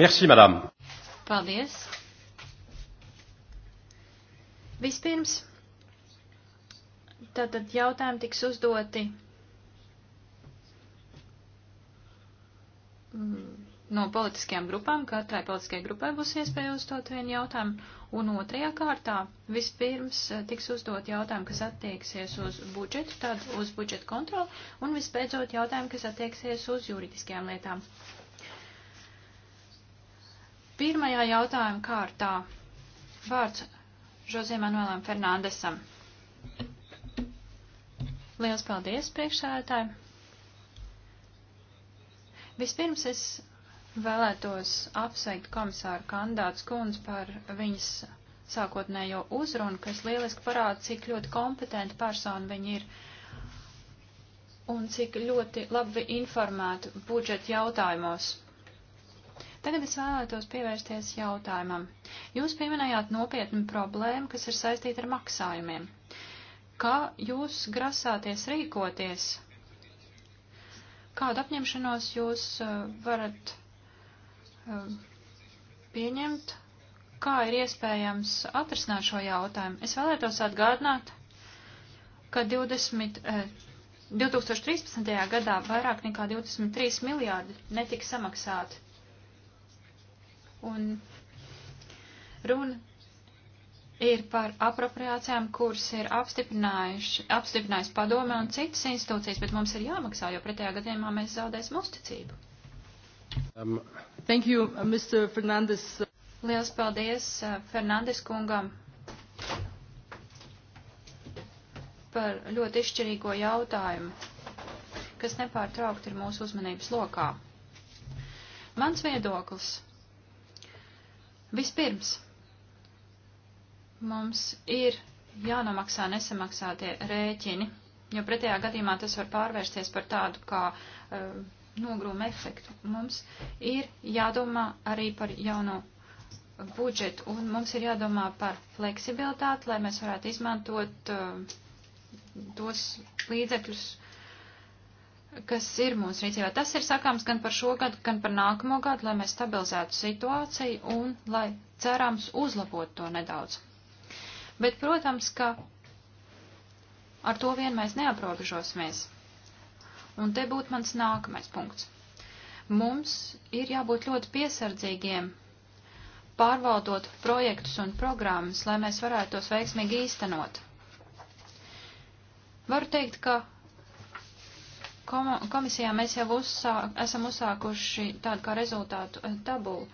Merci, madam. Paldies. Vispirms, tātad jautājumi tiks uzdoti mm, no politiskajām grupām. Katrai politiskajai grupai būs iespēja uzdot vienu jautājumu. Un otrajā kārtā vispirms eh, tiks uzdot jautājumu, kas attieksies uz budžetu, tad uz budžetu kontroli, un visbeidzot jautājumu, kas attieksies uz juridiskajām lietām. Pirmajā jautājuma kārtā vārds Žozie Manuelam Fernandesam. Liels paldies, priekšsēdētāji! Vispirms es vēlētos apsveikt komisāru kandidātu skundz par viņas sākotnējo uzrunu, kas lieliski parāda, cik ļoti kompetenti persona viņi ir un cik ļoti labi informēti budžeta jautājumos. Tagad es vēlētos pievērsties jautājumam. Jūs pieminējāt nopietnu problēmu, kas ir saistīta ar maksājumiem. Kā jūs grasāties rīkoties? Kādu apņemšanos jūs eh, varat eh, pieņemt? Kā ir iespējams atrisināt šo jautājumu? Es vēlētos atgādināt, ka 20, eh, 2013. gadā vairāk nekā 23 miljārdi netika samaksāti. Un runa ir par apropriācijām, kuras ir apstiprinājis padome un citas institūcijas, bet mums ir jāmaksā, jo pretējā gadījumā mēs zaudēsim uzticību. Um, thank you, uh, Mr. Fernandes. Liels paldies uh, Fernandes kungam par ļoti izšķirīgo jautājumu, kas nepārtraukti ir mūsu uzmanības lokā. Mans viedoklis Vispirms mums ir jānomaksā nesamaksātie rēķini, jo pretējā gadījumā tas var pārvērsties par tādu kā uh, nogrūmu efektu. Mums ir jādomā arī par jauno budžetu un mums ir jādomā par fleksibilitāti, lai mēs varētu izmantot uh, tos līdzekļus, kas ir mūsu rīcībā. Tas ir sakāms gan par šo gadu, gan par nākamo gadu, lai mēs stabilizētu situāciju un lai cerams uzlabot to nedaudz. Bet, protams, ka ar to vien mēs neaprobežosimies. Un te būtu mans nākamais punkts. Mums ir jābūt ļoti piesardzīgiem, pārvaldot projektus un programmas, lai mēs varētu tos veiksmīgi īstenot. Varu teikt, ka komisijā mēs jau uzsāk, esam uzsākuši tādu kā rezultātu eh, tabulu.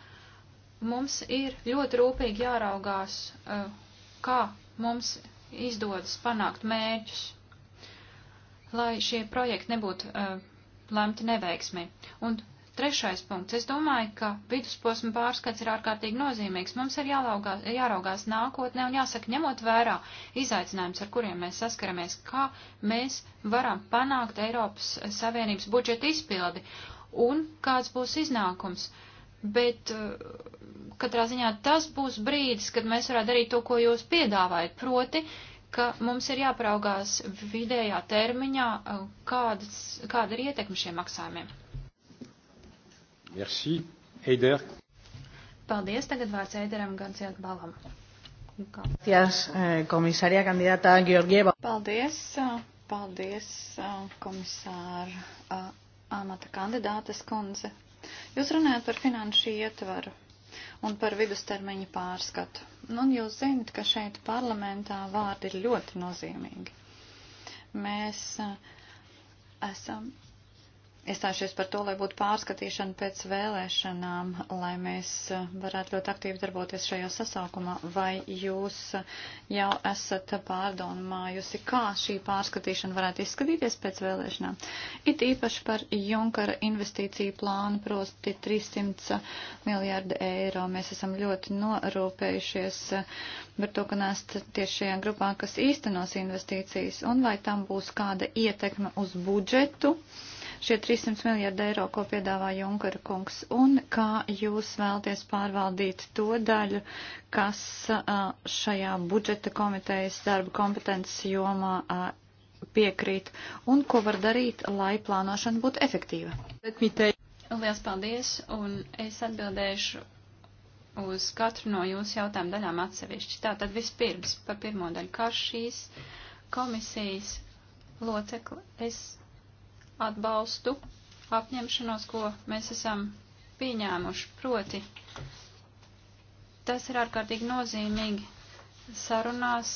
Mums ir ļoti rūpīgi jāraugās, eh, kā mums izdodas panākt mērķus, lai šie projekti nebūtu eh, lemti neveiksmi. Un Trešais punkts. Es domāju, ka vidusposma pārskats ir ārkārtīgi nozīmīgs. Mums ir jālaugās, jāraugās nākotnē un jāsaka, ņemot vērā izaicinājums, ar kuriem mēs saskaramies, kā mēs varam panākt Eiropas Savienības budžeta izpildi un kāds būs iznākums. Bet uh, katrā ziņā tas būs brīdis, kad mēs varētu darīt to, ko jūs piedāvājat. Proti, ka mums ir jāpraugās vidējā termiņā, uh, kādas, kāda ir ietekme šiem maksājumiem. Merci. Eider. Paldies. Tagad vārds Eideram Gansiet Balam. Paldies, komisārija eh, kandidātā Georgieva. Paldies. Eh, paldies, eh, komisāra amata kandidātes kundze. Jūs runājat par finanšu ietvaru un par vidustermiņa pārskatu. Nu, un jūs zinat, ka šeit parlamentā vārdi ir ļoti nozīmīgi. Mēs esam iestājušies par to, lai būtu pārskatīšana pēc vēlēšanām, lai mēs eh, varētu ļoti aktīvi darboties šajā sasaukumā. Vai jūs jau esat pārdomājusi, kā šī pārskatīšana varētu izskatīties pēc vēlēšanām? It īpaši par Junkara investīciju plānu, proti 300 miljārdu eiro. Mēs esam ļoti norūpējušies eh, par to, ka nēst tieši šajā grupā, kas īstenos investīcijas, un vai tam būs kāda ietekme uz budžetu. Thank you šie 300 miljārdi eiro, ko piedāvā Junkara kungs, un kā jūs vēlties pārvaldīt to daļu, kas šajā budžeta komitejas darba kompetences jomā piekrīt, un ko var darīt, lai plānošana būtu efektīva? Lielas paldies, un es atbildēšu uz katru no jūsu jautājumu daļām atsevišķi. Tātad vispirms par pirmo daļu, kā šīs komisijas locekli es atbalstu apņemšanos, ko mēs esam pieņēmuši. Proti, tas ir ārkārtīgi nozīmīgi sarunās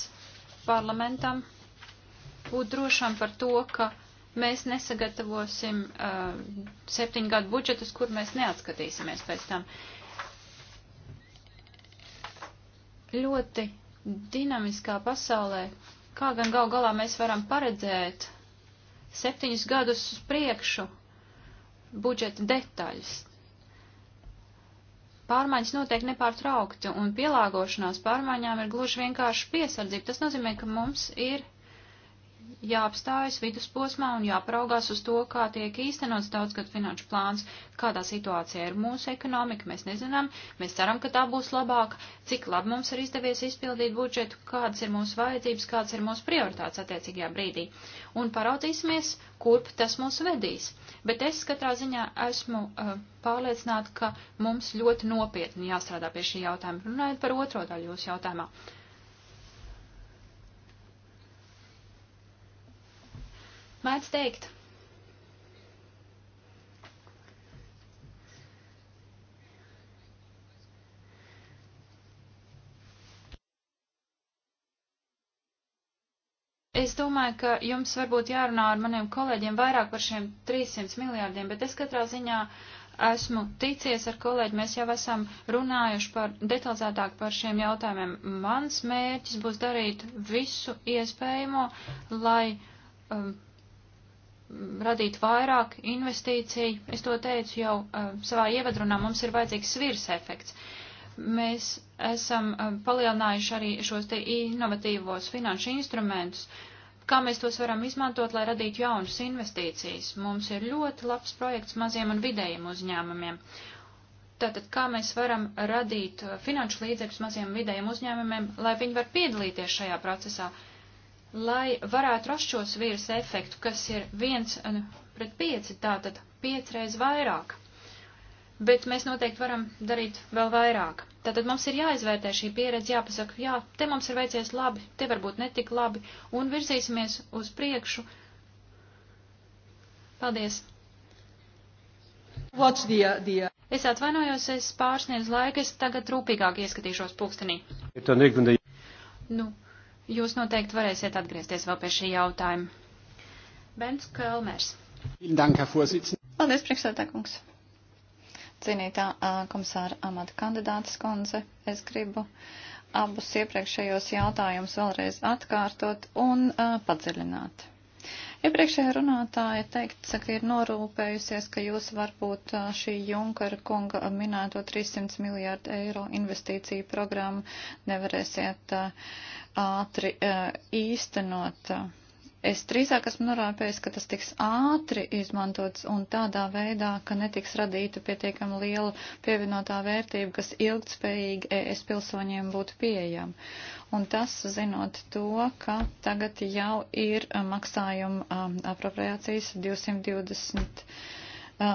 parlamentam būt drošam par to, ka mēs nesagatavosim uh, septiņu gadu budžetus, kur mēs neatskatīsimies pēc tam. Ļoti dinamiskā pasaulē, kā gan gal galā mēs varam paredzēt septiņus gadus uz priekšu budžeta detaļas. Pārmaiņas notiek nepārtraukti, un pielāgošanās pārmaiņām ir gluži vienkārši piesardzība. Tas nozīmē, ka mums ir jāapstājas vidusposmā un jāpraugās uz to, kā tiek īstenots daudzgad finanšu plāns, kādā situācijā ir mūsu ekonomika, mēs nezinām, mēs ceram, ka tā būs labāka, cik labi mums ir izdevies izpildīt budžetu, kādas ir mūsu vajadzības, kādas ir mūsu prioritātes attiecīgajā brīdī. Un paraudzīsimies, kurp tas mūs vedīs. Bet es katrā ziņā esmu uh, pārliecināta, ka mums ļoti nopietni jāstrādā pie šī jautājuma, runājot par otro daļu jūsu jautājumā. Uh, Mēdz teikt, es domāju, ka jums varbūt jārunā ar maniem kolēģiem vairāk par šiem 300 miljārdiem, bet es katrā ziņā esmu ticies ar kolēģi, mēs jau esam runājuši par detalizētāk par šiem jautājumiem. Mans mērķis būs darīt visu iespējamo, lai um, radīt vairāk investīciju. Es to teicu jau uh, savā ievadrunā, mums ir vajadzīgs svirs efekts. Mēs esam uh, palielinājuši arī šos te inovatīvos finanšu instrumentus, kā mēs tos varam izmantot, lai radītu jaunas investīcijas. Mums ir ļoti labs projekts maziem un vidējiem uzņēmumiem. Tātad, kā mēs varam radīt uh, finanšu līdzekļus maziem vidējiem uzņēmumiem, lai viņi var piedalīties šajā procesā. Uh, lai varētu rast šos vīrusu efektu, kas ir viens nu, pret pieci, tātad piecreiz vairāk. Bet mēs noteikti varam darīt vēl vairāk. Tātad mums ir jāizvērtē šī pieredze, jāpasaka, jā, te mums ir veicies labi, te varbūt netik labi, un virzīsimies uz priekšu. Paldies! What's the, the... Es atvainojos, es pārsniedzu laiku, es tagad rūpīgāk ieskatīšos pulkstenī. Nu, Jūs noteikti varēsiet atgriezties vēl pie šī jautājuma. Bens Kölmers. Paldies, priekšsēdētājkungs. Cienītā komisāra amata kandidātas kundze, es gribu abus iepriekšējos jautājumus vēlreiz atkārtot un uh, padziļināt. Iepriekšējā runātāja teikts, ka ir norūpējusies, ka jūs varbūt šī Junkara kunga minēto 300 miljārdu eiro investīciju programmu nevarēsiet uh, ātri eh, īstenot. Es drīzāk esmu norāpējis, ka tas tiks ātri izmantots un tādā veidā, ka netiks radīta pietiekami liela pievienotā vērtība, kas ilgtspējīgi ES pilsoņiem būtu pieejama. Un tas zinot to, ka tagad jau ir eh, maksājuma eh, apropriācijas 220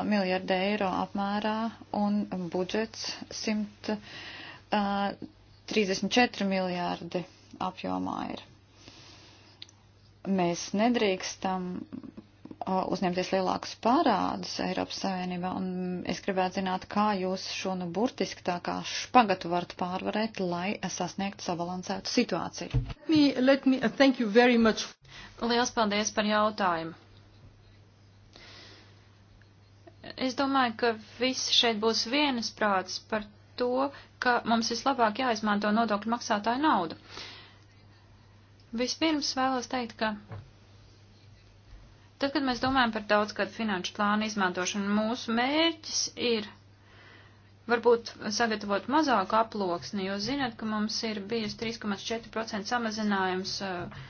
miljardi eiro apmērā un budžets 134 miljārdi apjomā ir. Mēs nedrīkstam uzņemties lielākus parādus Eiropas Savienībā, un es gribētu zināt, kā jūs šo nu burtiski tā kā špagatu varat pārvarēt, lai sasniegtu sabalansētu situāciju. Let me, let me, uh, thank you very much. Liels paldies par jautājumu. Es domāju, ka visi šeit būs vienas prāts par to, ka mums vislabāk jāizmanto nodokļu maksātāju naudu. Uh, Vispirms vēlos teikt, ka tad, kad mēs domājam par daudzgadu finanšu plānu izmantošanu, mūsu mērķis ir varbūt sagatavot mazāku aploksni, jo zinat, ka mums ir bijis 3,4% samazinājums uh,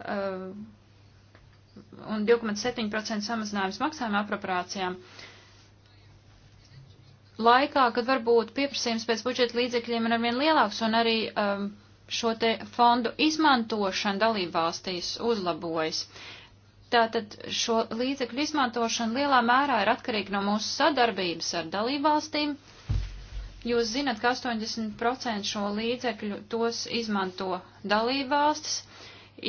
uh, un 2,7% samazinājums maksājuma apropriācijām. Laikā, kad varbūt pieprasījums pēc budžeta līdzekļiem ir arvien lielāks un arī um, uh, šo te fondu izmantošana dalībvalstīs uzlabojas. Tātad šo līdzekļu izmantošana lielā mērā ir atkarīga no mūsu sadarbības ar dalībvalstīm. Jūs zinat, ka 80% šo līdzekļu tos izmanto dalībvalstis,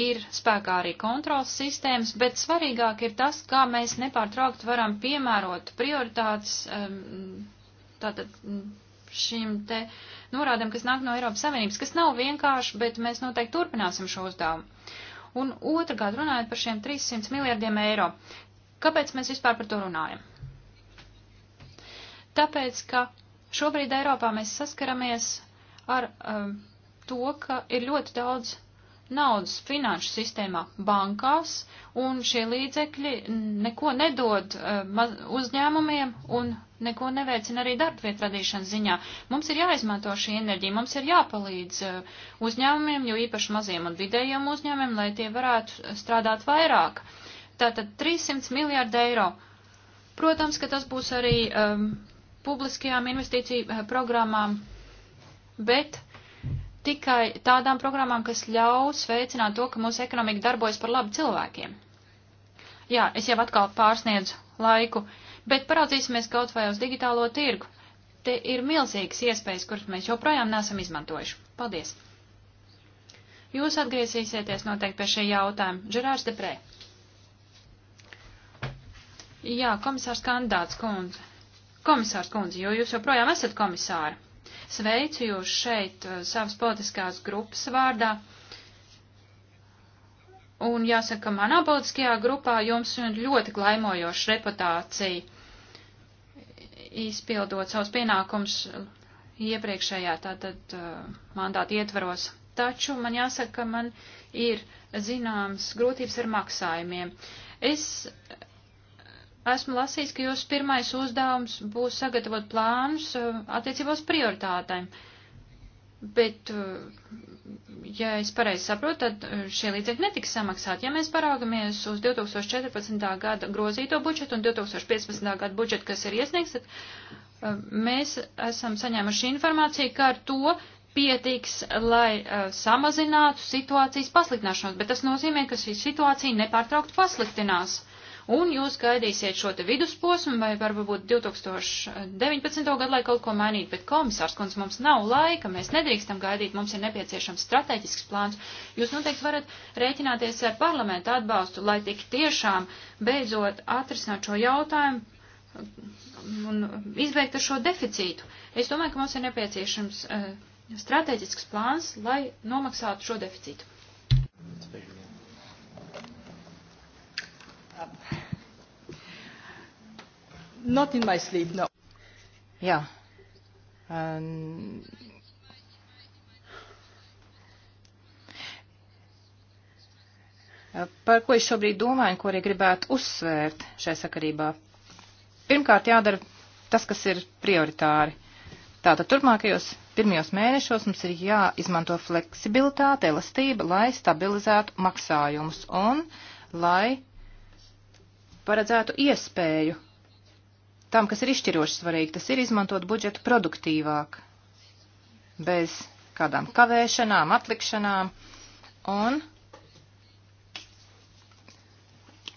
ir spēkā arī kontrols sistēmas, bet svarīgāk ir tas, kā mēs nepārtraukt varam piemērot prioritātes, um, tātad šīm te norādēm, kas nāk no Eiropas Savienības, kas nav vienkārši, bet mēs noteikti turpināsim šo uzdevumu. Un otrkārt, runājot par šiem 300 miljardiem eiro, kāpēc mēs vispār par to runājam? Tāpēc, ka šobrīd Eiropā mēs saskaramies ar um, to, ka ir ļoti daudz naudas finanšu sistēmā bankās, un šie līdzekļi neko nedod uh, uzņēmumiem un neko neveicina arī darbvietu radīšanas ziņā. Mums ir jāizmanto šī enerģija, mums ir jāpalīdz uh, uzņēmumiem, jo īpaši maziem un vidējiem uzņēmumiem, lai tie varētu strādāt vairāk. Tātad 300 miljārdi eiro. Protams, ka tas būs arī um, publiskajām investīciju eh, programmām, bet tikai tādām programmām, kas ļaus veicināt to, ka mūsu ekonomika darbojas par labu cilvēkiem. Jā, es jau atkal pārsniedzu laiku, bet paraudzīsimies kaut vai uz digitālo tirgu. Te ir milzīgas iespējas, kuras mēs joprojām nesam izmantojuši. Paldies! Jūs atgriezīsieties noteikti pie šī jautājuma. Žerārs Deprē. Jā, komisārs kandidāts kundze. Komisārs kundze, jo jūs joprojām esat komisāri. Sveicu jūs šeit eh, savas politiskās grupas vārdā. Un jāsaka, manā politiskajā grupā jums ir ļoti glaimojoša reputācija, izpildot savus pienākumus iepriekšējā tātad eh, mandāta ietvaros. Taču man jāsaka, ka man ir zināmas grūtības ar maksājumiem. Es Esmu lasījis, ka jūsu pirmais uzdevums būs sagatavot plānus eh, attiecībos prioritātēm. Bet, eh, ja es pareizi saprotu, tad eh, šie līdzekļi netiks samaksāti. Ja mēs paraugamies uz 2014. gada grozīto budžetu un 2015. gada budžetu, kas ir iesniegts, tad mēs esam saņēmuši informāciju, ka ar to pietiks, lai uh, samazinātu situācijas pasliktināšanos, bet tas nozīmē, ka šī situācija nepārtraukt pasliktinās un jūs gaidīsiet šo te vidusposmu, vai varbūt 2019. gadu, lai kaut ko mainītu, bet komisārs kundze mums nav laika, mēs nedrīkstam gaidīt, mums ir nepieciešams strateģisks plāns. Jūs noteikti varat rēķināties ar parlamentu atbalstu, lai tik tiešām beidzot atrisināt šo jautājumu un izbeigt ar šo deficītu. Es domāju, ka mums ir nepieciešams uh, strateģisks plāns, lai nomaksātu šo deficītu. Not in my sleep, no. Jā. Um, par ko es šobrīd domāju un ko arī gribētu uzsvērt šai sakarībā. Pirmkārt, jādara tas, kas ir prioritāri. Tātad turpmākajos pirmajos mēnešos mums ir jāizmanto fleksibilitāte, elastība, lai stabilizētu maksājumus un lai paredzētu iespēju tam, kas ir izšķiroši svarīgi, tas ir izmantot budžetu produktīvāk, bez kādām kavēšanām, atlikšanām, un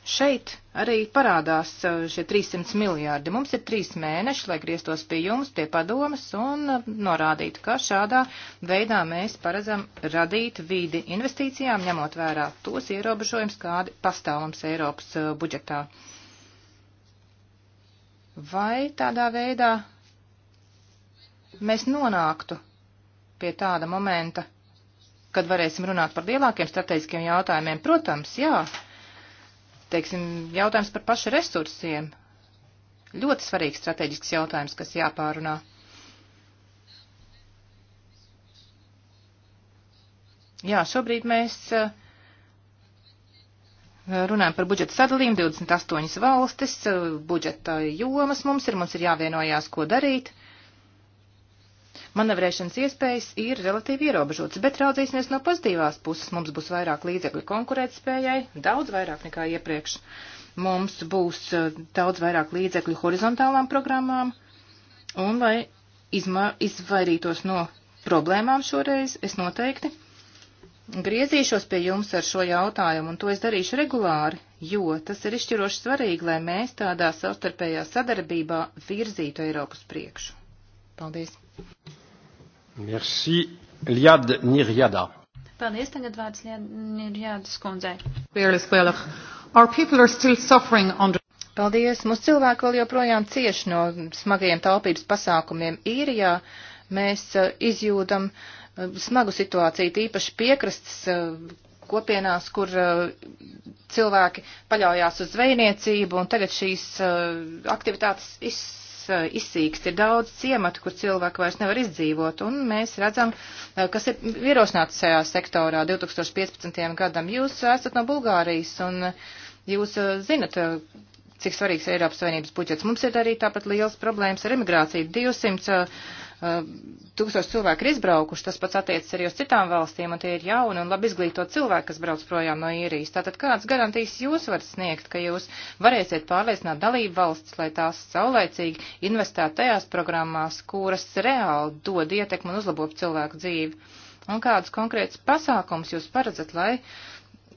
Šeit arī parādās uh, šie 300 miljārdi. Mums ir trīs mēneši, lai grieztos pie jums, pie padomas un uh, norādītu, ka šādā veidā mēs paredzam radīt vīdi investīcijām, ņemot vērā tos ierobežojums, kādi pastāv mums Eiropas uh, budžetā. Vai tādā veidā mēs nonāktu pie tāda momenta, kad varēsim runāt par lielākiem strateģiskiem jautājumiem? Protams, jā Teiksim, jautājums par pašu resursiem. Ļoti svarīgs strateģisks jautājums, kas jāpārunā. Jā, šobrīd mēs eh, runājam par budžeta sadalījumu, 28 valstis, eh, budžeta jomas mums ir, mums ir jāvienojās, ko darīt. Uh, Manavrēšanas iespējas ir relatīvi ierobežotas, bet raudzīsimies no pozitīvās puses. Mums būs vairāk līdzekļu konkurētspējai, daudz vairāk nekā iepriekš. Mums būs eh, daudz vairāk līdzekļu horizontālām programmām, un lai izma, izvairītos no problēmām šoreiz, es noteikti griezīšos pie jums ar šo jautājumu, un to es darīšu regulāri, jo tas ir izšķiroši svarīgi, lai mēs tādā savstarpējā sadarbībā virzītu Eiropas priekšu. Paldies! Merci, Liad Nirjada. Paldies, tagad vārds Liad Nirjadas kundzei. Paldies, mūsu cilvēki vēl joprojām cieš no smagajiem taupības pasākumiem īrijā. Mēs uh, izjūdam uh, smagu situāciju, īpaši piekrastes uh, kopienās, kur uh, cilvēki paļaujās uz zvejniecību, un tagad šīs uh, aktivitātes izsākās Eh, izsīkst, ir daudz ciematu, kur cilvēki vairs nevar izdzīvot, un mēs redzam, eh, kas ir ierosināts šajā sektorā 2015. gadam. Jūs esat no Bulgārijas, un eh, jūs zinat, cik svarīgs ir Eiropas Savienības budžets. Mums ir arī tāpat liels problēmas ar emigrāciju. 200 tūkstoši cilvēku ir izbraukuši, tas pats attiecas arī uz citām valstīm, un tie ir jauni un labi izglītot cilvēki, kas brauc projām no īrijas. Tātad kādas garantijas jūs varat sniegt, ka jūs varēsiet pārliecināt dalību valstis, lai tās saulēcīgi investētu tajās programmās, kuras reāli dod ietekmu un uzlabo cilvēku dzīvi? Un kādus konkrētus pasākums jūs paredzat, lai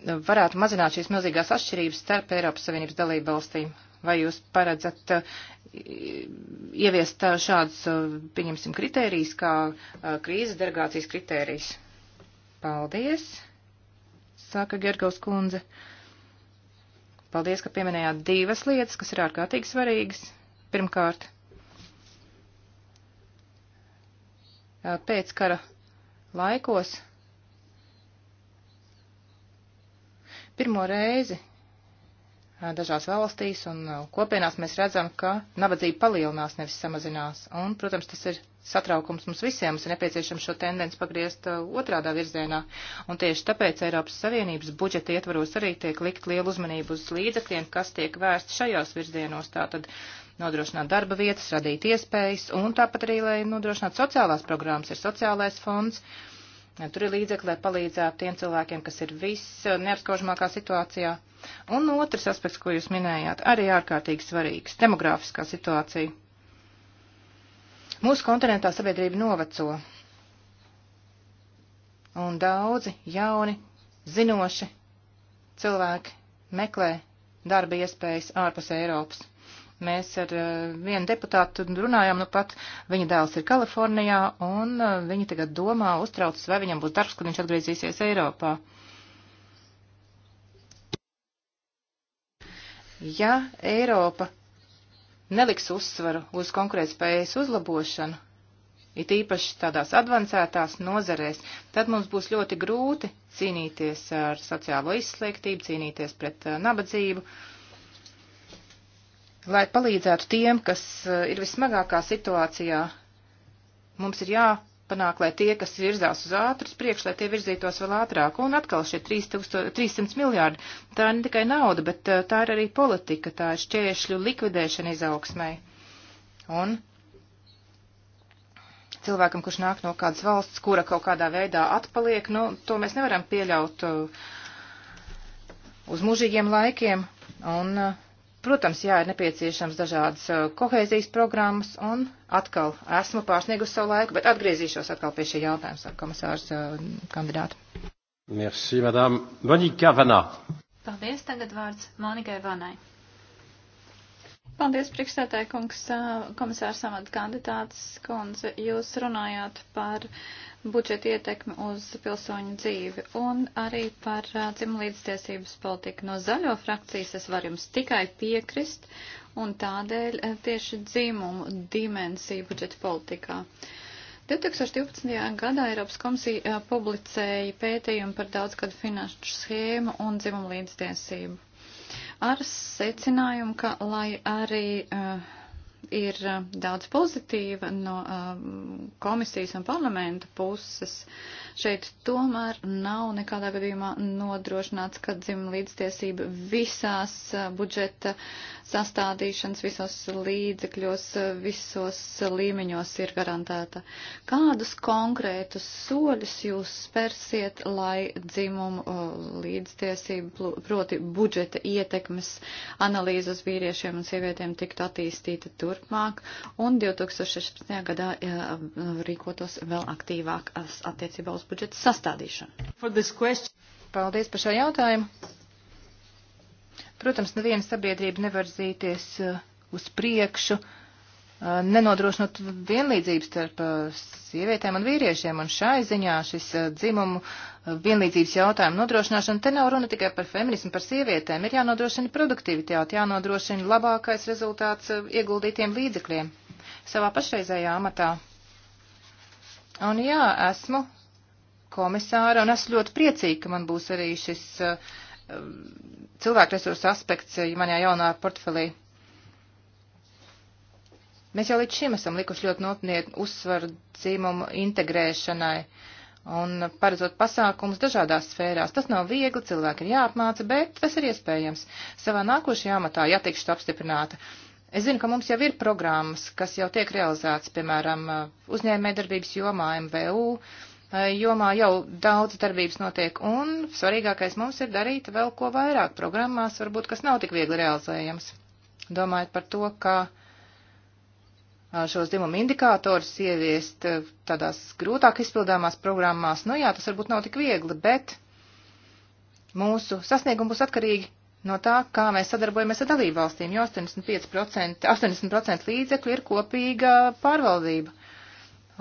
varētu mazināt šīs milzīgās atšķirības starp Eiropas Savienības dalību valstīm? Vai jūs paredzat uh, ieviest uh, šādus, uh, pieņemsim, kritērijus, kā krīzes dergācijas kritērijus? Paldies, saka Gergaus kundze. Paldies, ka pieminējāt divas lietas, kas ir ārkārtīgi svarīgas. Pirmkārt, pēc kara laikos pirmo reizi dažās valstīs un kopienās mēs redzam, ka nabadzība palielinās, nevis samazinās. Un, protams, tas ir satraukums mums visiem, mums ir nepieciešams šo tendenci pagriezt otrādā virzienā. Un tieši tāpēc Eiropas Savienības budžeta ietvaros arī tiek likt lielu uzmanību uz līdzekļiem, kas tiek vērsti šajos virzienos. Tātad nodrošināt darba vietas, radīt iespējas un tāpat arī, lai nodrošinātu sociālās programmas, ir sociālais fonds. Tur ir līdzekļi, lai palīdzētu tiem cilvēkiem, kas ir viss neapskaužamākā situācijā. Un otrs aspekts, ko jūs minējāt, arī ārkārtīgi svarīgs - demografiskā situācija. Mūsu kontinentā sabiedrība noveco, un daudzi jauni, zinoši cilvēki meklē darba iespējas ārpus Eiropas. Mēs ar uh, vienu deputātu runājām, nu pat viņa dēls ir Kalifornijā, un uh, eh, viņi tagad domā, uztraucas, vai viņam būs darbs, kad viņš atgriezīsies Eiropā. Uh, Ja Eiropa neliks uzsvaru uz konkurētspējas uzlabošanu, it īpaši tādās advancētās nozarēs, tad mums būs ļoti grūti cīnīties ar sociālo izslēgtību, cīnīties pret uh, nabadzību, lai palīdzētu tiem, kas uh, ir vismagākā situācijā. Mums ir jā jāpanāk, lai tie, kas virzās uz ātras priekš, lai tie virzītos vēl ātrāk. Un atkal šie 3000, 300 miljārdi, tā ir ne tikai nauda, bet eh, tā ir arī politika, tā ir šķēršļu likvidēšana izaugsmai. Un cilvēkam, kurš nāk no kādas valsts, kura kaut kādā veidā atpaliek, nu, to mēs nevaram pieļaut eh, uz mūžīgiem laikiem. Un uh, Protams, jā, ir nepieciešams dažādas uh, kohēzijas programmas, un atkal esmu pārsniegusi savu laiku, bet atgriezīšos atkal pie šī jautājuma, saka komisārs uh, kandidāti. Merci, madame Monika Vanā. Paldies, tagad vārds Monikai Vanai. Paldies, priekšstādāja kungs, komisārs amata kandidāts kundze. Jūs runājāt par budžeta ietekmi uz pilsoņu dzīvi un arī par dzimlīdztiesības politiku. No zaļo frakcijas es varu jums tikai piekrist un tādēļ tieši dzimumu dimensiju budžeta politikā. 2012. gadā Eiropas komisija publicēja pētījumu par daudzgadu finanšu schēmu un dzimumu līdztiesību ar secinājumu, ka lai arī uh, ir eh, daudz pozitīva no uh, komisijas un parlamenta puses, uh, Šeit tomēr nav nekādā gadījumā nodrošināts, ka dzimuma līdztiesība visās uh, budžeta sastādīšanas, visos līdzekļos, uh, visos līmeņos ir garantēta. Kādus konkrētus soļus jūs spērsiet, lai dzimumu uh, līdztiesība, proti budžeta ietekmes analīzes vīriešiem un sievietēm tiktu attīstīta turpmāk un 2016. gadā rīkotos vēl aktīvāk attiecībā uz valsts budžeta sastādīšanu? Paldies par šo jautājumu. Protams, neviena sabiedrība nevar zīties uh, uz priekšu, uh, nenodrošinot vienlīdzību starp uh, sievietēm un vīriešiem, un šai ziņā šis dzimumu vienlīdzības jautājumu nodrošināšana te nav runa tikai par feminismu, par sievietēm, ir jānodrošina produktivitāte, jānodrošina labākais rezultāts ieguldītiem līdzekļiem savā pašreizējā amatā. Un jā, esmu komisāra, un esmu ļoti priecīga, ka man būs arī šis uh, um, cilvēku resursu aspekts uh, manā jaunā portfelī. Mēs jau līdz šim esam likuši ļoti nopietnu uzsvaru dzimumu integrēšanai un paredzot pasākumus dažādās sfērās. Tas nav viegli, cilvēki ir jāapmāca, bet tas ir iespējams. Savā nākošajā amatā, ja tikšu apstiprināta, es zinu, ka mums jau ir programmas, kas jau tiek realizētas, piemēram, uh, uzņēmē darbības jomā MVU, uh, Eh, jomā jau daudz darbības notiek, un svarīgākais mums ir darīt vēl ko vairāk programmās, varbūt, kas nav tik viegli realizējams. Domājot par to, kā eh, šos dzimumu indikātors ieviest eh, tādās grūtāk izpildāmās programmās, nu jā, tas varbūt nav tik viegli, bet mūsu sasniegumi būs atkarīgi no tā, kā mēs sadarbojamies ar dalībvalstīm, jo 85%, 80% līdzekļu ir kopīga pārvaldība.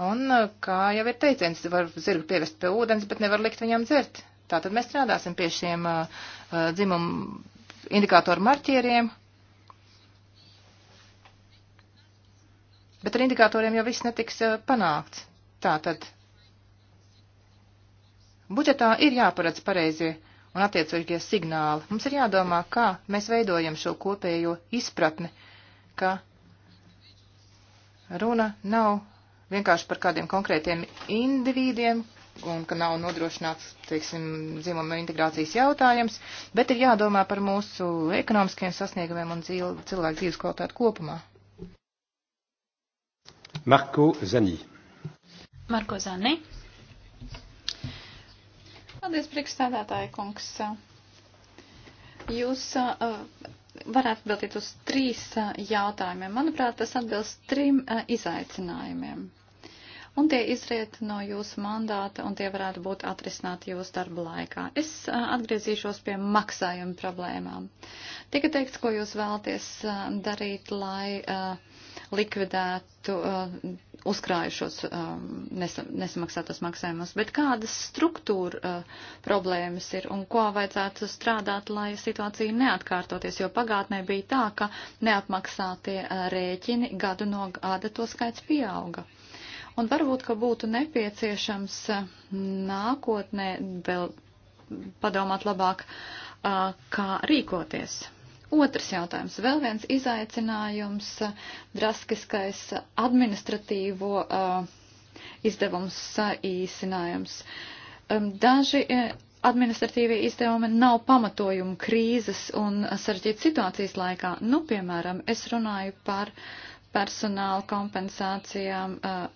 Un, uh, kā jau ir teiciens, var zirgu pievest pie ūdens, bet nevar likt viņam dzert. Tātad mēs strādāsim pie šiem uh, uh dzimumu indikātoru marķieriem. Bet ar indikatoriem jau viss netiks uh, panākts. Tātad budžetā ir jāparedz pareizie un attiecošie signāli. Mums ir jādomā, kā mēs veidojam šo kopējo izpratni, ka runa nav vienkārši par kādiem konkrētiem individiem, un ka nav nodrošināts, teiksim, dzimuma integrācijas jautājums, bet ir jādomā par mūsu ekonomiskiem sasniegumiem un dzīv, cilvēku dzīves kvalitāti kopumā. Marko Zanī. Marko Zanī. Paldies, priekšstādātāja kungs. Jūs uh, varētu atbildēt uz trīs uh, jautājumiem. Manuprāt, tas atbilst trim uh, izaicinājumiem un tie izriet no jūsu mandāta, un tie varētu būt atrisināti jūsu darba laikā. Es atgriezīšos pie maksājuma problēmām. Tika teikts, ko jūs vēlaties darīt, lai likvidētu uzkrājušos nesamaksātos maksājumus, bet kādas struktūra problēmas ir un ko vajadzētu strādāt, lai situācija neatkārtoties, jo pagātnē bija tā, ka neapmaksātie rēķini gadu no gada to skaits pieauga. Un varbūt, ka būtu nepieciešams eh, nākotnē vēl padomāt labāk, eh, kā rīkoties. Otrs jautājums. Vēl viens izaicinājums eh, - drastiskais administratīvo izdevums īsinājums. Daži administratīvie izdevumi nav pamatojumi krīzes un sarģīt situācijas laikā. Nu, piemēram, es runāju par personāla kompensācijām uh,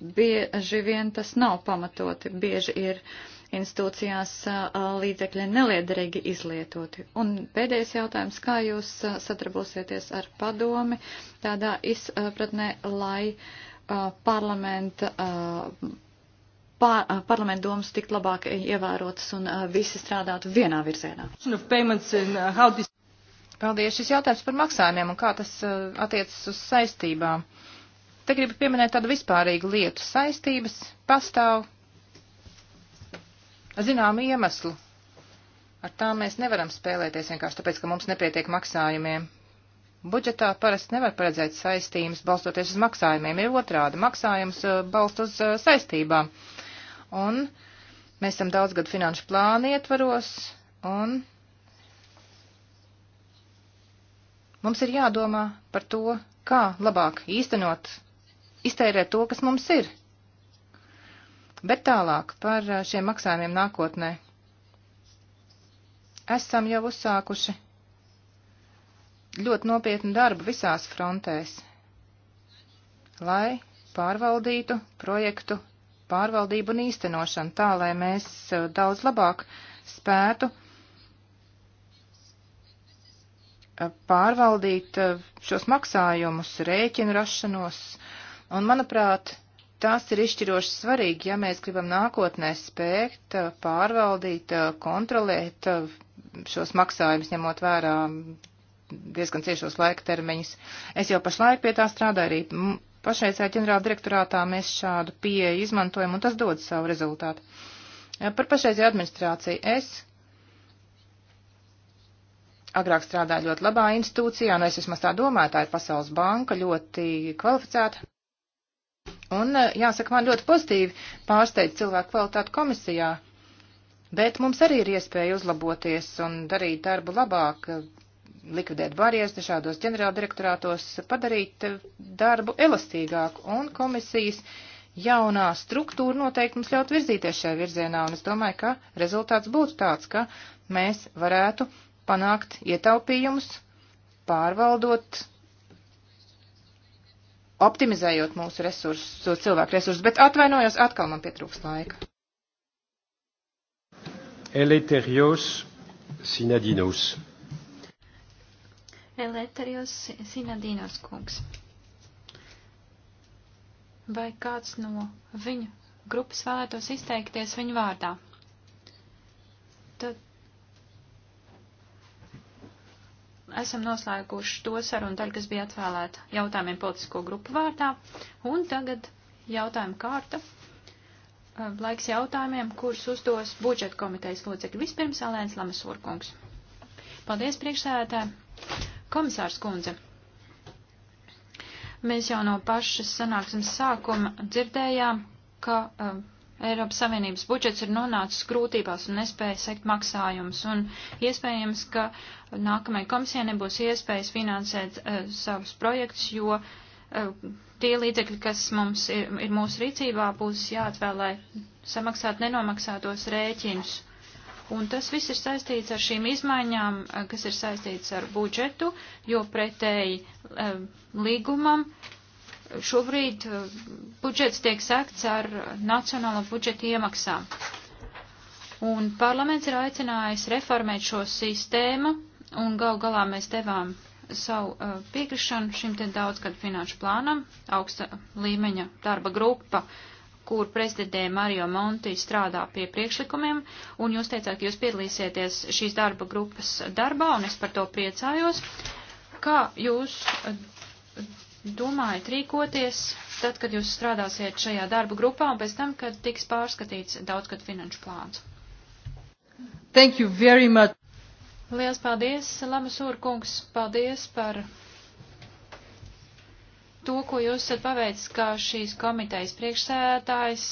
bieži vien tas nav pamatoti. Bieži ir institūcijās līdzekļi neliederīgi izlietoti. Un pēdējais jautājums, kā jūs sadarbosieties ar padomi tādā izpratnē, lai parlamenta. Pār, parlamenta domas tikt labāk ievērotas un uh, visi strādātu vienā virzienā. Paldies. Šis jautājums par maksājumiem un kā tas uh, attiecas uz saistībām. Uh, Te gribu pieminēt tādu vispārīgu lietu. Saistības pastāv zinām iemeslu. Ar tām mēs nevaram spēlēties vienkārši tāpēc, ka mums nepietiek maksājumiem. Budžetā parasti nevar paredzēt saistības balstoties uz maksājumiem. Ir otrādi maksājums eh, balst uz eh, saistībām. Un mēs esam daudz gadu finanšu plānu ietvaros un mums ir jādomā par to, kā labāk īstenot iztērēt to, kas mums ir. Bet tālāk par šiem maksājumiem nākotnē. Esam jau uzsākuši ļoti nopietnu darbu visās frontēs, lai pārvaldītu projektu pārvaldību un īstenošanu tā, lai mēs daudz labāk spētu pārvaldīt šos maksājumus, rēķinu rašanos, uh, Un, manuprāt, tas ir izšķiroši svarīgi, ja mēs gribam nākotnē spēkt eh, pārvaldīt, eh, kontrolēt eh, šos maksājumus, ņemot vērā diezgan ciešos laika termiņus. Es jau pašlaik pie tā strādāju arī. Pašreizējā ģenerāla direktorātā mēs šādu pieeju izmantojam, un tas dod savu rezultātu. Par pašreizēju administrāciju es agrāk strādāju ļoti labā institūcijā, nu es vismaz tā domāju, tā ir Pasaules banka, ļoti kvalificēta. Un, eh, jāsaka, man ļoti pozitīvi pārsteidz cilvēku kvalitāti komisijā. Bet mums arī ir iespēja uzlaboties un darīt darbu labāk, eh, likvidēt barjeras dažādos ģenerāldirektorātos, padarīt eh, darbu elastīgāku un komisijas jaunā struktūra noteikti mums ļaut virzīties šajā virzienā, un es domāju, ka rezultāts būtu tāds, ka mēs varētu panākt ietaupījumus, pārvaldot optimizējot mūsu resursus, cilvēku resursus, bet atvainojos, atkal man pietrūks laika. Eleterios Sinadinos. Eleterios Sinadinos kungs. Vai kāds no viņu grupas vēlētos izteikties viņu vārdā? Tad esam noslēguši to sarunu daļu, kas bija atvēlēta jautājumiem politisko grupu vārdā. Un tagad jautājuma kārta. Uh, laiks jautājumiem, kurus uzdos budžeta komitejas locekļi. Vispirms Alēns Lamasūrkungs. Paldies, priekšsēdētāji. Komisārs Kundze. Mēs jau no pašas sanāksmes sākuma dzirdējām, ka uh, Eiropas Savienības budžets ir nonācis grūtībās un nespēja sekt maksājumus, un iespējams, ka nākamajai komisijai nebūs iespējas finansēt uh, savus projektus, jo uh, tie līdzekļi, kas mums ir, ir mūsu rīcībā, būs jāatvēl, lai samaksātu nenomaksātos rēķinus. Un tas viss ir saistīts ar šīm izmaiņām, uh, kas ir saistīts ar budžetu, jo pretēji uh, līgumam uh, šobrīd eh, budžets tiek sekts ar nacionālo budžetu iemaksām. Un parlaments ir aicinājis reformēt šo sistēmu, un gal galā mēs devām savu uh, piekrišanu šim te daudzgadu finanšu plānam, augsta līmeņa darba grupa, kur prezidentē Mario Monti strādā pie priekšlikumiem, un jūs teicāt, ka jūs piedalīsieties šīs darba grupas darbā, un es par to priecājos. Kā jūs eh, domājat rīkoties tad, kad jūs strādāsiet šajā darba grupā un pēc tam, kad tiks pārskatīts daudzgad finanšu plāns? Thank you very much. Liels paldies, Lamas Urkungs, paldies par to, ko jūs esat paveicis kā šīs komitejas priekšsēdētājs.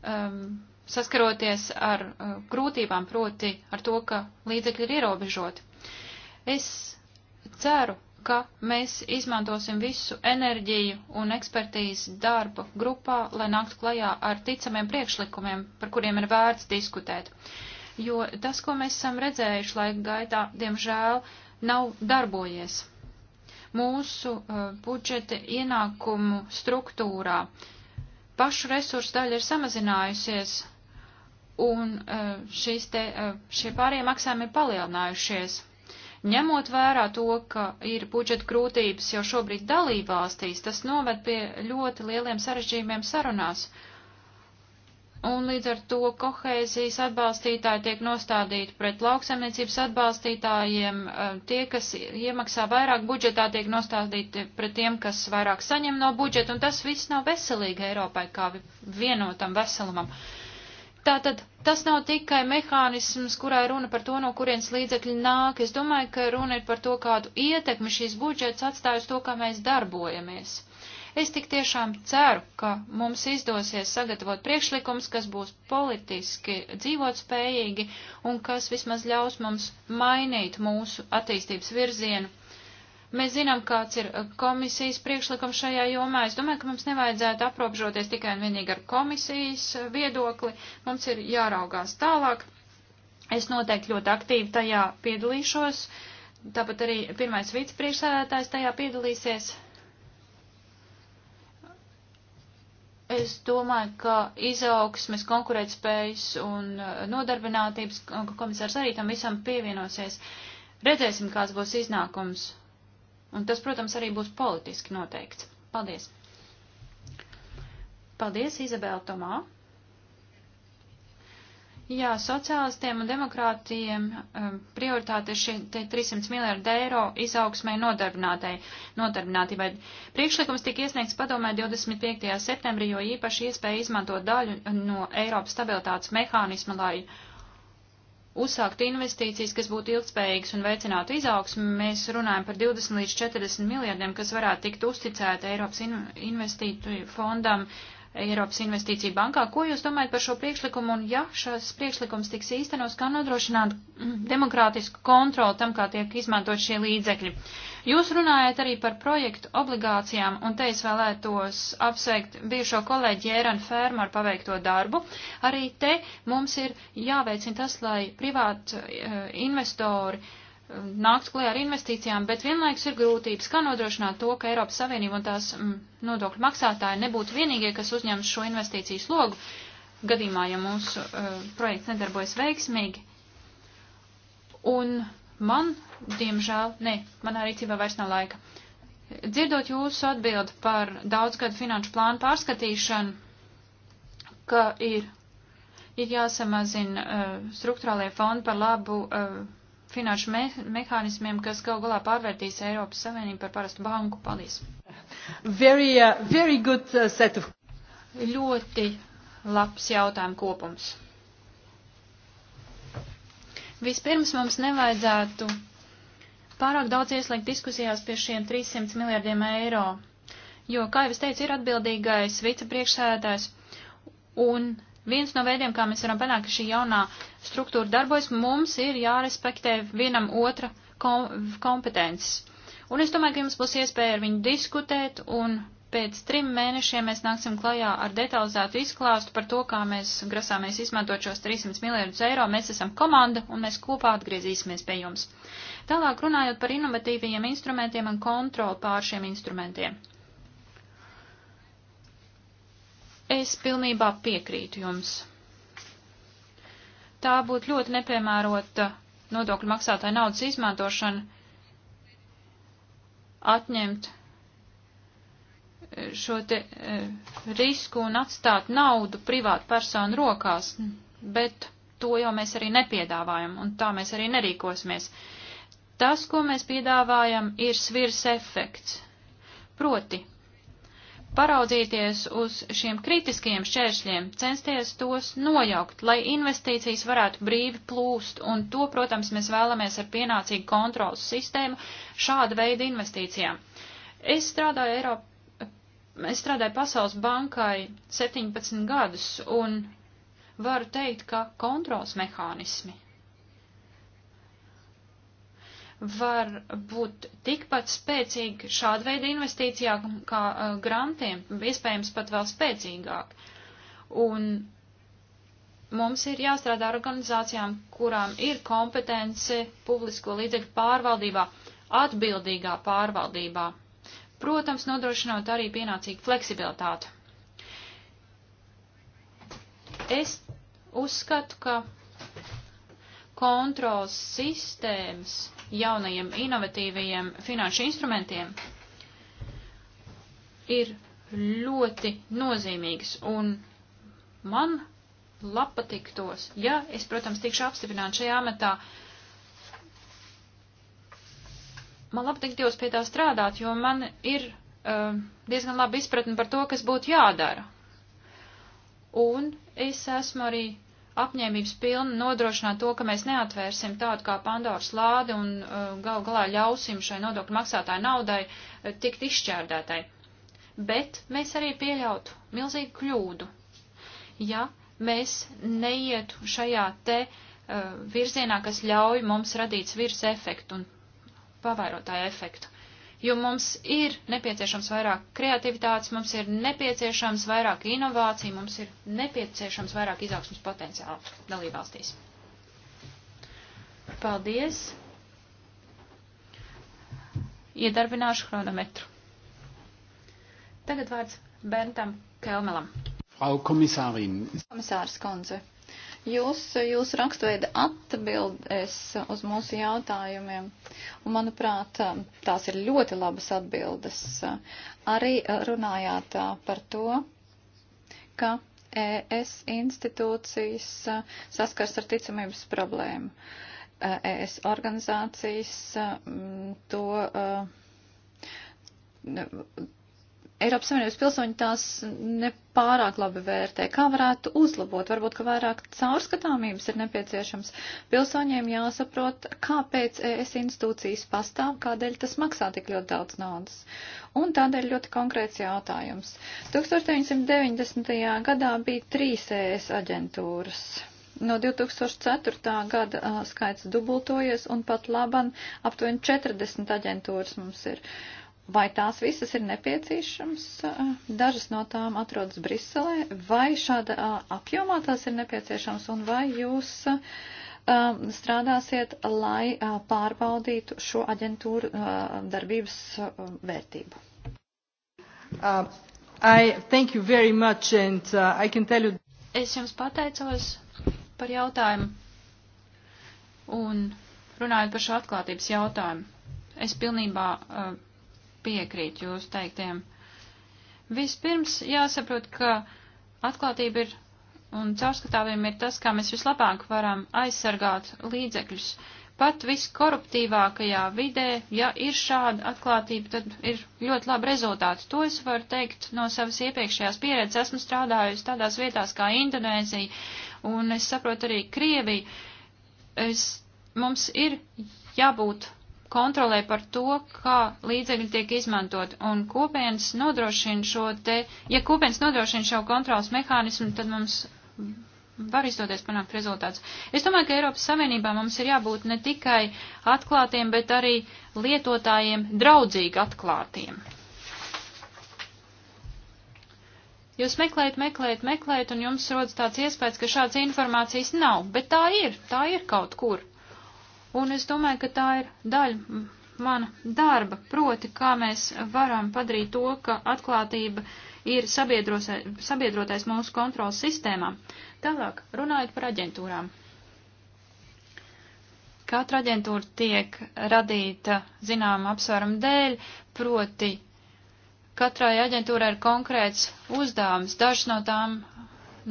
Um, saskaroties ar uh, grūtībām, proti ar to, ka līdzekļi ir ierobežoti. Es ceru, ka mēs izmantosim visu enerģiju un ekspertīzi darba grupā, lai nāktu klajā ar ticamiem priekšlikumiem, par kuriem ir vērts diskutēt. Jo tas, ko mēs esam redzējuši laika gaitā, diemžēl nav darbojies. Mūsu uh, budžeta ienākumu struktūrā pašu resursu daļa ir samazinājusies, un uh, šīs te, uh, šie pārējie maksājumi ir palielinājušies Ņemot vērā to, ka ir budžeta grūtības jau šobrīd dalībvalstīs, tas noved pie ļoti lieliem sarežģījumiem sarunās. Un līdz ar to kohēzijas atbalstītāji tiek nostādīti pret lauksaimniecības atbalstītājiem, eh, tie, kas iemaksā vairāk budžetā, tiek nostādīti pret tiem, kas vairāk saņem no budžeta, un tas viss nav veselīgi Eiropai kā vienotam veselumam. Uh, Tātad tas nav tikai mehānisms, kurā ir runa par to, no kurienes līdzekļi nāk. Es domāju, ka runa ir par to, kādu ietekmi šīs budžets atstāj uz to, kā mēs darbojamies. Es tik tiešām ceru, ka mums izdosies sagatavot priekšlikums, kas būs politiski dzīvotspējīgi un kas vismaz ļaus mums mainīt mūsu attīstības virzienu Mēs zinām, kāds ir uh, komisijas priekšlikums šajā jomā. Es domāju, ka mums nevajadzētu aprobežoties tikai un vienīgi ar komisijas uh, viedokli. Mums ir jāraugās tālāk. Es noteikti ļoti aktīvi tajā piedalīšos. Tāpat arī pirmais vicepriekšsēdētājs tajā piedalīsies. Es domāju, ka izaugsmes, konkurētspējas un uh, nodarbinātības komisārs arī tam visam pievienosies. Redzēsim, kāds būs iznākums. Un tas, protams, arī būs politiski noteikts. Paldies! Paldies, Izabela Tomā! Jā, sociālistiem un demokrātiem um, prioritāte ir šie 300 miljārdi eiro izaugsmai nodarbinātībai. Priekšlikums tika iesniegts padomē 25. septembrī, jo īpaši iespēja izmantot daļu no Eiropas stabilitātes mehānisma, lai uzsākt investīcijas, kas būtu ilgspējīgas un veicinātu izaugsmu, mēs runājam par 20 līdz 40 miljardiem, kas varētu tikt uzticēta Eiropas investīciju fondam Eiropas investīcija bankā. Ko jūs domājat par šo priekšlikumu un ja šis priekšlikums tiks īstenos, kā nodrošināt demokrātisku kontroli tam, kā tiek izmantot šie līdzekļi? Jūs runājat arī par projektu obligācijām un te es vēlētos apsveikt bijušo kolēģi Jēranu Fērmu ar paveikto darbu. Arī te mums ir jāveicina tas, lai privāti eh, investori uh, nākt klajā ar investīcijām, bet vienlaikus ir grūtības, kā nodrošināt to, ka Eiropas Savienība un tās mm, nodokļu maksātāji nebūtu vienīgie, kas uzņems šo investīciju slogu, gadījumā, ja mūsu uh, projekts nedarbojas veiksmīgi. Un man, diemžēl, ne, manā rīcībā vairs nav laika. Dzirdot jūsu atbildi par daudzgadu finanšu plānu pārskatīšanu, ka ir, ir jāsamazina uh, struktūrālajie fondi par labu uh, finanšu me mehānismiem, kas gal galā pārvērtīs Eiropas Savienību par parastu banku. Paldies! Very, uh, very good uh, set of... Ļoti labs jautājumu kopums. Vispirms mums nevajadzētu pārāk daudz ieslēgt diskusijās pie šiem 300 miljardiem eiro, jo, kā jau es teicu, ir atbildīgais vicepriekšsēdētājs, un viens no veidiem, kā mēs varam panākt, ka šī jaunā struktūra darbojas, mums ir jārespektē vienam otra kom kompetences. Un es domāju, ka jums būs iespēja ar viņu diskutēt, un pēc trim mēnešiem mēs nāksim klajā ar detalizētu izklāstu par to, kā mēs grasāmies izmantot šos 300 miljardus eiro. Mēs esam komanda, un mēs kopā atgriezīsimies pie jums. Tālāk runājot par inovatīviem instrumentiem un kontroli pār šiem instrumentiem. Es pilnībā piekrītu jums tā būtu ļoti nepiemērota nodokļu maksātāja naudas izmantošana atņemt eh, šo te eh, risku un atstāt naudu privātu personu rokās, bet to jau mēs arī nepiedāvājam, un tā mēs arī nerīkosimies. Tas, ko mēs piedāvājam, ir svirs efekts. Proti, paraudzīties uz šiem kritiskajiem šķēršļiem, censties tos nojaukt, lai investīcijas varētu brīvi plūst, un to, protams, mēs vēlamies ar pienācīgu kontrolas sistēmu šāda veida investīcijām. Es strādāju Eiropā. Es strādāju Pasaules bankai 17 gadus un varu teikt, ka kontrols mehānismi var būt tikpat spēcīgi šāda veida investīcijā kā uh, grantiem, iespējams pat vēl spēcīgāk. Un mums ir jāstrādā organizācijām, kurām ir kompetence publisko līdzekļu pārvaldībā, atbildīgā pārvaldībā, protams, nodrošinot arī pienācīgu fleksibilitāti. Es uzskatu, ka kontrols sistēmas jaunajiem inovatīvajiem finanšu instrumentiem ir ļoti nozīmīgas, un man labpatiktos, ja es, protams, tikšu apstiprināt šajā amatā, man labpatiktos pie tā strādāt, jo man ir uh, diezgan labi izpratni par to, kas būtu jādara. Un es esmu arī apņēmības pilni nodrošināt to, ka mēs neatvērsim tādu kā Pandoras lādi un uh, gal galā ļausim šai nodokļu maksātāju naudai uh, tikt izšķērdētai. Bet mēs arī pieļautu milzīgu kļūdu, ja mēs neietu šajā te uh, virzienā, kas ļauj mums radīt virs efektu un pavairotāju efektu jo mums ir nepieciešams vairāk kreativitātes, mums ir nepieciešams vairāk inovāciju, mums ir nepieciešams vairāk izaugsmas potenciāla dalībvalstīs. Paldies! Iedarbināšu chronometru. Tagad vārds Bentam Kelmelam. Frau Komisārin. Komisārs Konze. Jūs, jūs rakstveida atbildēs uz mūsu jautājumiem, un manuprāt, tās ir ļoti labas atbildes. Arī runājāt par to, ka ES institūcijas saskars ar ticamības problēmu. ES organizācijas mm, to Eiropas Savienības pilsoņi tās nepārāk labi vērtē. Kā varētu uzlabot? Varbūt, ka vairāk caurskatāmības ir nepieciešams. Pilsoņiem jāsaprot, kāpēc ES institūcijas pastāv, kādēļ tas maksā tik ļoti daudz naudas. Un tādēļ ļoti konkrēts jautājums. 1990. gadā bija trīs ES aģentūras. No 2004. gada uh, skaits dubultojies un pat laban aptuveni 40 aģentūras mums ir. Uh, Vai tās visas ir nepieciešams? Eh, dažas no tām atrodas Briselē. Vai šāda eh, apjomā tās ir nepieciešams un vai jūs eh, strādāsiet, lai pārbaudītu šo aģentūru darbības vērtību? Uh, I thank you very much and uh, I can tell you. Es jums pateicos par jautājumu un runājot par šo atklātības jautājumu. Es pilnībā uh, piekrīt jūs teiktiem. Vispirms jāsaprot, ka atklātība ir un caurskatāvība ir tas, kā mēs vislabāk varam aizsargāt līdzekļus. Pat viskoruptīvākajā vidē, ja ir šāda atklātība, tad ir ļoti labi rezultāti. To es varu teikt no savas iepriekšējās pieredzes. Esmu strādājusi tādās vietās kā Indonēzija, un es saprotu arī Krieviju. Es, mums ir jābūt kontrolē par to, kā līdzekļi tiek izmantot, un kopienas nodrošina šo te, ja kopienas nodrošina šo kontrolas mehānismu, tad mums var izdoties panākt rezultāts. Es domāju, ka Eiropas Savienībā mums ir jābūt ne tikai atklātiem, bet arī lietotājiem draudzīgi atklātiem. Jūs meklējat, meklējat, meklējat, un jums rodas tāds iespējas, ka šādas informācijas nav, bet tā ir, tā ir kaut kur. Un es domāju, ka tā ir daļa mana darba, proti, kā mēs varam padarīt to, ka atklātība ir sabiedrotais mūsu kontrolas sistēmā. Tālāk, runājot par aģentūrām. Katra aģentūra tiek radīta zinām apsvērumu dēļ, proti katrai aģentūrai ir konkrēts uzdevums. Dažas no tām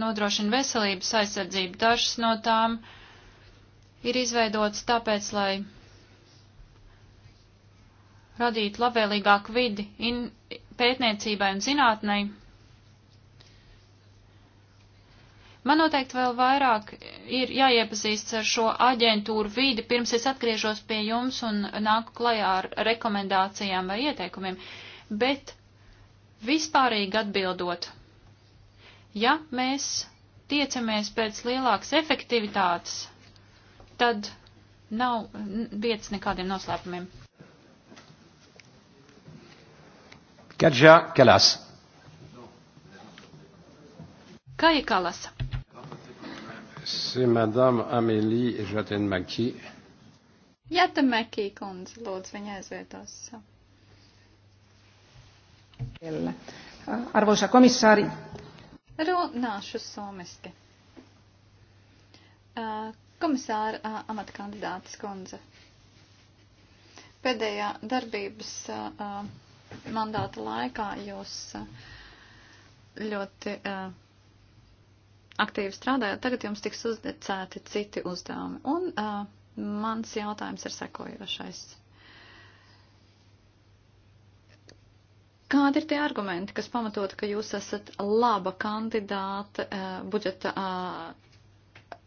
nodrošina veselības aizsardzību, dažas no tām uh, ir izveidots tāpēc, lai radītu labvēlīgāku vidi in, pētniecībai un zinātnei. Man noteikti vēl vairāk ir jāiepazīstas ar šo aģentūru vīdi, pirms es atgriežos pie jums un nāku klajā ar rekomendācijām vai ieteikumiem. Bet vispārīgi atbildot, ja mēs tiecamies pēc lielākas efektivitātes tad nav vietas nekādiem noslēpumiem. Kadžā Kalas. Kaja Kalas. C'est Madame Amélie Jatenmaki. Jatenmaki, kundze, lūdzu, viņa aizvietos. Arvoisa komissaari. Runāšu somiski. Uh, Komisāra amata kandidātas kundze. Pēdējā darbības mandāta laikā jūs ļoti aktīvi strādājat. Tagad jums tiks uzdecēti citi uzdevumi. Un mans jautājums ir sekojošais. Kādi ir tie argumenti, kas pamatot, ka jūs esat laba kandidāta budžeta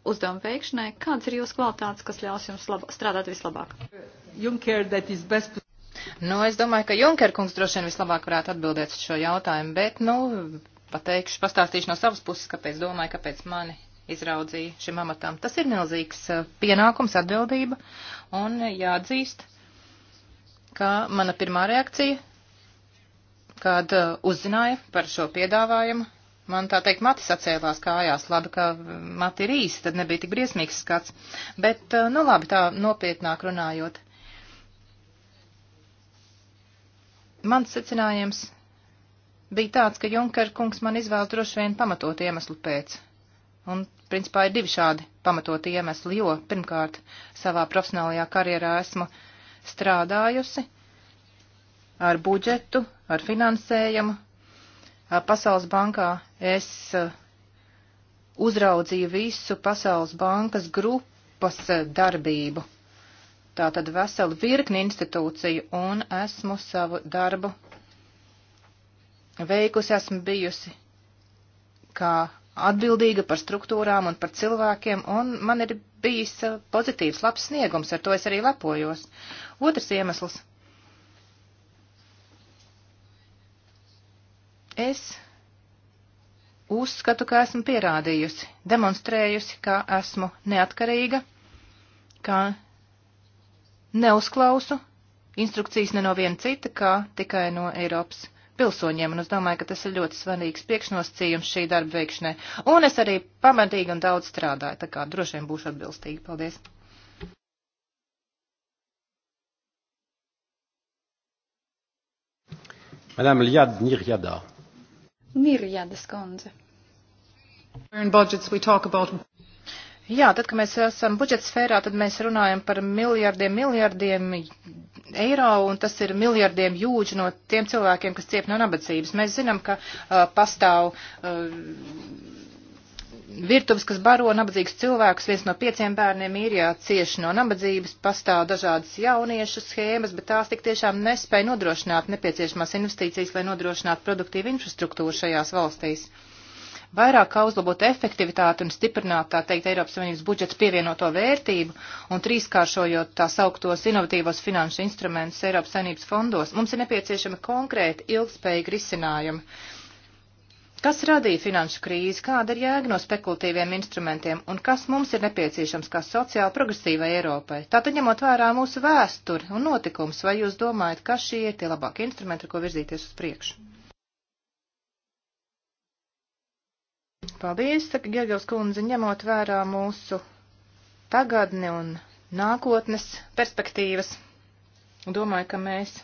uzdevumu veikšanai, kādas ir jūsu kvalitātes, kas ļaus jums laba, strādāt vislabāk? Junker, Nu, es domāju, ka Junker kungs droši vien vislabāk varētu atbildēt uz šo jautājumu, bet, nu, pateikšu, pastāstīšu no savas puses, kāpēc domāju, kāpēc mani izraudzīja šim amatam. Tas ir milzīgs eh, pienākums, atbildība, un jāatzīst, ka mana pirmā reakcija, kad eh, uzzināja par šo piedāvājumu, Man tā teikt, matis atcēlās kājās, labi, ka mati ir īsi, tad nebija tik briesmīgs skats. Bet, eh, nu labi, tā nopietnāk runājot. Mans secinājums bija tāds, ka Junker kungs man izvēlas droši vien pamatot iemeslu pēc. Un, principā, ir divi šādi pamatot iemesli, jo, pirmkārt, savā profesionālajā karjerā esmu strādājusi ar budžetu, ar finansējumu, Pasaules bankā es uzraudzīju visu Pasaules bankas grupas darbību. Tā tad vesela virkni institūciju un esmu savu darbu veikusi, esmu bijusi kā atbildīga par struktūrām un par cilvēkiem, un man ir bijis pozitīvs, labs sniegums, ar to es arī lepojos. Otrs iemesls Es uzskatu, ka esmu pierādījusi, demonstrējusi, ka esmu neatkarīga, ka neuzklausu instrukcijas ne no viena cita, kā tikai no Eiropas pilsoņiem, un es domāju, ka tas ir ļoti svarīgs priekšnosacījums šī darba veikšanai. Un es arī pamatīgi un daudz strādāju, tā kā droši vien būšu atbilstīgi. Paldies! Madame Liad Nirjada. Mirjādas kundze. Jā, tad, kad mēs esam budžeta sfērā, tad mēs runājam par miljardiem, miljardiem eiro, un tas ir miljardiem jūdžu no tiem cilvēkiem, kas ciep no nabadzības. Mēs zinām, ka uh, pastāv. Uh, virtuves, kas baro nabadzīgs cilvēks, viens no pieciem bērniem īrijā cieši no nabadzības, pastāv dažādas jauniešu schēmas, bet tās tik tiešām nespēja nodrošināt nepieciešamās investīcijas, lai nodrošinātu produktīvu infrastruktūru šajās valstīs. Vairāk kā uzlabot efektivitāti un stiprināt, tā teikt, Eiropas Savienības budžets pievienoto vērtību un trīskāršojot tā sauktos inovatīvos finanšu instrumentus Eiropas Savienības fondos, mums ir nepieciešami konkrēti ilgspējīgi risinājumi Kas radīja finanšu krīzi, kāda ir jēga no spekulatīviem instrumentiem un kas mums ir nepieciešams kā sociāli progresīvai Eiropai? Tātad ņemot vērā mūsu vēsturi un notikums, vai jūs domājat, ka šie ir tie labākie instrumenti, ar ko virzīties uz priekšu? Paldies, saka Gergels kundze, ņemot vērā mūsu tagadni un nākotnes perspektīvas. Domāju, ka mēs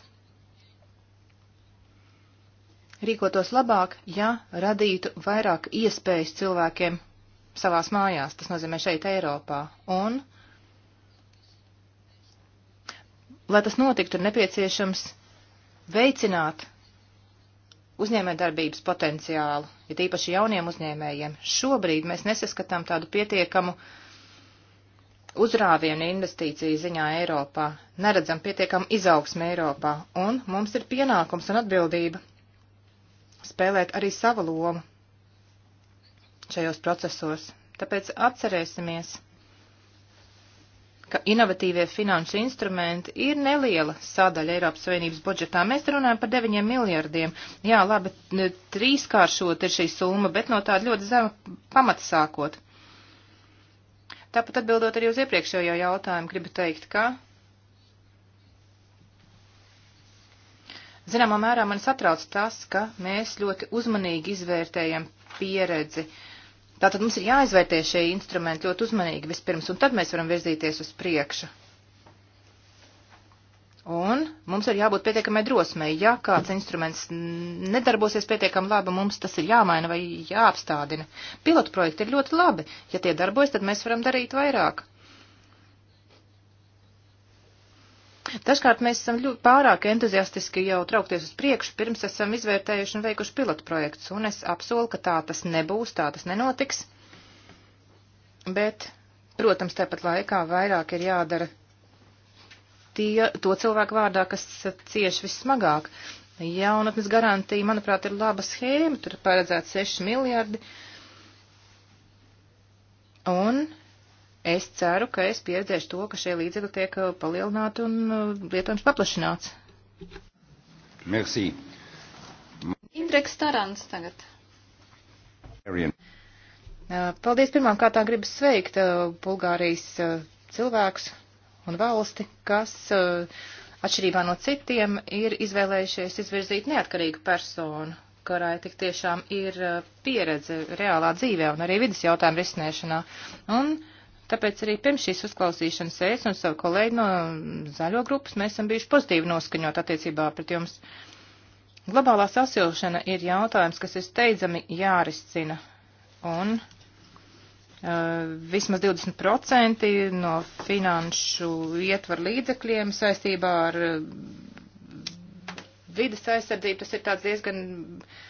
rīkotos labāk, ja radītu vairāk iespējas cilvēkiem savās mājās, tas nozīmē šeit Eiropā. Un, lai tas notiktu, ir nepieciešams veicināt uzņēmējdarbības potenciālu, ja tīpaši jauniem uzņēmējiem. Šobrīd mēs nesaskatām tādu pietiekamu uzrāvienu investīciju ziņā Eiropā, neredzam pietiekamu izaugsmu Eiropā, un mums ir pienākums un atbildība spēlēt arī savu lomu šajos procesos. Tāpēc atcerēsimies, ka inovatīvie finanšu instrumenti ir neliela sadaļa Eiropas Savienības budžetā. Mēs runājam par 9 miljardiem. Jā, labi, trīskāršot ir šī summa, bet no tāda ļoti zema pamata sākot. Tāpat atbildot arī uz iepriekšējo jautājumu, gribu teikt, ka Zināmā mērā man satrauc tas, ka mēs ļoti uzmanīgi izvērtējam pieredzi. Tātad mums ir jāizvērtē šie instrumenti ļoti uzmanīgi vispirms, un tad mēs varam virzīties uz priekšu. Un mums ir jābūt pietiekamai drosmei. Ja kāds instruments nedarbosies pietiekami labi, mums tas ir jāmaina vai jāapstādina. Pilotu projekti ir ļoti labi. Ja tie darbojas, tad mēs varam darīt vairāk. Dažkārt mēs esam ļoti pārāk entuziastiski jau traukties uz priekšu, pirms esam izvērtējuši un veikuši pilotu projekts, un es apsolu, ka tā tas nebūs, tā tas nenotiks. Bet, protams, tāpat laikā vairāk ir jādara tie, to cilvēku vārdā, kas cieš vissmagāk. Jaunatnes garantija, manuprāt, ir laba schēma, tur paredzēts 6 miljardi. Un es ceru, ka es pieredzēšu to, ka šie līdzekļi tiek uh, palielināti un uh, lietojums paplašināts. Merci. Indreks Tarants tagad. Arian. Uh, paldies pirmām kārtām gribu sveikt Bulgārijas cilvēkus un valsti, kas atšķirībā no citiem ir izvēlējušies izvirzīt neatkarīgu personu, kurai tik tiešām ir pieredze reālā dzīvē un arī vidas jautājumu risināšanā. Un uh, Tāpēc arī pirms šīs uzklausīšanas es un savu kolēģi no zaļo grupas mēs esam bijuši pozitīvi noskaņot attiecībā pret jums. Globālā sasilšana ir jautājums, kas ir steidzami jāriscina. Un uh, vismaz 20% no finanšu ietvaru līdzekļiem saistībā ar uh, vidas aizsardzību, tas ir tāds diezgan uh,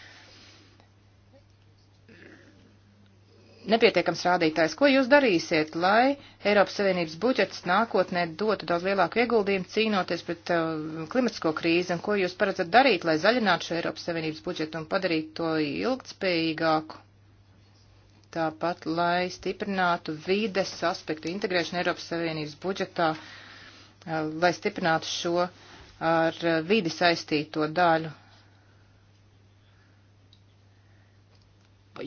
nepietiekams rādītājs. Ko jūs darīsiet, lai Eiropas Savienības budžets nākotnē dotu daudz lielāku ieguldījumu cīnoties pret uh, klimatisko krīzi, un ko jūs paredzat darīt, lai zaļinātu šo Eiropas Savienības budžetu un padarītu to ilgtspējīgāku? Tāpat, lai stiprinātu vides aspektu integrēšanu Eiropas Savienības budžetā, uh, lai stiprinātu šo ar uh, vidi saistīto daļu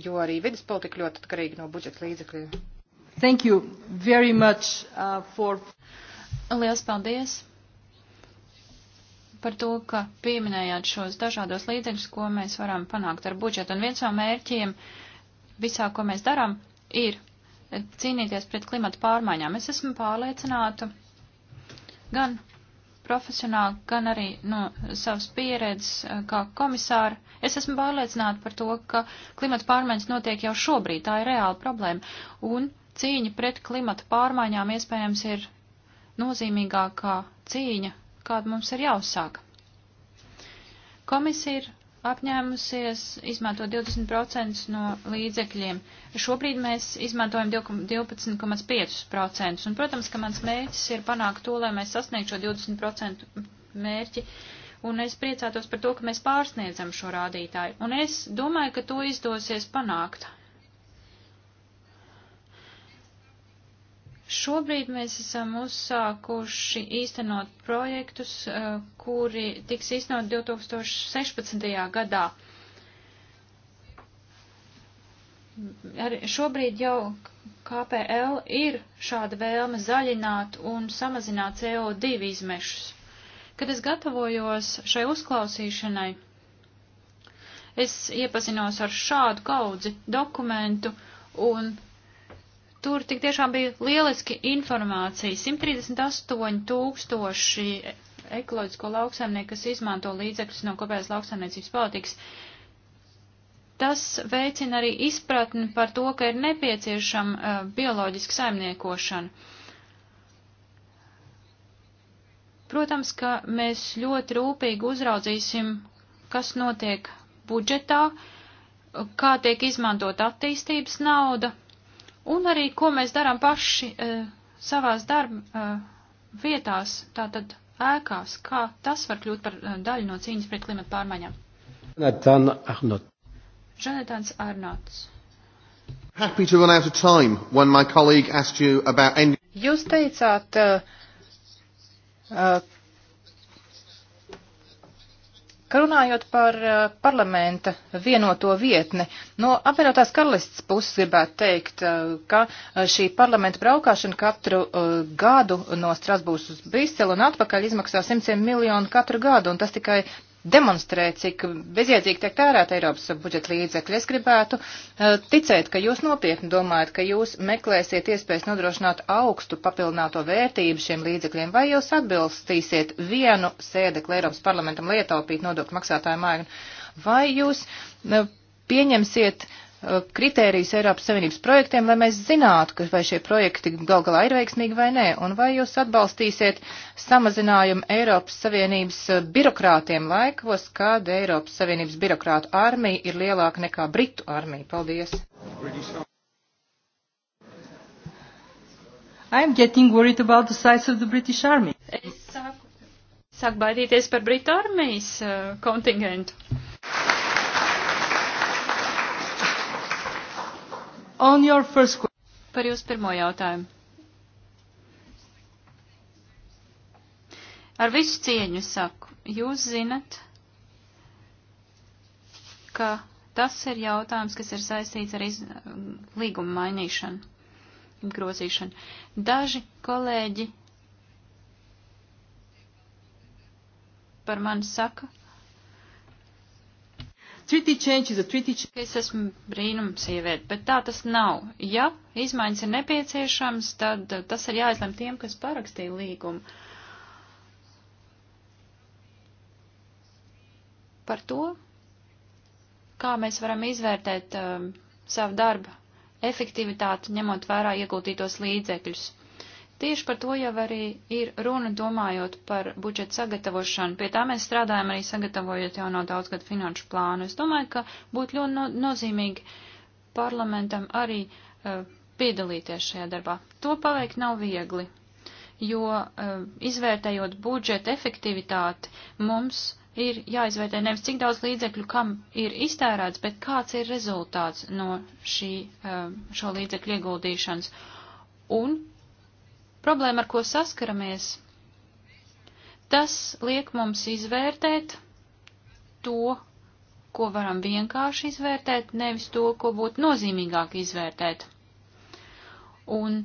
jo arī vidas politika ļoti atkarīga no budžeta līdzekļiem. Thank you very much uh, for. Liels paldies par to, ka pieminējāt šos dažādos līdzekļus, ko mēs varam panākt ar budžetu. Un viens no mērķiem visā, ko mēs darām, ir cīnīties pret klimatu pārmaiņām. Es esmu pārliecināta gan profesionāli, gan arī no savas pieredzes eh, kā komisāra. Es esmu pārliecināta par to, ka klimata pārmaiņas notiek jau šobrīd, tā ir reāla problēma, un cīņa pret klimata pārmaiņām iespējams ir nozīmīgākā cīņa, kāda mums ir jāuzsāk. Komisija ir apņēmusies izmantot 20% no līdzekļiem. Šobrīd mēs izmantojam 12,5%. Un, protams, ka mans mērķis ir panākt to, lai mēs sasniegtu šo 20% mērķi. Un es priecātos par to, ka mēs pārsniedzam šo rādītāju. Un es domāju, ka to izdosies panākt. Šobrīd mēs esam uzsākuši īstenot projektus, eh, kuri tiks īstenot 2016. gadā. Ar šobrīd jau KPL ir šāda vēlme zaļināt un samazināt CO2 izmešus. Kad es gatavojos šai uzklausīšanai, es iepazinos ar šādu kaudzi dokumentu un tur tik tiešām bija lieliski informācija. 138 tūkstoši ekoloģisko lauksaimnieku, kas izmanto līdzekļus no kopējās lauksaimniecības politikas. Tas veicina arī izpratni par to, ka ir nepieciešama uh, bioloģiska saimniekošana. Protams, ka mēs ļoti rūpīgi uzraudzīsim, kas notiek budžetā, kā tiek izmantot attīstības nauda, un arī, ko mēs darām paši e, savās darba e, vietās, tātad ēkās, kā tas var kļūt par e, daļu no cīņas pret klimatu pārmaiņām. Jonathan Arnots. Happy to run out of time when my colleague asked you about end. Jūs teicāt, uh, uh, Ka runājot par eh, parlamenta vienoto vietni, no apvienotās karalists puses gribētu teikt, eh, ka eh, šī parlamenta braukšana katru gadu no Strasbūras uz Briselu un atpakaļ izmaksā simtiem miljonu katru gadu, un tas tikai demonstrē, cik bezjēdzīgi tiek tērēta Eiropas budžeta līdzekļi. Es gribētu eh, ticēt, ka jūs nopietni domājat, ka jūs meklēsiet iespējas nodrošināt augstu papildināto vērtību šiem līdzekļiem, vai jūs atbilstīsiet vienu sēdekli Eiropas parlamentam, lai ietaupītu nodokļu maksātāju māju, vai jūs eh, pieņemsiet uh, Uh, kritērijas Eiropas Savienības projektiem, lai mēs zinātu, ka vai šie projekti gal galā ir veiksmīgi vai nē, un vai jūs atbalstīsiet samazinājumu Eiropas Savienības uh, birokrātiem laikos, kad Eiropas Savienības birokrātu armija ir lielāka nekā Britu armija. Paldies! I'm getting worried about the size of the British army. Es sāku, sāku baidīties par Britu armijas uh, kontingentu. First... Par jūsu pirmo jautājumu. Ar visu cieņu saku, jūs zinat, ka tas ir jautājums, kas ir saistīts ar iz... līguma mainīšanu, grozīšanu. Daži kolēģi par mani saka, Treaty change is a treaty change. Es esmu brīnums sieviete, bet tā tas nav. Ja izmaiņas ir nepieciešams, tad eh, tas ir jāizlem tiem, kas parakstīja līgumu. Par to, kā mēs varam izvērtēt um, savu darbu efektivitāti, ņemot vērā ieguldītos līdzekļus. Tieši par to jau arī ir runa domājot par budžeta sagatavošanu. Pie tā mēs strādājam arī sagatavojot jauno daudzgadu finanšu plānu. Es domāju, ka būtu ļoti no nozīmīgi parlamentam arī uh, piedalīties šajā darbā. To paveikt nav viegli, jo uh, izvērtējot budžeta efektivitāti, mums ir jāizvērtē nevis cik daudz līdzekļu kam ir iztērēts, bet kāds ir rezultāts no šī, uh, šo līdzekļu ieguldīšanas. Un Problēma, ar ko saskaramies, tas liek mums izvērtēt to, ko varam vienkārši izvērtēt, nevis to, ko būtu nozīmīgāk izvērtēt. Un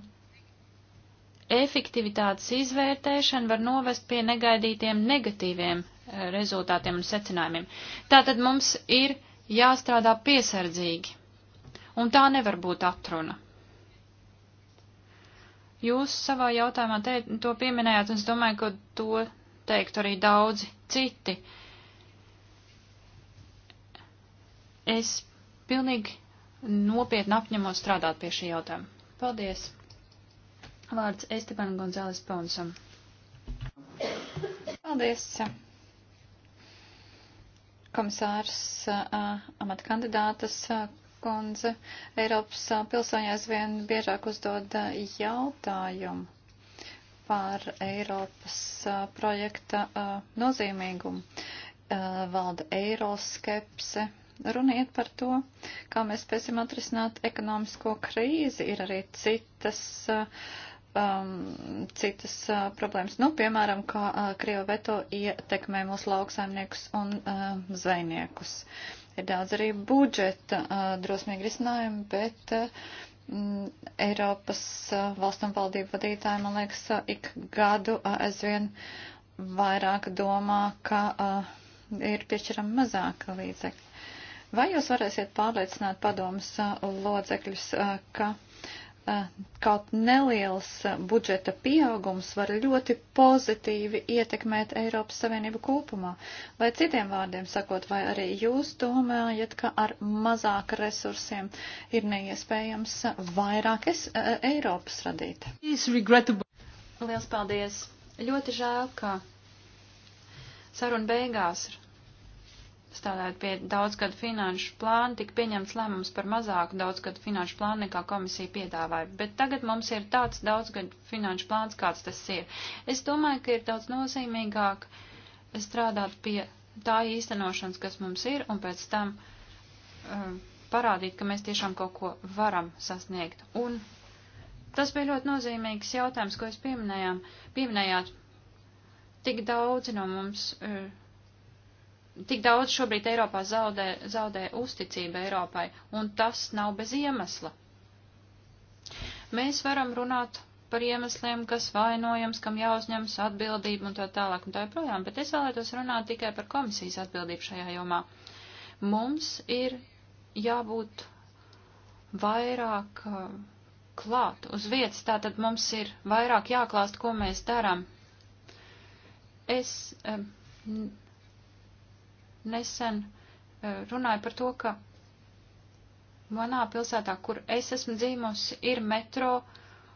efektivitātes izvērtēšana var novest pie negaidītiem negatīviem eh, rezultātiem un secinājumiem. Tātad mums ir jāstrādā piesardzīgi, un tā nevar būt atruna. Jūs savā jautājumā te, to pieminējāt, un es domāju, ka to teikt arī daudzi citi. Es pilnīgi nopietni apņemos strādāt pie šī jautājuma. Paldies! Vārds Esteban Gonzāles Ponsam. Paldies! Komisārs, amatkandidātas, kundze, Eiropas pilsoņi aizvien biežāk uzdod jautājumu par Eiropas projekta nozīmīgumu. Valda eiroskepse. Runiet par to, kā mēs spēsim atrisināt ekonomisko krīzi. Ir arī citas uh, um, citas uh, problēmas. Nu, piemēram, kā uh, Krieva veto ietekmē mūsu lauksaimniekus un uh, zvejniekus. Ir daudz arī budžeta uh, drosmīgi risinājumi, bet uh, m, mm, Eiropas uh, valstu un valdību vadītāji, man liekas, uh, ik gadu uh, aizvien vairāk domā, ka uh, ir piešķirama mazāka līdzekļa. Vai jūs varēsiet pārliecināt padomus uh, lodzekļus, uh, ka kaut neliels budžeta pieaugums var ļoti pozitīvi ietekmēt Eiropas Savienību kopumā. Vai citiem vārdiem sakot, vai arī jūs domājat, ka ar mazāk resursiem ir neiespējams vairāk es, Eiropas radīt? Liels paldies! Ļoti žēl, ka saruna beigās strādājot pie daudzgadu finanšu plāna, tika pieņemts lēmums par mazāku daudzgadu finanšu plānu nekā komisija piedāvāja. Bet tagad mums ir tāds daudzgadu finanšu plāns, kāds tas ir. Es domāju, ka ir daudz nozīmīgāk strādāt pie tā īstenošanas, kas mums ir, un pēc tam uh, parādīt, ka mēs tiešām kaut ko varam sasniegt. Un tas bija ļoti nozīmīgs jautājums, ko jūs pieminējām, pieminējāt. Tik daudzi no mums. Uh, tik daudz šobrīd Eiropā zaudē, zaudē uzticība Eiropai, un tas nav bez iemesla. Mēs varam runāt par iemesliem, kas vainojams, kam jāuzņemas atbildība un tā tālāk un tā joprojām, bet es vēlētos runāt tikai par komisijas atbildību šajā jomā. Mums ir jābūt vairāk uh, klāt uz vietas, tātad mums ir vairāk jāklāst, ko mēs darām. Es um, nesen eh, runāju par to, ka manā pilsētā, kur es esmu dzīvojusi, ir metro,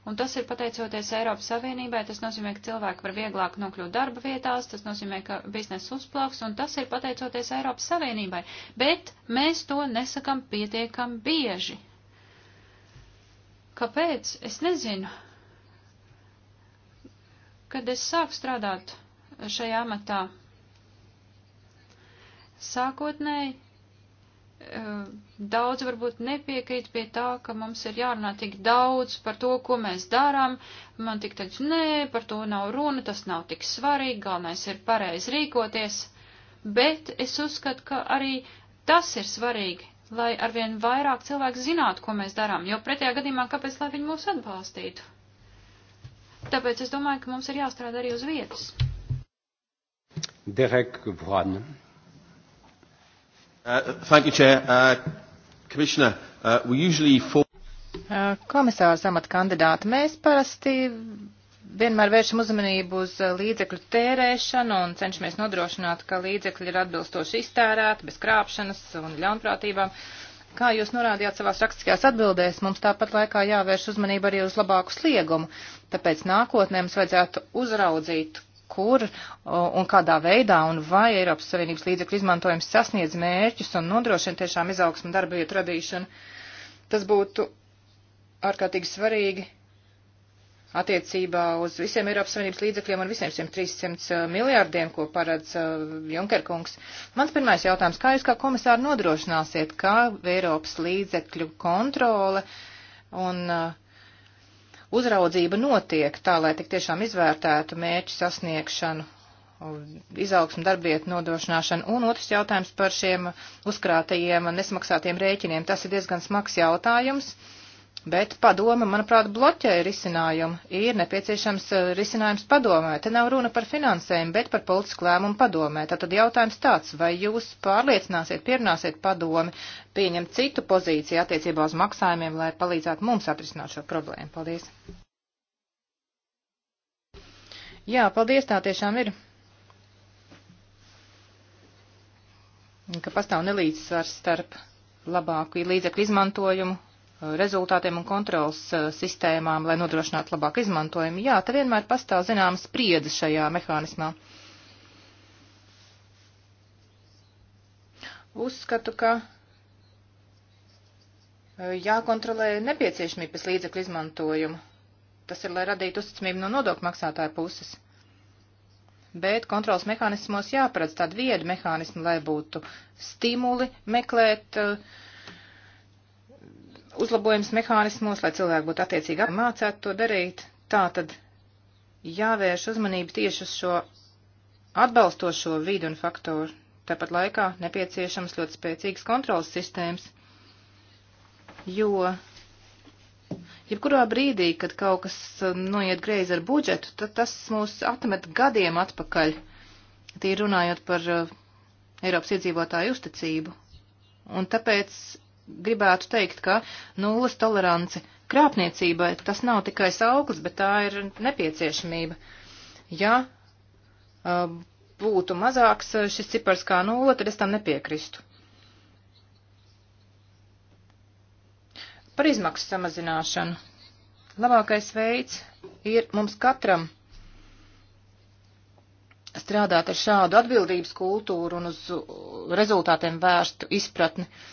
un tas ir pateicoties Eiropas Savienībai, tas nozīmē, ka cilvēki var vieglāk nokļūt darba vietās, tas nozīmē, ka biznesa uzplauks, un tas ir pateicoties Eiropas Savienībai, bet mēs to nesakam pietiekam bieži. Kāpēc? Es nezinu. Kad es sāku strādāt šajā amatā, Sākotnēji eh, daudz varbūt nepiekrīt pie tā, ka mums ir jārunā tik daudz par to, ko mēs darām. Man tik teiks, nē, par to nav runa, tas nav tik svarīgi, galvenais ir pareizi rīkoties. Bet es uzskatu, ka arī tas ir svarīgi, lai arvien vairāk cilvēku zinātu, ko mēs darām, jo pretējā gadījumā kāpēc, lai viņi mūs atbalstītu? Tāpēc es domāju, ka mums ir jāstrādā arī uz vietas. Derek Vaughan. Uh, thank you, Chair. Uh, Commissioner, uh, we usually for... Uh, komisārs amata kandidāti, mēs parasti vienmēr vēršam uzmanību uz uh, līdzekļu tērēšanu un cenšamies nodrošināt, ka līdzekļi ir atbilstoši iztērēti, bez krāpšanas un ļaunprātībām. Kā jūs norādījāt savās rakstiskajās atbildēs, mums tāpat laikā jāvērš uzmanība arī uz labāku sliegumu, tāpēc nākotnē mums vajadzētu uzraudzīt, kur un kādā veidā un vai Eiropas Savienības līdzekļu izmantojums sasniedz mērķus un nodrošina tiešām izaugsmu darba vietu radīšanu. Tas būtu ārkārtīgi svarīgi attiecībā uz visiem Eiropas Savienības līdzekļiem un visiem šiem 300 eh, miljārdiem, ko paredz eh, Junkerkungs. Mans pirmais jautājums, kā jūs kā komisāri nodrošināsiet, kā Eiropas līdzekļu kontrole un uh, uzraudzība notiek tā, lai tik tiešām izvērtētu mērķu sasniegšanu, izaugsmu darbietu nodrošināšanu. Un otrs jautājums par šiem uzkrātajiem nesmaksātiem rēķiniem. Tas ir diezgan smags jautājums. Uh, Bet padome, manuprāt, bloķē risinājumu. Ir nepieciešams eh, risinājums padomē. Te nav runa par finansējumu, bet par politisku lēmumu padomē. Tātad jautājums tāds, vai jūs pārliecināsiet, pierunāsiet padomi, pieņemt citu pozīciju attiecībā uz maksājumiem, lai palīdzētu mums atrisināt šo problēmu. Paldies. Jā, paldies, tā tiešām ir. Ka pastāv nelīdzsvars starp labāku līdzekļu izmantojumu rezultātiem un kontrols e, sistēmām, lai nodrošinātu labāku izmantojumu. Jā, te vienmēr pastāv zināmas spriedzi šajā mehānismā. Uzskatu, ka e, jākontrolē nepieciešamība pēc līdzekļu izmantojuma. Tas ir, lai radītu uzticamību no nodokļu maksātāja puses. Bet kontrols mehānismos jāparedz tādu viedu mehānismu, lai būtu stimuli meklēt uh, uzlabojums mehānismos, lai cilvēki būtu attiecīgi apmācēti to darīt. Tā tad jāvērš uzmanība tieši uz šo atbalstošo vidu un faktoru. Tāpat laikā nepieciešams ļoti spēcīgas kontrolas sistēmas, jo jebkurā brīdī, kad kaut kas uh, noiet greizi ar budžetu, tad tas mūs atmet gadiem atpakaļ, tī runājot par uh, Eiropas iedzīvotāju uzticību. Un tāpēc gribētu teikt, ka nulles tolerance krāpniecībai tas nav tikai sauklis, bet tā ir nepieciešamība. Ja uh, būtu mazāks uh, šis cipars kā nulle, tad es tam nepiekristu. Par izmaksu samazināšanu. Labākais veids ir mums katram strādāt ar šādu atbildības kultūru un uz rezultātiem vērstu izpratni. Uh,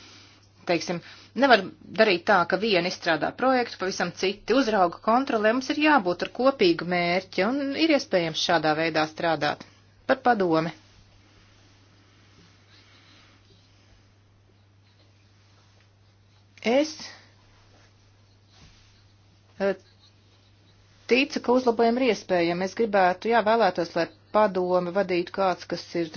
teiksim, nevar darīt tā, ka viena izstrādā projektu, pavisam citi uzrauga kontrolē. Mums ir jābūt ar kopīgu mērķi un ir iespējams šādā veidā strādāt. Par padomi. Es e, ticu, ka uzlabojumi ir iespējami. Es gribētu, jā, vēlētos, lai padomi vadītu kāds, kas ir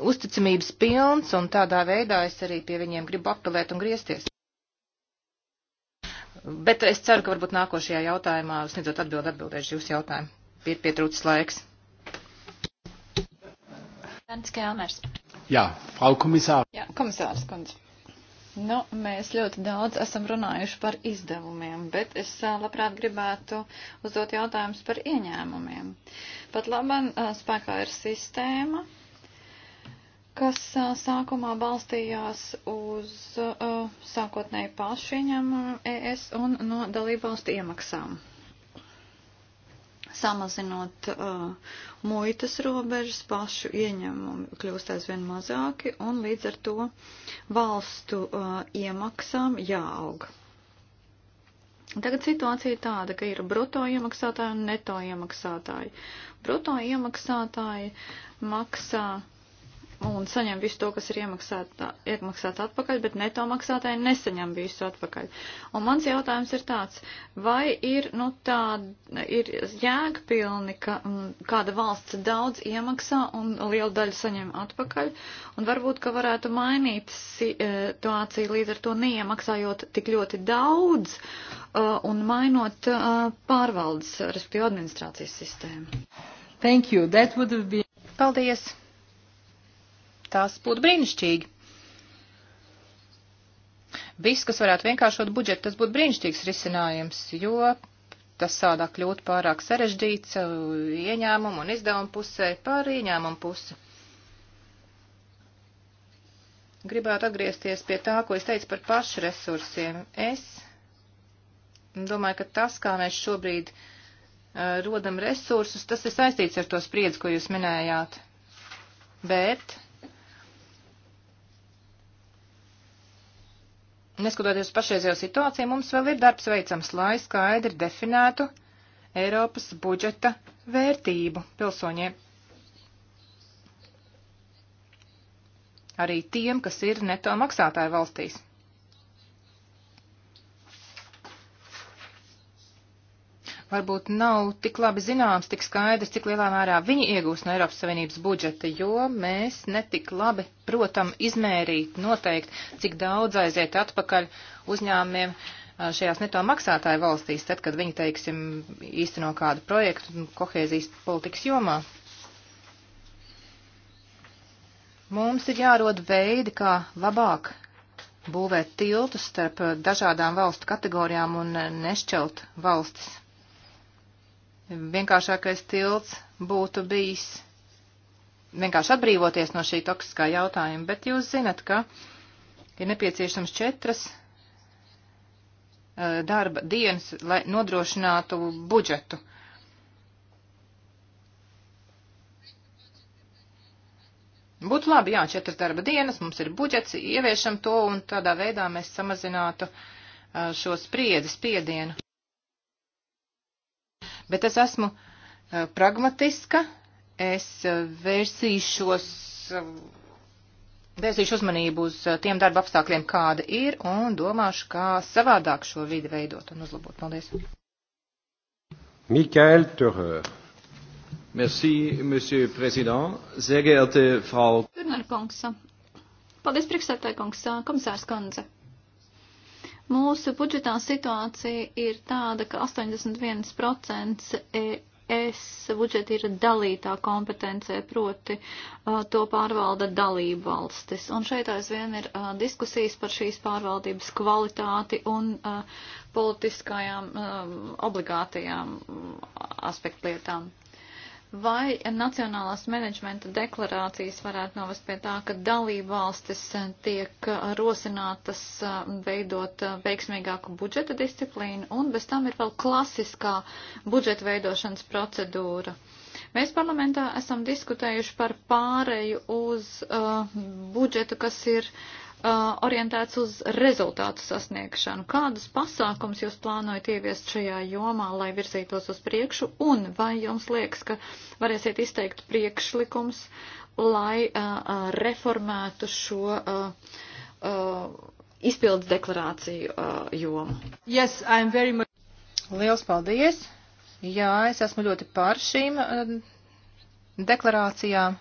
uzticamības pilns, un tādā veidā es arī pie viņiem gribu apelēt un griezties. Bet es ceru, ka varbūt nākošajā jautājumā sniedzot atbild atbildēšu jūsu jautājumu. Ir pietrūcis laiks. Jānis Kēlmers. Jā, Frau komisār. Jā, komisārs kundze. Nu, mēs ļoti daudz esam runājuši par izdevumiem, bet es labprāt gribētu uzdot jautājumus par ieņēmumiem. Pat labam spēkā ir sistēma, kas sākumā balstījās uz uh, sākotnēji pašieņemumu ES un no dalībvalstu iemaksām. Samazinot uh, muitas robežas, pašu ieņemumi kļūst aizvien mazāki un līdz ar to valstu uh, iemaksām jāaug. Tagad situācija ir tāda, ka ir bruto iemaksātāji un neto iemaksātāji. Bruto iemaksātāji maksā un saņem visu to, kas ir iemaksāts atpakaļ, bet neto maksātāji nesaņem visu atpakaļ. Un mans jautājums ir tāds, vai ir, nu, tā, ir jēgpilni, ka m, mm, kāda valsts daudz iemaksā un liela daļa saņem atpakaļ, un varbūt, ka varētu mainīt e, situāciju līdz ar to neiemaksājot tik ļoti daudz uh, un mainot uh, pārvaldes, respektīvi administrācijas sistēmu. Thank you. That would have been. Paldies. Tas būtu brīnišķīgi. Viss, kas varētu vienkāršot budžetu, tas būtu brīnišķīgs risinājums, jo tas sādā kļūt pārāk sarežģīts uh, ieņēmumu un izdevumu pusē par ieņēmumu pusi. Gribētu atgriezties pie tā, ko es teicu par pašu resursiem. Es domāju, ka tas, kā mēs šobrīd uh, rodam resursus, tas ir saistīts ar to spriedzi, ko jūs minējāt. Bet neskatoties pašreizējo situāciju, mums vēl ir darbs veicams, lai skaidri definētu Eiropas budžeta vērtību pilsoņiem. Arī tiem, kas ir neto maksātāju valstīs. varbūt nav tik labi zināms, tik skaidrs, cik lielā mērā viņi iegūs no Eiropas Savienības budžeta, jo mēs netik labi protam izmērīt noteikti, cik daudz aiziet atpakaļ uzņēmumiem šajās neto maksātāju valstīs, tad, kad viņi, teiksim, īsteno kādu projektu kohēzijas politikas jomā. Mums ir jārod veidi, kā labāk būvēt tiltus starp dažādām valstu kategorijām un nešķelt valstis vienkāršākais tilts būtu bijis vienkārši atbrīvoties no šī toksiskā jautājuma, bet jūs zinat, ka ir nepieciešams četras eh, darba dienas, lai nodrošinātu budžetu. Būtu labi, jā, četras darba dienas, mums ir budžets, ieviešam to un tādā veidā mēs samazinātu eh, šo spriedzi, spiedienu. Bet es esmu eh, pragmatiska, es eh, vērsīšos, eh, vērsīšu uzmanību uz tiem darba apstākļiem, kāda ir, un domāšu, kā savādāk šo vidi veidot un uzlabot. Paldies. Mikael Turer. Merci, Monsieur Président. Sehr geehrte Frau. Turner kungs. Paldies, priekšsētāja kungs, komisārs Kandze. Mūsu budžetā situācija ir tāda, ka 81% ES budžeta ir dalītā kompetencē, proti uh, to pārvalda dalību valstis. Un šeit aizvien ir uh, diskusijas par šīs pārvaldības kvalitāti un uh, politiskajām um, obligātajām um, aspektlietām. Vai nacionālās menedžmenta deklarācijas varētu novest pie tā, ka dalība valstis tiek rosinātas um, veidot uh, veiksmīgāku budžeta disciplīnu, un bez tam ir vēl klasiskā budžeta veidošanas procedūra? Mēs parlamentā esam diskutējuši par pāreju uz uh, budžetu, kas ir uh, orientēts uz rezultātu sasniegšanu. Kādus pasākums jūs plānojat ieviest šajā jomā, lai virzītos uz priekšu, un vai jums liekas, ka varēsiet izteikt priekšlikums, lai uh, reformētu šo uh, uh, izpildes deklarāciju uh, jomu? Yes, much... Liels paldies! Jā, es esmu ļoti par šīm uh, deklarācijām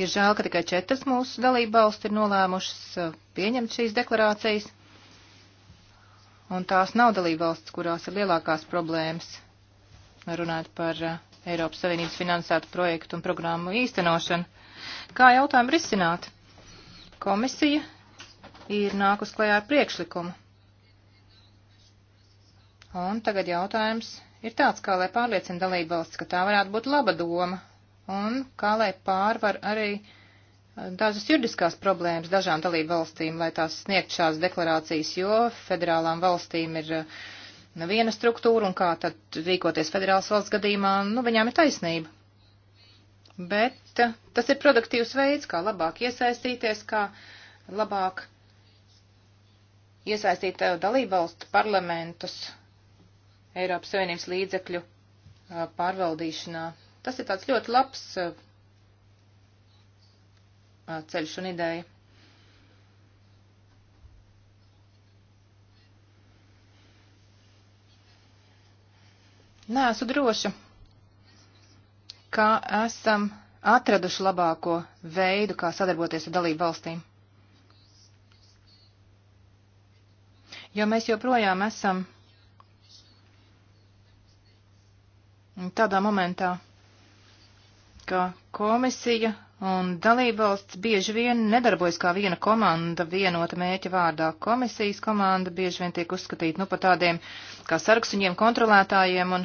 Ir žēl, ka tikai četras mūsu dalībvalsts ir nolēmušas uh, pieņemt šīs deklarācijas, un tās nav dalībvalsts, kurās ir lielākās problēmas, runājot par uh, Eiropas Savienības finansētu projektu un programmu īstenošanu. Kā jautājumu risināt? Komisija ir nākus klajā ar priekšlikumu. Un tagad jautājums ir tāds, kā lai pārliecina dalībvalsts, ka tā varētu būt laba doma un kā lai pārvar arī eh, dažas juridiskās problēmas dažām dalību valstīm, lai tās sniegt šās deklarācijas, jo federālām valstīm ir eh, nu, viena struktūra un kā tad rīkoties federālas valsts gadījumā, nu viņām ir taisnība. Bet eh, tas ir produktīvs veids, kā labāk iesaistīties, kā labāk iesaistīt dalībvalstu parlamentus Eiropas Savienības līdzekļu pārvaldīšanā Tas ir tāds ļoti labs uh, ceļš un ideja. Nē, esmu droša, ka esam atraduši labāko veidu, kā sadarboties ar dalību valstīm. Jo mēs joprojām esam tādā momentā, ka komisija un dalībvalsts bieži vien nedarbojas kā viena komanda vienota mēķa vārdā. Komisijas komanda bieži vien tiek uzskatīta nu pa tādiem kā sarksuņiem, kontrolētājiem un,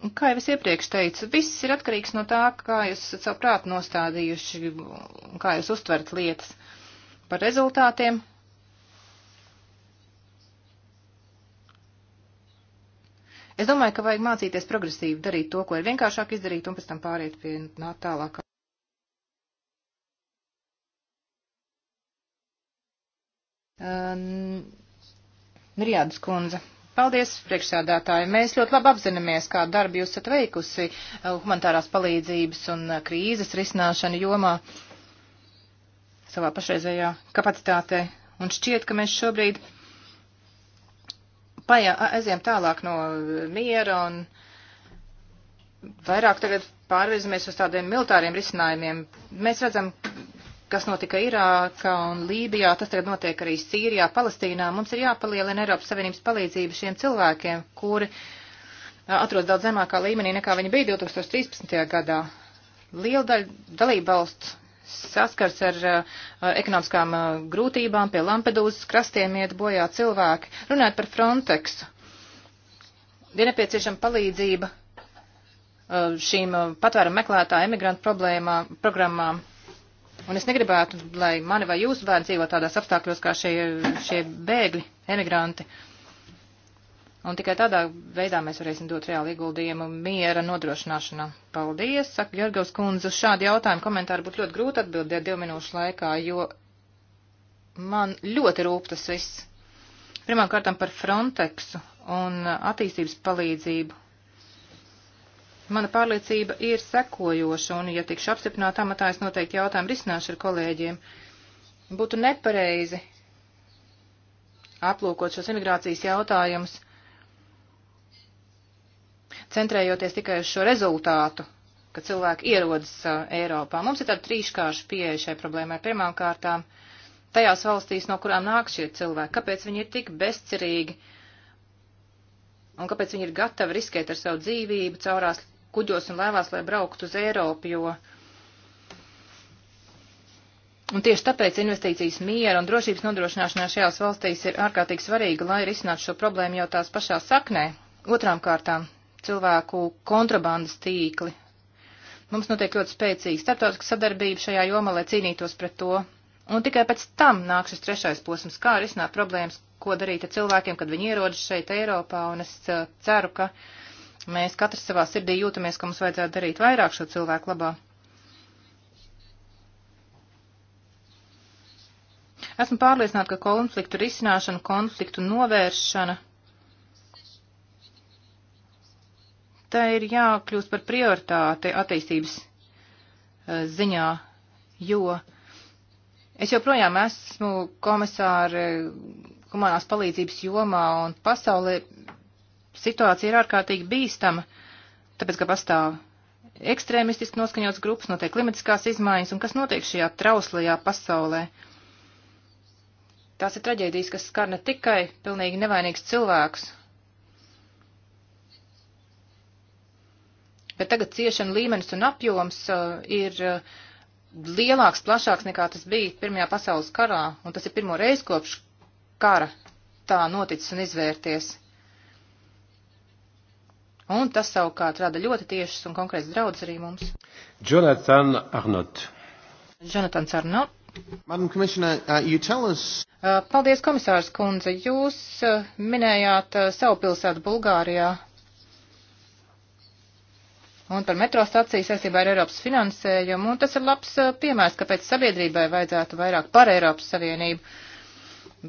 un, kā jau es iepriekš teicu, viss ir atkarīgs no tā, kā jūs esat savu prātu nostādījuši, kā jūs uztverat lietas. Par rezultātiem Es domāju, ka vajag mācīties progresīvi darīt to, ko ir vienkāršāk izdarīt, un pēc tam pāriet pie tālākā. Um, Mirjādas kundze. Paldies, priekšsādātāji. Mēs ļoti labi apzināmies, kādu darbu jūs esat veikusi eh, humanitārās palīdzības un eh, krīzes risināšana jomā savā pašreizējā kapacitātē. Un šķiet, ka mēs šobrīd paja, aiziem tālāk no miera un vairāk tagad pārvirzamies uz tādiem militāriem risinājumiem. Mēs redzam, kas notika Irākā un Lībijā, tas tagad notiek arī Sīrijā, Palestīnā. Mums ir jāpalielina Eiropas Savienības palīdzība šiem cilvēkiem, kuri atrodas daudz zemākā līmenī nekā viņi bija 2013. gadā. Liela daļa dalībvalsts saskars ar uh, ekonomiskām uh, grūtībām, pie Lampedūzas krastiem iet bojā cilvēki. Runājot par Frontex, ir nepieciešama palīdzība uh, šīm uh, patvērumu meklētā emigrantu problēmā, programmām. Un es negribētu, lai mani vai jūsu bērni dzīvo tādās apstākļos kā šie, šie bēgļi, emigranti. Uh, Un tikai tādā veidā mēs varēsim dot reāli ieguldījumu miera nodrošināšanā. Paldies, saka Georgos kundze. Uz šādu jautājumu komentāru būtu ļoti grūti atbildēt divu minūšu laikā, jo man ļoti rūp tas viss. Pirmkārt par Frontexu un attīstības palīdzību. Mana pārliecība ir sekojoša, un, ja tikšu apstiprināta amatā, es noteikti jautājumu risināšu ar kolēģiem. Būtu nepareizi aplūkot šos imigrācijas jautājumus centrējoties tikai uz šo rezultātu, ka cilvēki ierodas uh, Eiropā. Mums ir tāda trīškārša pieeja šai problēmai. Pirmām kārtām, tajās valstīs, no kurām nāk šie cilvēki, kāpēc viņi ir tik bezcerīgi un kāpēc viņi ir gatavi riskēt ar savu dzīvību caurās kuģos un lēvās, lai brauktu uz Eiropu, jo Un tieši tāpēc investīcijas miera un drošības nodrošināšanā šajās valstīs ir ārkārtīgi svarīga, lai risinātu šo problēmu jau tās pašā saknē. Otrām kārtām cilvēku kontrabandas tīkli. Mums notiek ļoti spēcīga starptautiska sadarbība šajā jomā, lai cīnītos pret to. Un tikai pēc tam nāk šis trešais posms, kā risināt problēmas, ko darīt ar cilvēkiem, kad viņi ierodas šeit Eiropā, un es uh, ceru, ka mēs katrs savā sirdī jūtamies, ka mums vajadzētu darīt vairāk šo cilvēku labā. Esmu pārliecināta, ka konfliktu risināšana, konfliktu novēršana tā ir jākļūst par prioritāti attīstības eh, ziņā, jo es joprojām esmu komisāri humanās palīdzības jomā un pasaulē situācija ir ārkārtīgi bīstama, tāpēc, ka pastāv ekstrēmistiski noskaņots grupas, notiek klimatiskās izmaiņas un kas notiek šajā trauslajā pasaulē. Tās ir traģēdijas, kas skar ne tikai pilnīgi nevainīgs cilvēks bet tagad ciešana līmenis un apjoms uh, ir uh, lielāks, plašāks nekā tas bija Pirmajā pasaules karā, un tas ir pirmo reizi kopš kara tā noticis un izvērties. Un tas savukārt rada ļoti tiešas un konkrētas draudz arī mums. Jonathan Arnott. Jonathan Arnott. Madam Commissioner, uh, you tell us. Uh, paldies, komisārs kundze. Jūs minējāt savu pilsētu Bulgārijā un par metro staciju saistībā ar Eiropas finansējumu, un tas ir labs eh, piemērs, kāpēc sabiedrībai vajadzētu vairāk par Eiropas Savienību.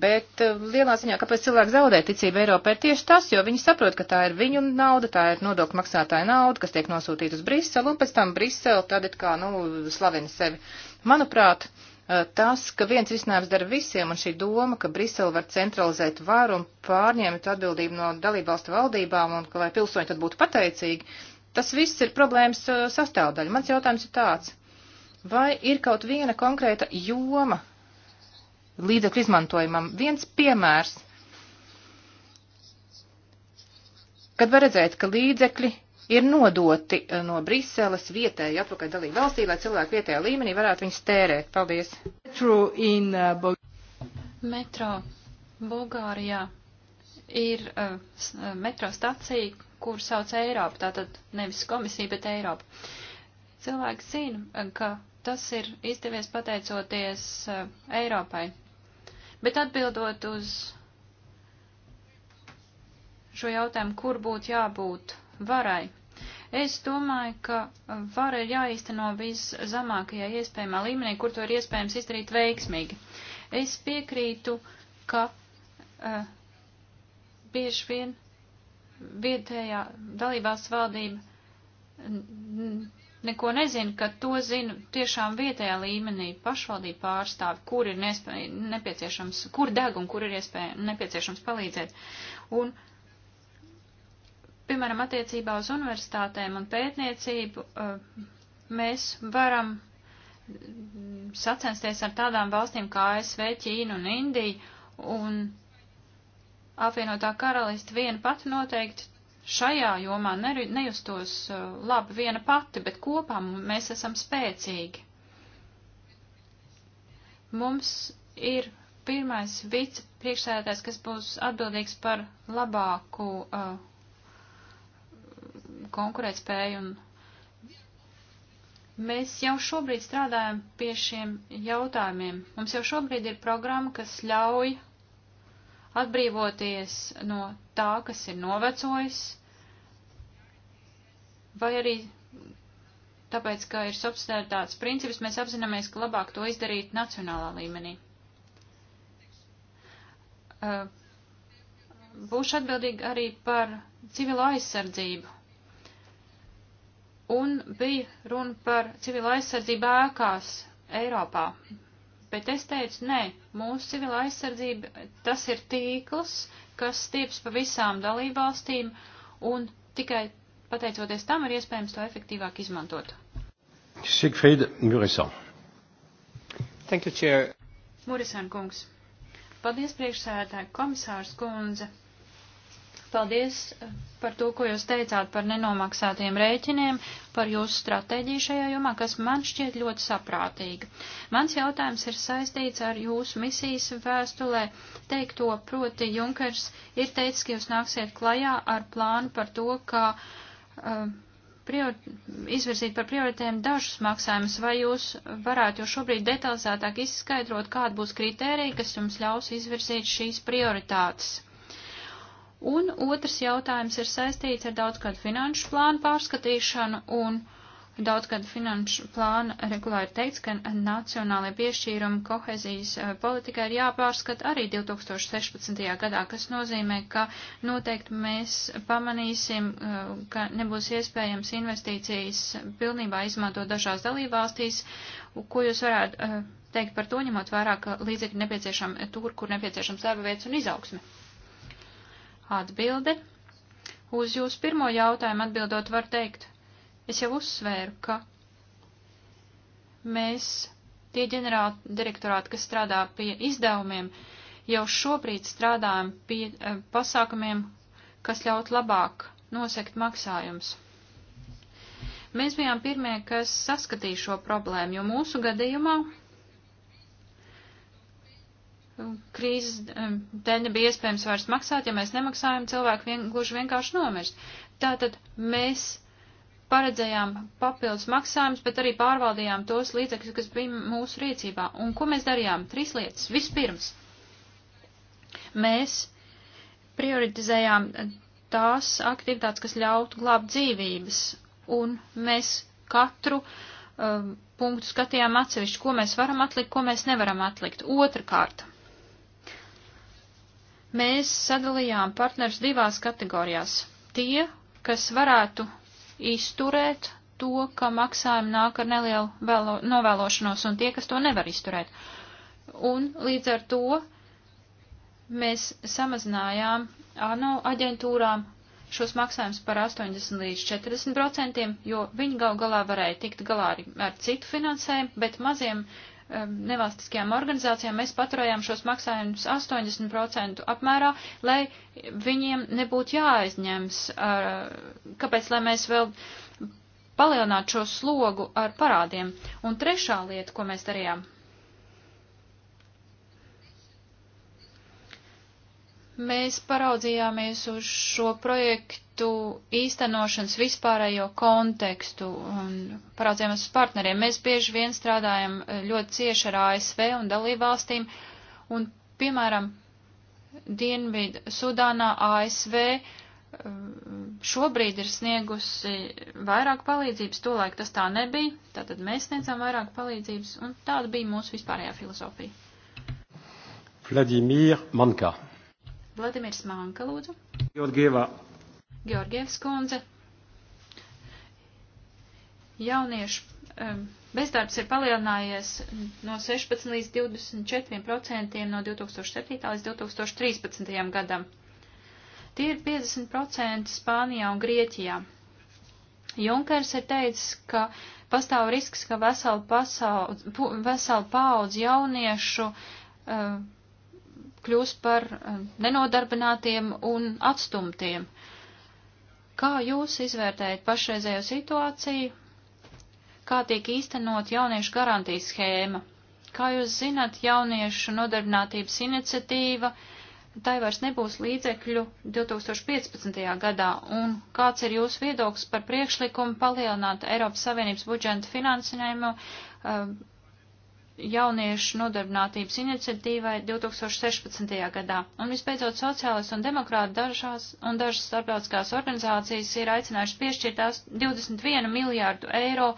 Bet eh, lielā ziņā, kāpēc cilvēki zaudē ticību Eiropai, ir tieši tas, jo viņi saprot, ka tā ir viņu nauda, tā ir nodokļu maksātāja nauda, kas tiek nosūtīta uz Briselu, un pēc tam Brisele tad it kā, nu, slavina sevi. Manuprāt, eh, tas, ka viens risinājums dara visiem, un šī doma, ka Brisele var centralizēt varu un pārņemt atbildību no dalībvalstu valdībām, un ka lai pilsoņi tad būtu pateicīgi, Tas viss ir problēmas uh, sastāvdaļa. Mans jautājums ir tāds. Vai ir kaut viena konkrēta joma līdzekļu izmantojumam? Viens piemērs, kad var redzēt, ka līdzekļi ir nodoti uh, no Briseles vietēji atpakaļ dalību valstī, lai cilvēki vietējā līmenī varētu viņus tērēt. Paldies. Metro uh, Bulgārijā ir uh, metro stacija, kur sauc Eiropa, tātad nevis komisija, bet Eiropa. Cilvēki zina, ka tas ir izdevies pateicoties eh, Eiropai. Bet atbildot uz šo jautājumu, kur būtu jābūt varai, es domāju, ka vara ir jāīsteno viszemākajā iespējamā līmenī, kur to ir iespējams izdarīt veiksmīgi. Es piekrītu, ka uh, bieži vien vietējā dalībās valdība neko nezina, ka to zina tiešām vietējā līmenī pašvaldība pārstāvi, kur ir nepieciešams, kur deg un kur ir iespēja nepieciešams palīdzēt. Un, piemēram, attiecībā uz universitātēm un pētniecību eh, mēs varam sacensties ar tādām valstīm kā ASV, Ķīna un Indija, un apvienotā karalista viena pati noteikti šajā jomā nejustos uh, labi viena pati, bet kopā mēs esam spēcīgi. Mums ir pirmais vicepriekšsēdētājs, kas būs atbildīgs par labāku uh, konkurētspēju un Mēs jau šobrīd strādājam pie šiem jautājumiem. Mums jau šobrīd ir programma, kas ļauj atbrīvoties no tā, kas ir novecojis, vai arī tāpēc, ka ir subsidiaritātes princips, mēs apzināmies, ka labāk to izdarīt nacionālā līmenī. Būšu atbildīgi arī par civilo aizsardzību. Un bija runa par civilo aizsardzību ēkās Eiropā. Bet es teicu, nē, mūsu civila aizsardzība, tas ir tīkls, kas stieps pa visām dalībvalstīm, un tikai pateicoties tam ir iespējams to efektīvāk izmantot. Sigfrid Murisan. Thank you, Chair. Murisan kungs. Paldies, priekšsēdētāji, komisārs kundze. Paldies par to, ko jūs teicāt par nenomaksātiem rēķiniem, par jūsu stratēģiju šajā jomā, kas man šķiet ļoti saprātīga. Mans jautājums ir saistīts ar jūsu misijas vēstulē teikto, proti Junkers ir teicis, ka jūs nāksiet klajā ar plānu par to, kā uh, um, prior, izvirzīt par prioritēm dažus maksājumus, vai jūs varētu jau šobrīd detalizētāk izskaidrot, kāda būs kritērija, kas jums ļaus izvirzīt šīs prioritātes. Un otrs jautājums ir saistīts ar daudzgadu finanšu plānu pārskatīšanu un daudzgadu finanšu plānu regulāri teikts, ka nacionālajie piešķīrumi kohezijas eh, politikai ir jāpārskata arī 2016. gadā, kas nozīmē, ka noteikti mēs pamanīsim, eh, ka nebūs iespējams investīcijas pilnībā izmantot dažās dalībvalstīs, ko jūs varētu eh, teikt par to, ņemot vairāk līdzekļu nepieciešam tur, kur nepieciešams darba vietas un izaugsme. Atbilde. Uz jūsu pirmo jautājumu atbildot var teikt, es jau uzsvēru, ka mēs, tie ģenerāli direktorāti, kas strādā pie izdevumiem, jau šobrīd strādājam pie e, pasākumiem, kas ļaut labāk nosekt maksājums. Mēs bijām pirmie, kas saskatīja šo problēmu, jo mūsu gadījumā krīzes dēļ nebija iespējams vairs maksāt, ja mēs nemaksājam, cilvēki vien, gluži vienkārši nomirst. Tātad mēs paredzējām papildus maksājumus, bet arī pārvaldījām tos līdzekļus, kas bija mūsu rīcībā. Un ko mēs darījām? Trīs lietas. Vispirms, mēs prioritizējām tās aktivitātes, kas ļautu glābt dzīvības, un mēs katru um, punktu skatījām atsevišķi, ko mēs varam atlikt, ko mēs nevaram atlikt. Otrakārt, mēs sadalījām partners divās kategorijās. Tie, kas varētu izturēt to, ka maksājumi nāk ar nelielu vēlo, novēlošanos, un tie, kas to nevar izturēt. Un līdz ar to mēs samazinājām ANO aģentūrām šos maksājumus par 80 līdz 40 procentiem, jo viņi gal galā varēja tikt galā ar, ar citu finansējumu, bet maziem Um, nevalstiskajām organizācijām, mēs paturējām šos maksājumus 80% apmērā, lai viņiem nebūtu jāaizņems, ar, kāpēc, lai mēs vēl palielinātu šo slogu ar parādiem. Un trešā lieta, ko mēs darījām. Mēs paraudzījāmies uz šo projektu projektu īstenošanas vispārējo kontekstu un paraudzījāmies uz partneriem. Mēs bieži vien strādājam eh, ļoti cieši ar ASV un dalībvalstīm, un, piemēram, Dienvidu Sudānā ASV eh, šobrīd ir sniegusi vairāk palīdzības, tolaik tas tā nebija, tātad mēs sniedzām vairāk palīdzības, un tāda bija mūsu vispārējā filozofija. Vladimir Manka. Vladimirs Manka, lūdzu. Georgieva Georgievs kundze. Jauniešu um, bezdarbs ir palielinājies no 16 līdz 24% no 2007. līdz 2013. gadam. Tie ir 50% Spānijā un Grieķijā. Junkers ir teicis, ka pastāv risks, ka vesela, pasaud, vesela paudz jauniešu uh, kļūs par uh, nenodarbinātiem un atstumtiem. Kā jūs izvērtējat pašreizējo situāciju? Kā tiek īstenot jauniešu garantijas schēma? Kā jūs zināt, jauniešu nodarbinātības iniciatīva, tai vairs nebūs līdzekļu 2015. gadā, un kāds ir jūsu viedoklis par priekšlikumu palielināt Eiropas Savienības budžeta finansējumu uh, jauniešu nodarbinātības iniciatīvai 2016. gadā. Un visbeidzot, sociālisti un demokrāti dažās un dažas starptautiskās organizācijas ir aicinājuši piešķirtās 21 miljārdu eiro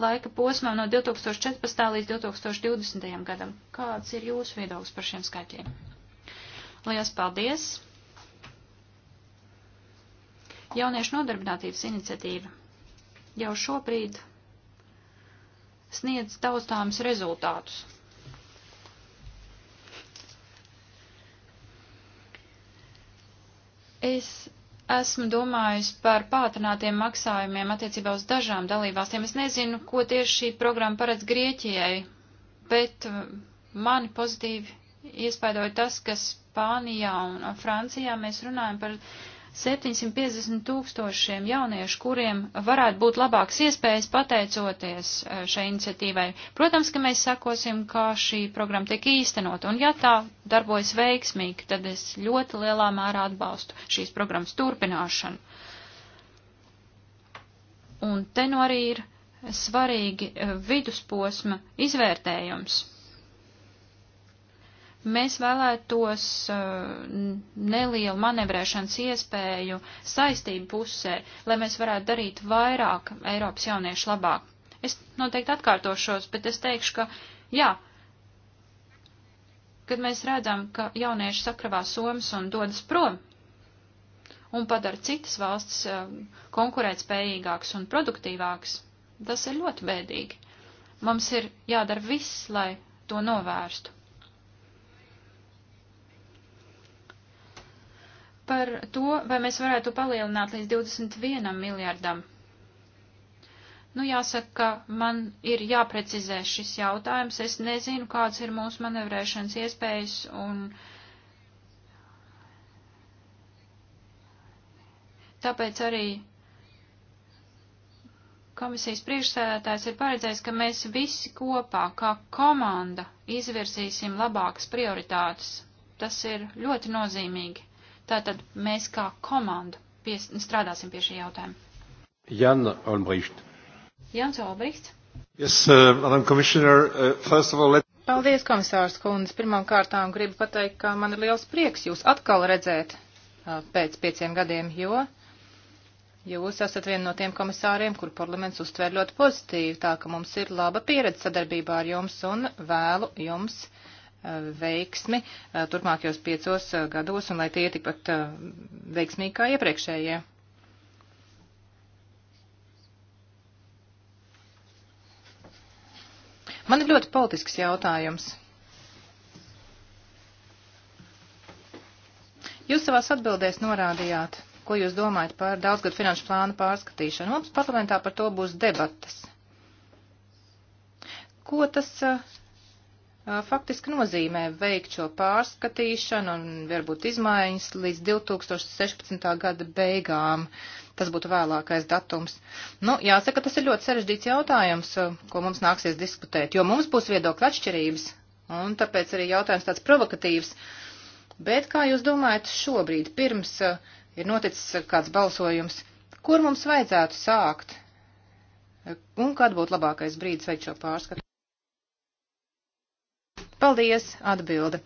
laika posmam no 2014. līdz 2020. gadam. Kāds ir jūsu viedoklis par šiem skaitļiem? Lielas paldies! Jauniešu nodarbinātības iniciatīva jau šobrīd sniedz taustāms rezultātus. Es esmu domājis par pātrinātiem maksājumiem attiecībā uz dažām dalībvalstīm. Es nezinu, ko tieši šī programma paredz Grieķijai, bet uh, mani pozitīvi iespaidoja tas, ka Spānijā un Francijā mēs runājam par 750 tūkstošiem jauniešu, kuriem varētu būt labāks iespējas pateicoties e, šai iniciatīvai. Protams, ka mēs sakosim, kā šī programma tiek īstenot, un ja tā darbojas veiksmīgi, tad es ļoti lielā mērā atbalstu šīs programmas turpināšanu. Un te nu arī ir svarīgi e, vidusposma izvērtējums. Mēs vēlētos uh, nelielu manevrēšanas iespēju saistību pusē, lai mēs varētu darīt vairāk Eiropas jauniešu labāk. Es noteikti atkārtošos, bet es teikšu, ka jā, kad mēs redzam, ka jaunieši sakravā somas un dodas prom un padara citas valsts uh, konkurētspējīgākas un produktīvākas, tas ir ļoti bēdīgi. Mums ir jādara viss, lai to novērstu. par to, vai mēs varētu palielināt līdz 21 miljardam. Nu, jāsaka, ka man ir jāprecizē šis jautājums. Es nezinu, kāds ir mūsu manevrēšanas iespējas un tāpēc arī komisijas priekšsēdētājs ir paredzējis, ka mēs visi kopā, kā komanda, izvirsīsim labākas prioritātes. Tas ir ļoti nozīmīgi. Tātad mēs kā komanda pies, strādāsim pie šī jautājuma. Jana Olbricht. Jans Olbricht. Yes, uh, Madam Commissioner, uh, first of all, let... Paldies, komisārs Kundze. Pirmām kārtām gribu pateikt, ka man ir liels prieks jūs atkal redzēt uh, pēc pieciem gadiem, jo Jūs esat viena no tiem komisāriem, kur parlaments uztver ļoti pozitīvi, tā ka mums ir laba pieredze sadarbībā ar jums un vēlu jums veiksmi eh, turpmākajos piecos eh, gados un lai tie tikpat eh, veiksmīgi kā iepriekšējie. Man ir ļoti politisks jautājums. Jūs savās atbildēs norādījāt, ko jūs domājat par daudzgad finanšu plānu pārskatīšanu. Mums parlamentā par to būs debatas. Ko tas uh, faktiski nozīmē veikt šo pārskatīšanu un varbūt izmaiņas līdz 2016. gada beigām. Tas būtu vēlākais datums. Nu, jāsaka, tas ir ļoti sarežģīts jautājums, ko mums nāksies diskutēt, jo mums būs viedokļa atšķirības, un tāpēc arī jautājums tāds provokatīvs. Bet kā jūs domājat šobrīd, pirms ir noticis kāds balsojums, kur mums vajadzētu sākt? Un kad būtu labākais brīdis veikt šo pārskatu? Paldies, atbilde.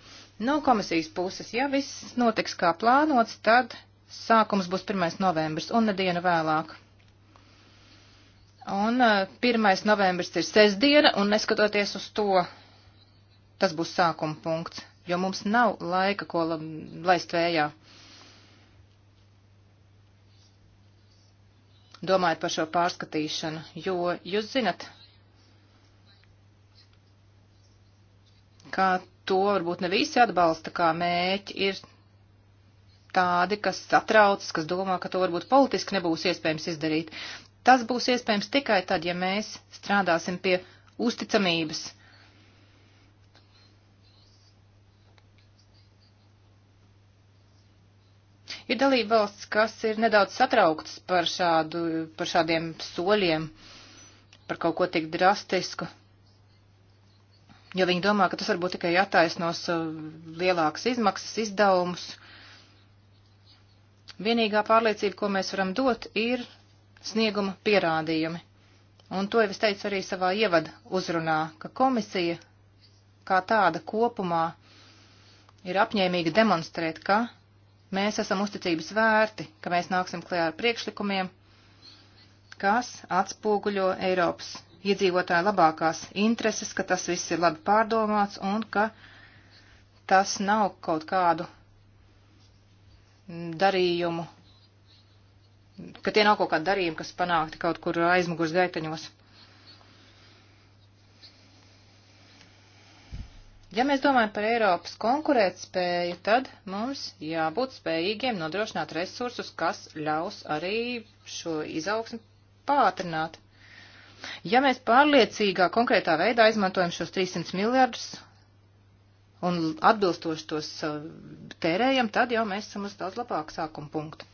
No komisijas puses, ja viss notiks kā plānots, tad sākums būs 1. novembris un nedienu vēlāk. Un 1. Eh, novembris ir sestdiena, un neskatoties uz to, tas būs sākuma punkts, jo mums nav laika, ko laist vējā. Domājot par šo pārskatīšanu, jo jūs zinat, ka to varbūt ne visi atbalsta kā mēķi, ir tādi, kas satrauc, kas domā, ka to varbūt politiski nebūs iespējams izdarīt. Tas būs iespējams tikai tad, ja mēs strādāsim pie uzticamības. Ir dalība valsts, kas ir nedaudz satrauktas par, šādu, par šādiem soļiem, par kaut ko tik drastisku jo viņi domā, ka tas varbūt tikai attaisnos uh, lielākas izmaksas, izdevumus. Vienīgā pārliecība, ko mēs varam dot, ir snieguma pierādījumi. Un to jau es teicu arī savā ievada uzrunā, ka komisija kā tāda kopumā ir apņēmīga demonstrēt, ka mēs esam uzticības vērti, ka mēs nāksim klajā ar priekšlikumiem, kas atspoguļo Eiropas iedzīvotāju labākās intereses, ka tas viss ir labi pārdomāts un ka tas nav kaut kādu darījumu, ka tie nav kaut kādi darījumi, kas panākti kaut kur aizmugurs gaiteņos. Ja mēs domājam par Eiropas konkurētspēju, tad mums jābūt spējīgiem nodrošināt resursus, kas ļaus arī šo izaugsmu pātrināt. Ja mēs pārliecīgā, konkrētā veidā izmantojam šos 300 miljardus un atbilstoši tos eh, tērējam, tad jau mēs esam uz daudz labāku sākumu punktu.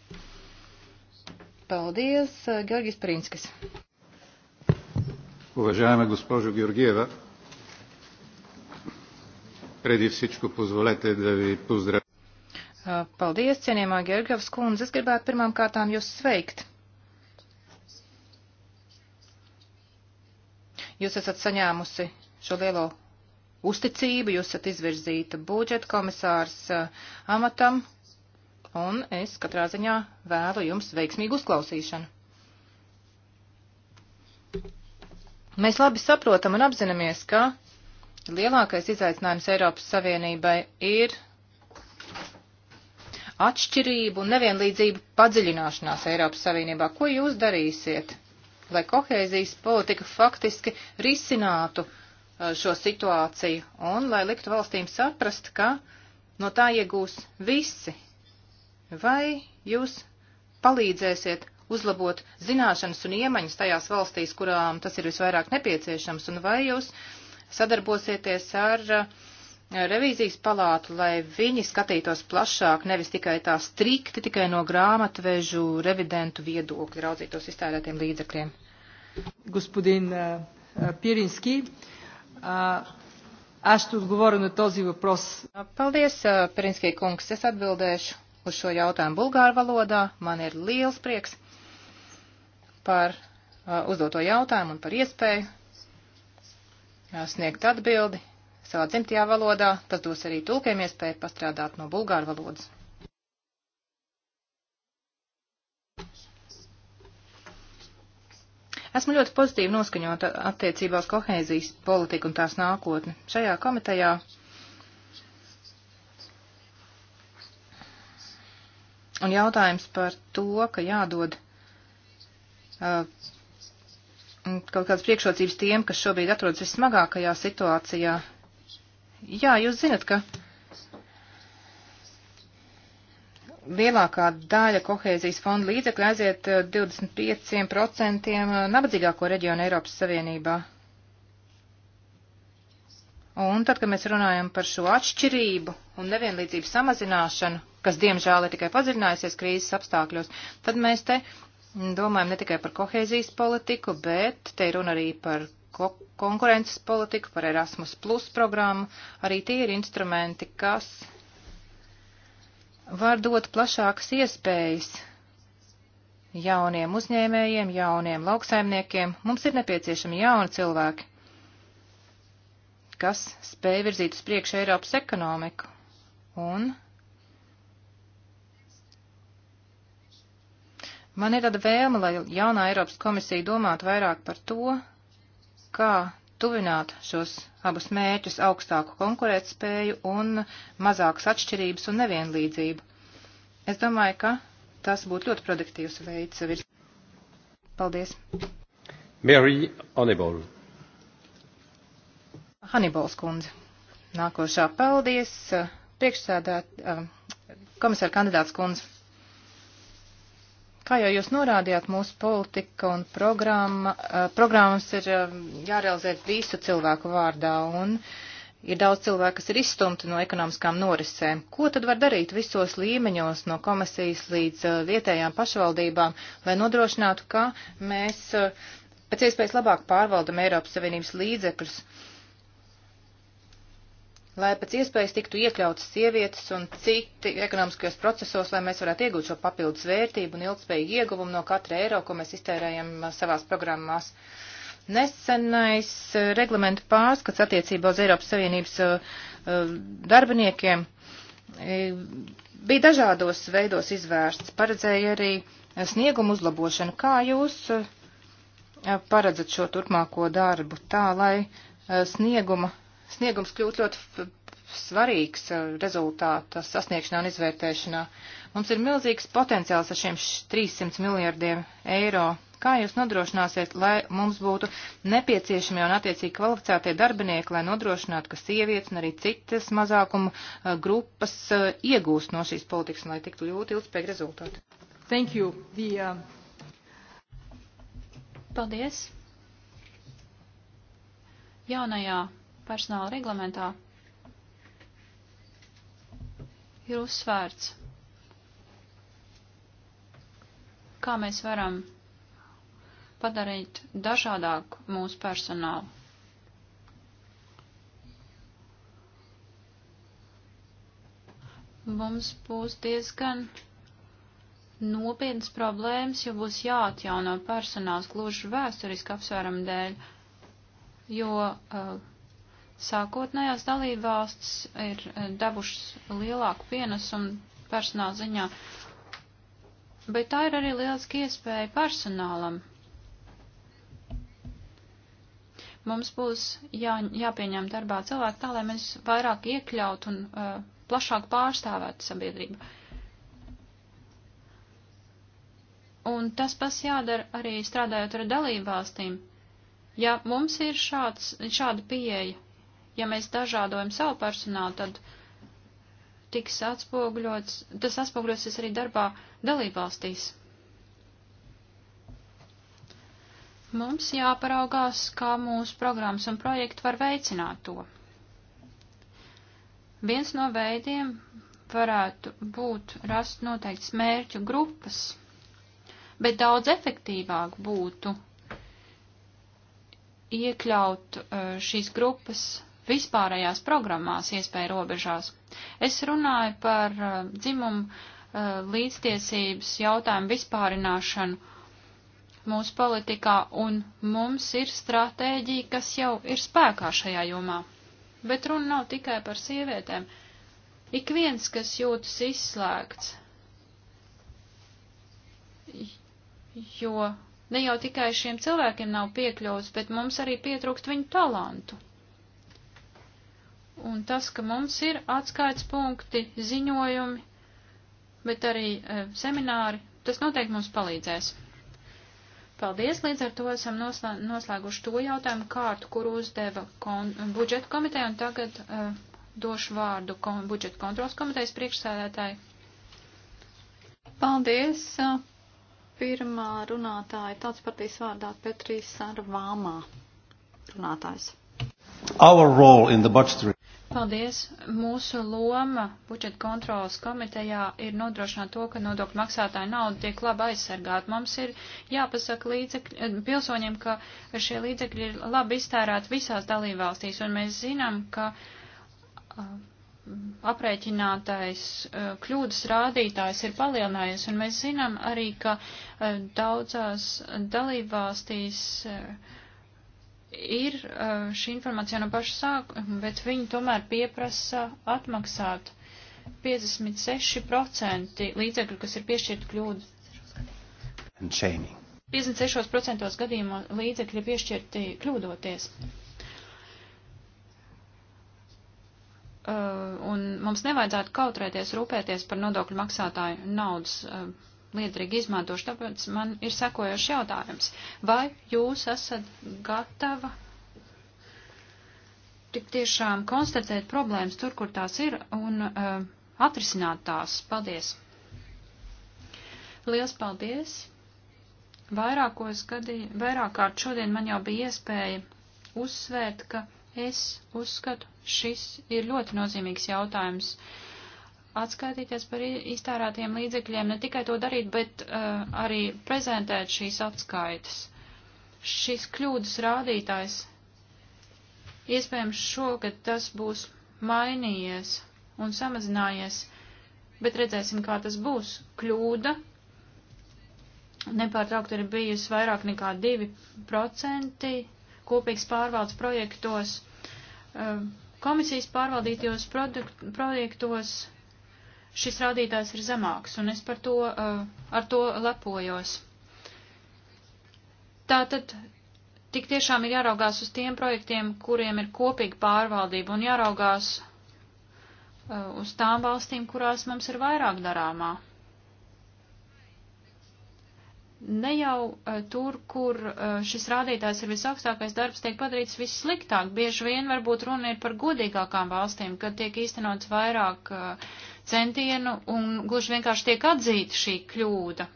Paldies, eh, Georgijas Prinskis. Уважаема госпожо Георгиева, преди всичко позволете да ви поздравя. Э, Paldies, cienījumā Georgievs kundze. Es gribētu pirmām kārtām jūs sveikt. Jūs esat saņēmusi šo lielo uzticību, jūs esat izvirzīta budžeta komisārs uh, amatam, un es katrā ziņā vēlu jums veiksmīgu uzklausīšanu. Mēs labi saprotam un apzināmies, ka lielākais izaicinājums Eiropas Savienībai ir atšķirību un nevienlīdzību padziļināšanās Eiropas Savienībā. Ko jūs darīsiet, lai kohēzijas politika faktiski risinātu uh, šo situāciju un lai liktu valstīm saprast, ka no tā iegūs visi. Vai jūs palīdzēsiet uzlabot zināšanas un iemaņas tajās valstīs, kurām tas ir visvairāk nepieciešams, un vai jūs sadarbosieties ar uh, revīzijas palātu, lai viņi skatītos plašāk, nevis tikai tā strikti, tikai no grāmatvežu revidentu viedokļa, raudzītos iztērētiem līdzekļiem. Господин Пирински, аз ще отговоря на този въпрос. Paldies, Пирински eh, kungs, es atbildēšu uz šo jautājumu bulgāru valodā. Man ir liels prieks par eh, uzdoto jautājumu un par iespēju eh, sniegt atbildi savā dzimtajā valodā. Tas dos arī tulkiem iespēju pastrādāt no bulgāru valodas. Esmu ļoti pozitīvi noskaņota attiecībā uz kohēzijas politiku un tās nākotni. Šajā komitejā un jautājums par to, ka jādod uh, kaut kādas priekšrocības tiem, kas šobrīd atrodas vissmagākajā situācijā, Jā, jūs zinat, ka lielākā daļa kohēzijas fonda līdzekļu aiziet 25% eh, eh, nabadzīgāko reģionu Eiropas Savienībā. Un tad, kad mēs runājam par šo atšķirību un nevienlīdzību samazināšanu, kas diemžēl ir tikai padziļinājusies krīzes apstākļos, tad mēs te mm, domājam ne tikai par kohēzijas politiku, bet te ir runa arī par ko konkurences politiku, par Erasmus Plus programmu. Arī tie ir instrumenti, kas var dot plašākas iespējas jauniem uzņēmējiem, jauniem lauksaimniekiem. Mums ir nepieciešami jauni cilvēki, kas spēj virzīt uz priekšu Eiropas ekonomiku. Un man ir tāda vēlme, lai jaunā Eiropas komisija domātu vairāk par to, kā tuvināt šos abus mērķus - augstāku konkurētspēju un mazākas atšķirības un nevienlīdzību. Es domāju, ka tas būtu ļoti produktīvs veids. Virs. Paldies. Mary Hannibal. Hannibals kundze. Nākošā paldies. Priekšsēdēt eh, komisāra kandidāts kundze. Kā jau jūs norādījāt, mūsu politika un programma, eh, programmas ir eh, jārealizē visu cilvēku vārdā, un ir daudz cilvēku, kas ir izstumti no ekonomiskām norisēm. Ko tad var darīt visos līmeņos, no komisijas līdz eh, vietējām pašvaldībām, lai nodrošinātu, ka mēs pēc iespējas labāk pārvaldam Eiropas Savienības līdzekļus? lai pēc iespējas tiktu iekļautas sievietes un citi ekonomiskajos procesos, lai mēs varētu iegūt šo papildus vērtību un ilgspējīgu ieguvumu no katra eiro, ko mēs iztērējam uh, savās programmās. Nesenais uh, reglamentu pārskats attiecībā uz Eiropas Savienības uh, darbiniekiem e, bija dažādos veidos izvērsts, paredzēja arī sniegumu uzlabošanu. Kā jūs paredzat šo turpmāko darbu tā, lai snieguma sniegums kļūt ļoti svarīgs uh, rezultāta sasniegšanā un izvērtēšanā. Mums ir milzīgs potenciāls ar šiem 300 miljardiem eiro. Kā jūs nodrošināsiet, lai mums būtu nepieciešamie un attiecīgi kvalificētie darbinieki, lai nodrošinātu, ka sievietes un arī citas mazākuma uh, grupas uh, iegūst no šīs politikas un lai tiktu ļoti ilgspējīgi rezultāti? Thank you. The, uh... Paldies. Jaunajā personāla reglamentā ir uzsvērts, kā mēs varam padarīt dažādāku mūsu personālu. Mums būs diezgan nopietnas problēmas, jo būs jāatjauno personāls gluži vēsturiski apsvērumu dēļ, jo uh, Sākotnējās dalībvalstis ir eh, devušas lielāku pienesumu personāla ziņā, bet tā ir arī lieliski iespēja personālam. Mums būs jā, jāpieņem darbā cilvēki tā, lai mēs vairāk iekļaut un uh, plašāk pārstāvētu sabiedrību. Un tas pats jādara arī strādājot ar dalībvalstīm. Ja mums ir šāds, šāda pieeja, ja mēs dažādojam savu personālu, tad tiks atspoguļots, tas atspoguļosies arī darbā dalībvalstīs. Mums jāparaugās, kā mūsu programmas un projekti var veicināt to. Viens no veidiem varētu būt rast noteikts mērķu grupas, bet daudz efektīvāk būtu iekļaut eh, šīs grupas vispārējās programmās iespēja robežās. Es runāju par uh, dzimumu uh, līdztiesības jautājumu vispārināšanu mūsu politikā, un mums ir stratēģija, kas jau ir spēkā šajā jomā. Bet runa nav tikai par sievietēm. Ik viens, kas jūtas izslēgts, jo ne jau tikai šiem cilvēkiem nav piekļuvs, bet mums arī pietrūkst viņu talantu un tas, ka mums ir atskaits punkti, ziņojumi, bet arī e, semināri, tas noteikti mums palīdzēs. Paldies, līdz ar to esam noslē, noslēguši to jautājumu kārtu, kur uzdeva kon, budžeta komiteja, un tagad e, došu vārdu kon, budžeta kontrols komitejas priekšsēdētāji. Paldies! Pirmā runātāja tāds partijas vārdā Petrīs Sarvāmā runātājs. Our role in the budgetary Paldies! Mūsu loma budžeta kontrolas komitejā ir nodrošināt to, ka nodokļu maksātāja nauda tiek labi aizsargāta. Mums ir jāpasaka līdzekļi, eh, pilsoņiem, ka šie līdzekļi ir labi iztērēti visās dalībvalstīs, un mēs zinām, ka eh, aprēķinātais eh, kļūdas rādītājs ir palielinājies, un mēs zinām arī, ka daudzās dalībvalstīs. valstīs ir eh, šī informācija no paša sākuma, bet viņi tomēr pieprasa atmaksāt 56% līdzekļu, kas ir piešķirti kļūdu. 56% gadījumā līdzekļi ir piešķirti kļūdoties. Uh, un mums nevajadzētu kautrēties rūpēties par nodokļu maksātāju naudas uh, liederīgi izmantošu. Tāpēc man ir sekojošs jautājums. Vai jūs esat gatava tik tiešām konstatēt problēmas tur, kur tās ir, un uh, atrisināt tās? Paldies! Liels paldies! Vairākos gadījumos, vairāk kārt šodien man jau bija iespēja uzsvērt, ka es uzskatu, šis ir ļoti nozīmīgs jautājums. Uh, atskaitīties par iztērētiem līdzekļiem, ne tikai to darīt, bet uh, arī prezentēt šīs atskaitas. Šis kļūdas rādītājs iespējams šogad tas būs mainījies un samazinājies, bet redzēsim, kā tas būs. Kļūda nepārtraukti ir bijusi vairāk nekā 2% kopīgs pārvaldes projektos, eh, komisijas pārvaldītajos produktu, projektos šis rādītājs ir zemāks, un es par to, eh, ar to lepojos. Tātad tik tiešām ir jāraugās uz tiem projektiem, kuriem ir kopīga pārvaldība, un jāraugās eh, uz tām valstīm, kurās mums ir vairāk darāmā. Ne jau eh, tur, kur šis rādītājs ir visaugstākais darbs, tiek padarīts vissliktāk. Bieži vien varbūt runa ir par godīgākām valstīm, kad tiek īstenots vairāk uh, centienu un gluži vienkārši tiek atzīta šī kļūda.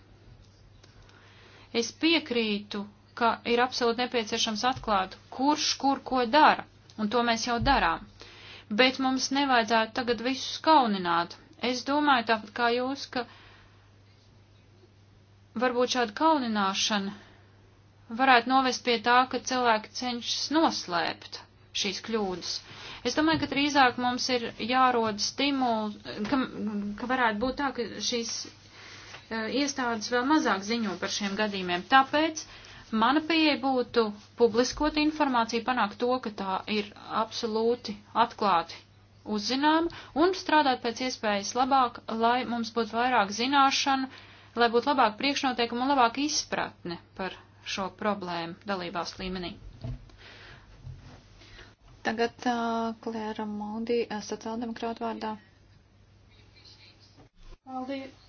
Es piekrītu, ka ir absolūti nepieciešams atklāt, kurš kur ko dara, un to mēs jau darām. Bet mums nevajadzētu tagad visus kaunināt. Es domāju tāpat kā jūs, ka varbūt šāda kaunināšana varētu novest pie tā, ka cilvēki cenšas noslēpt šīs kļūdas. Es domāju, ka drīzāk mums ir jārod stimuli, ka, ka varētu būt tā, ka šīs uh, iestādes vēl mazāk ziņo par šiem gadījumiem. Tāpēc mana pieeja būtu publiskot informāciju, panākt to, ka tā ir absolūti atklāti uzzinām un strādāt pēc iespējas labāk, lai mums būtu vairāk zināšanu, lai būtu labāk priekšnoteikumu un labāk izpratne par šo problēmu dalībās līmenī. Tagad uh, Klēra Mondi, uh, sociāldemokrāta vārdā. Paldies.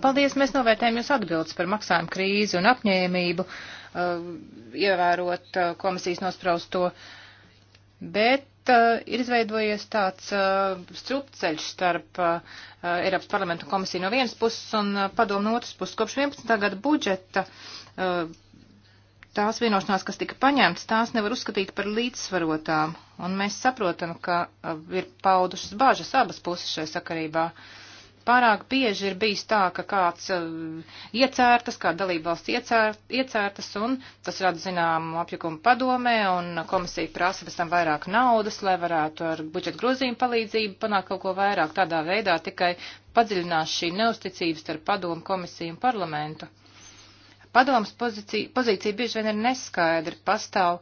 Paldies, mēs novērtējam jūs atbildes par maksājumu krīzi un apņēmību uh, ievērot uh, komisijas nospraustu, bet uh, ir izveidojies tāds uh, strupceļš starp uh, Eiropas parlamentu komisiju no vienas puses un uh, padomu no otras puses. Kopš 11. gada budžeta uh, tās vienošanās, kas tika paņemtas, tās nevar uzskatīt par līdzsvarotām, un mēs saprotam, ka ir paudušas bažas abas puses šai sakarībā. Pārāk bieži ir bijis tā, ka kāds iecērtas, kāda dalībvalsts iecērt, iecērtas, un tas rada zināmu apjukumu padomē, un komisija prasa pēc tam vairāk naudas, lai varētu ar budžeta grozījumu palīdzību panākt kaut ko vairāk. Tādā veidā tikai padziļinās šī neusticības starp padomu komisiju un parlamentu. Padomas pozīcija, pozīcija bieži vien ir neskaidra, pastāv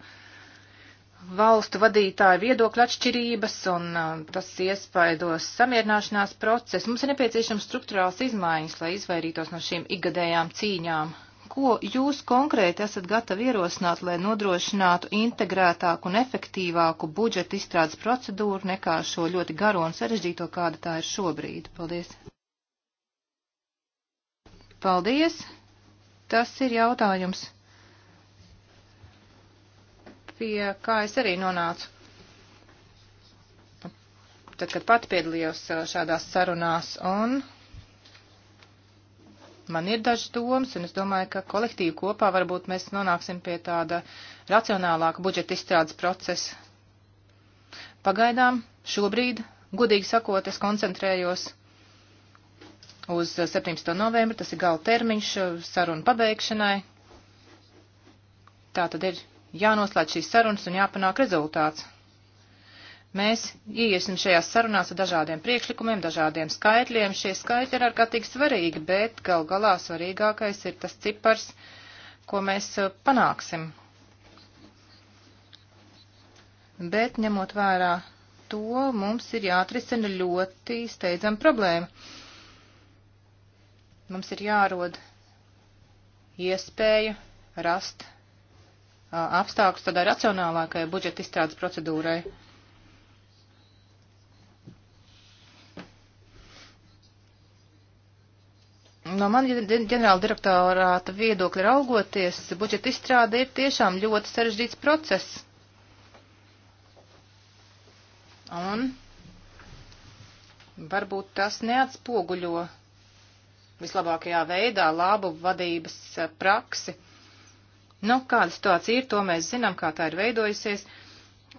valstu vadītāju viedokļu atšķirības, un uh, tas iespaidos samierināšanās procesu. Mums ir nepieciešams struktūrāls izmaiņas, lai izvairītos no šīm igadējām cīņām. Ko jūs konkrēti esat gatavi ierosināt, lai nodrošinātu integrētāku un efektīvāku budžeta izstrādes procedūru nekā šo ļoti garo un sarežģīto, kāda tā ir šobrīd? Paldies! Paldies! tas ir jautājums, pie kā es arī nonācu. Tad, kad pati piedalījos uh, šādās sarunās, un man ir dažas domas, un es domāju, ka kolektīvi kopā varbūt mēs nonāksim pie tāda racionālāka budžeta izstrādes procesa. Pagaidām, šobrīd, godīgi sakot, es koncentrējos uz 17. novembri, tas ir gala termiņš sarunu pabeigšanai. Tā tad ir jānoslēdz šīs sarunas un jāpanāk rezultāts. Mēs ieiesim šajās sarunās ar dažādiem priekšlikumiem, dažādiem skaitļiem. Šie skaitļi ir ārkārtīgi svarīgi, bet gal galā svarīgākais ir tas cipars, ko mēs eh, panāksim. Bet ņemot vērā to, mums ir jāatrisina ļoti steidzama problēma Mums ir jārod iespēja rast apstākļus tādai racionālākai budžeta izstrādes procedūrai. No man ģenerāla direktorāta viedokļa raugoties, budžeta izstrāde ir tiešām ļoti sarežģīts process. Un varbūt tas neatspoguļo vislabākajā veidā labu vadības eh, praksi. Nu, kāda situācija ir, to mēs zinām, kā tā ir veidojusies,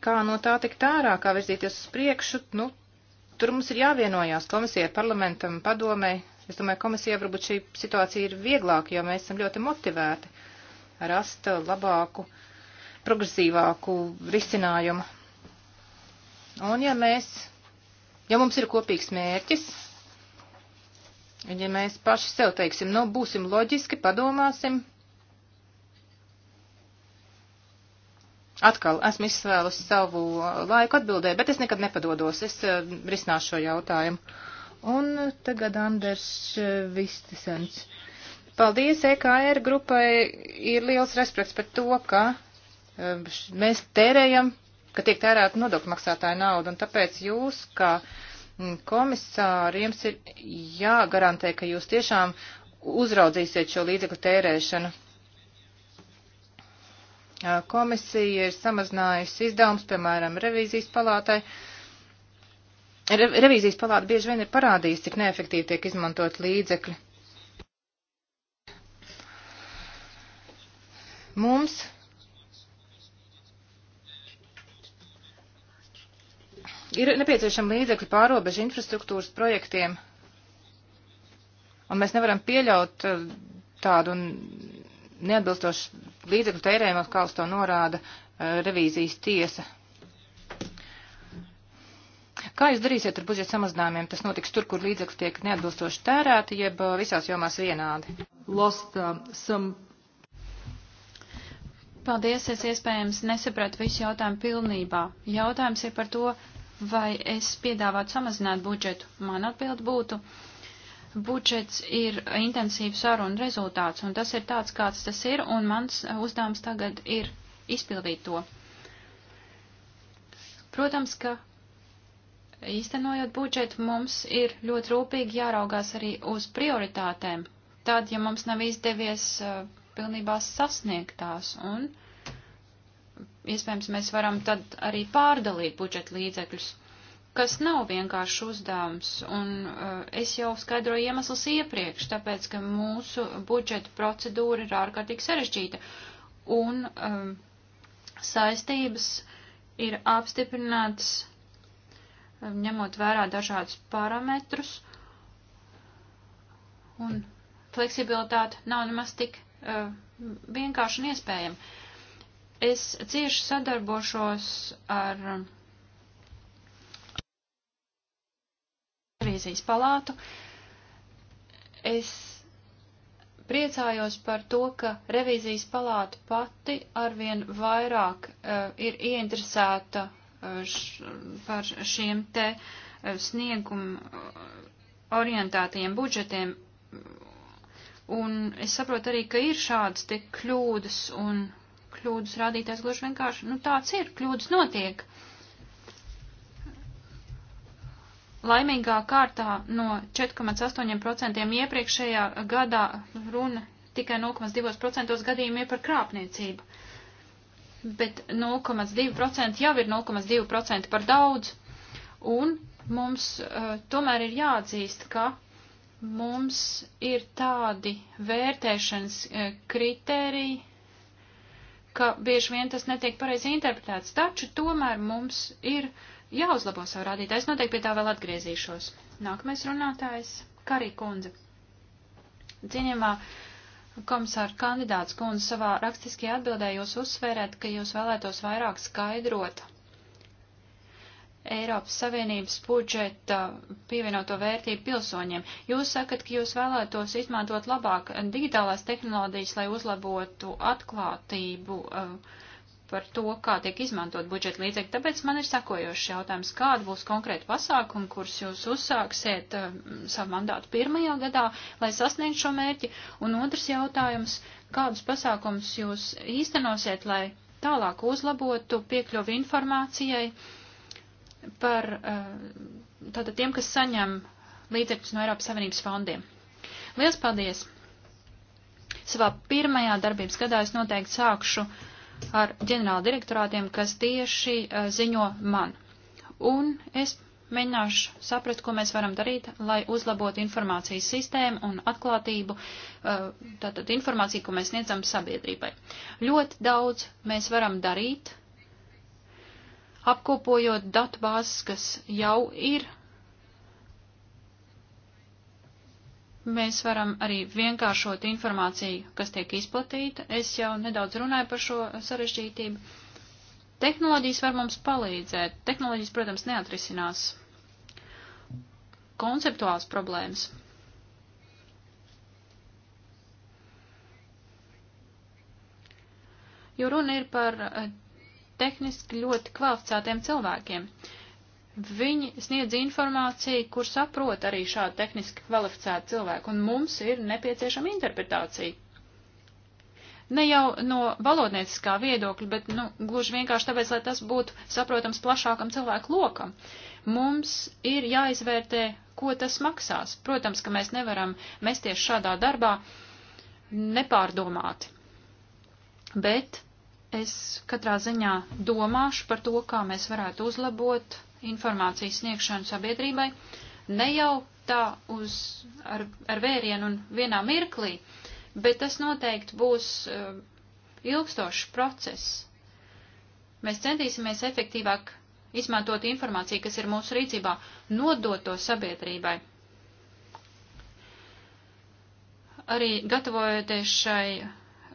kā no tā tikt ārā, kā virzīties uz priekšu, nu, tur mums ir jāvienojās komisijai, parlamentam, padomē. Es domāju, komisijai varbūt šī situācija ir vieglāka, jo mēs esam ļoti motivēti rast labāku, progresīvāku risinājumu. Un ja mēs, ja mums ir kopīgs mērķis, Ja mēs paši sev teiksim, nu, būsim loģiski, padomāsim. Atkal esmu izsvēlusi savu uh, laiku atbildē, bet es nekad nepadodos, es uh, risināšu šo jautājumu. Un tagad Anders uh, Vistisens. Paldies, EKR grupai ir liels respekts par to, ka uh, mēs tērējam, ka tiek tērēta nodokļu maksātāja nauda, un tāpēc jūs, kā. Ka Mm, komisāri, jums ir jāgarantē, ka jūs tiešām uzraudzīsiet šo līdzekļu tērēšanu. Komisija ir samazinājusi izdevums, piemēram, revīzijas palātai. Re, revīzijas palāta bieži vien ir parādījusi, cik neefektīvi tiek izmantot līdzekļi. Mums Ir nepieciešama līdzekļu pārobežu infrastruktūras projektiem, un mēs nevaram pieļaut eh, tādu neatbilstošu līdzekļu tērējumu, kā uz to norāda eh, revīzijas tiesa. Kā jūs darīsiet ar budžeta samazinājumiem? Tas notiks tur, kur līdzekļi tiek neatbilstoši tērēti, jeb eh, visās jomās vienādi. Lost, uh, some... Paldies, es iespējams nesapratu visu jautājumu pilnībā. Jautājums ir par to, vai es piedāvātu samazināt budžetu? Man atbild būtu, budžets ir intensīvs sarunu rezultāts, un tas ir tāds, kāds tas ir, un mans uzdevums tagad ir izpildīt to. Protams, ka īstenojot budžetu, mums ir ļoti rūpīgi jāraugās arī uz prioritātēm. Tad, ja mums nav izdevies uh, pilnībā sasniegt tās, un uh, iespējams, mēs varam tad arī pārdalīt budžeta līdzekļus, kas nav vienkārši uzdevums. Un uh, es jau skaidroju iemeslus iepriekš, tāpēc, ka mūsu budžeta procedūra ir ārkārtīgi sarežģīta. Un um, saistības ir apstiprinātas, um, ņemot vērā dažādus parametrus. Un fleksibilitāte nav nemaz tik uh, vienkārši un iespējama. Uh, Es cieši sadarbošos ar revīzijas palātu. Es priecājos par to, ka revīzijas palāta pati arvien vairāk uh, ir ieinteresēta uh, š, par šiem te uh, sniegumu uh, orientētajiem budžetiem. Un es saprotu arī, ka ir šādas te kļūdas un kļūdas rādītājs gluži vienkārši, nu tāds ir, kļūdas notiek. Laimīgā kārtā no 4,8% iepriekšējā gadā runa tikai 0,2% gadījumie par krāpniecību. Bet 0,2% jau ir 0,2% par daudz. Un mums uh, tomēr ir jāatzīst, ka mums ir tādi vērtēšanas uh, eh, kritēriji, ka bieži vien tas netiek pareizi interpretēts, taču tomēr mums ir jāuzlabo savu rādītāju. Es noteikti pie tā vēl atgriezīšos. Nākamais runātājs - Karī kundze. Cienījumā komisāra kandidāts kundze savā rakstiskajā atbildē jūs uzsvērēt, ka jūs vēlētos vairāk skaidrot Eiropas Savienības budžeta pievienoto vērtību pilsoņiem. Jūs sakat, ka jūs vēlētos izmantot labāk digitālās tehnoloģijas, lai uzlabotu atklātību uh, par to, kā tiek izmantot budžeta līdzekļi. Tāpēc man ir sakojošs jautājums, kāda būs konkrēta pasākuma, kurus jūs uzsāksiet uh, savu mandātu pirmajā gadā, lai sasniegtu šo mērķi? Un otrs jautājums, kādus pasākumus jūs īstenosiet, lai tālāk uzlabotu piekļuvi informācijai? Uh, par eh, tātad tiem, kas saņem līdzekļus no Eiropas Savienības fondiem. Lielas paldies! Savā pirmajā darbības gadā es noteikti sākšu ar ģenerāla direktorātiem, kas tieši eh, ziņo man. Un es mēģināšu saprast, ko mēs varam darīt, lai uzlabotu informācijas sistēmu un atklātību, eh, tātad informāciju, ko mēs sniedzam sabiedrībai. Ļoti daudz mēs varam darīt, apkopojot datubāzes, kas jau ir. Mēs varam arī vienkāršot informāciju, kas tiek izplatīta. Es jau nedaudz runāju par šo sarežģītību. Tehnoloģijas var mums palīdzēt. Tehnoloģijas, protams, neatrisinās konceptuāls problēmas. Jo runa ir par eh, tehniski ļoti kvalificētiem cilvēkiem. Viņi sniedz informāciju, kur saprot arī šādu tehniski kvalificētu cilvēku, un mums ir nepieciešama interpretācija. Ne jau no valodnieciskā viedokļa, bet nu, gluži vienkārši tāpēc, lai tas būtu saprotams plašākam cilvēku lokam. Mums ir jāizvērtē, ko tas maksās. Protams, ka mēs nevaram mesties šādā darbā nepārdomāti. Bet Es katrā ziņā domāšu par to, kā mēs varētu uzlabot informācijas sniegšanu sabiedrībai, ne jau tā uz, ar, ar vērienu un vienā mirklī, bet tas noteikti būs uh, ilgstošs process. Mēs centīsimies efektīvāk izmantot informāciju, kas ir mūsu rīcībā, nodot to sabiedrībai. Arī gatavojoties šai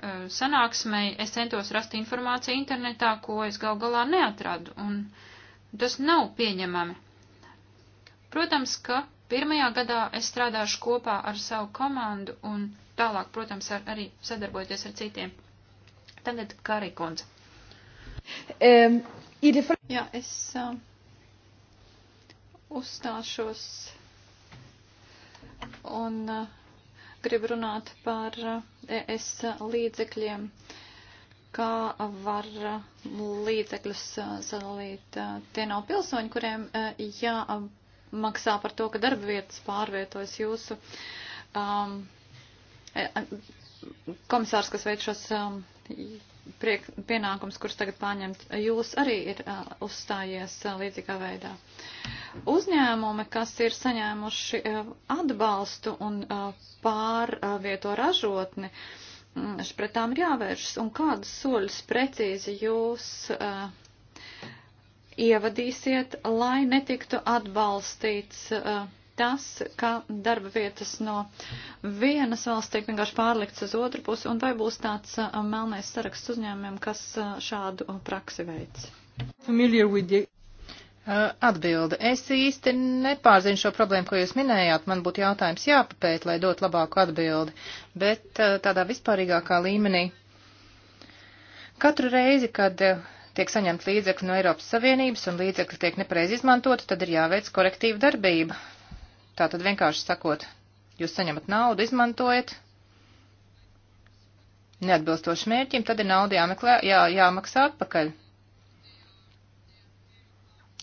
Eh, sanāksmei es centos rast informāciju internetā, ko es gal galā neatradu, un tas nav pieņemami. Protams, ka pirmajā gadā es strādāšu kopā ar savu komandu un tālāk, protams, ar, arī sadarbojoties ar citiem. Tagad Karī kundze. Um, Jā, es uh, uzstāšos un. Uh, Gribu runāt par eh, ES līdzekļiem, kā var eh, līdzekļus eh, sadalīt. Tie nav pilsoņi, kuriem jāmaksā par to, ka darba vietas pārvietojas jūsu. Um, komisārs, kas veic šos um, priek, pienākums, kurš tagad pārņemt, jūs arī ir uh, uzstājies uh, līdzīgā veidā. Uzņēmumi, kas ir saņēmuši uh, atbalstu un uh, pārvieto uh, ražotni, mm, pret tām ir jāvēršas. Un kādus soļus precīzi jūs uh, ievadīsiet, lai netiktu atbalstīts. Uh, tas, ka darba vietas no vienas valsts tiek vienkārši pārlikts uz otru pusi, un vai būs tāds uh, melnais saraksts uzņēmumiem, kas uh, šādu uh, praksi veids? Atbilde. Es īsti nepārzinu šo problēmu, ko jūs minējāt. Man būtu jautājums jāpapēt, lai dot labāku atbildi. Bet tādā vispārīgākā līmenī katru reizi, kad tiek saņemt līdzekļi no Eiropas Savienības un līdzekļi tiek nepareiz izmantoti, tad ir jāveic korektīva darbība. Tātad vienkārši sakot, jūs saņemat naudu, izmantojat neatbilstoši mērķim, tad ir nauda jāmeklē, jā, jāmaksā atpakaļ.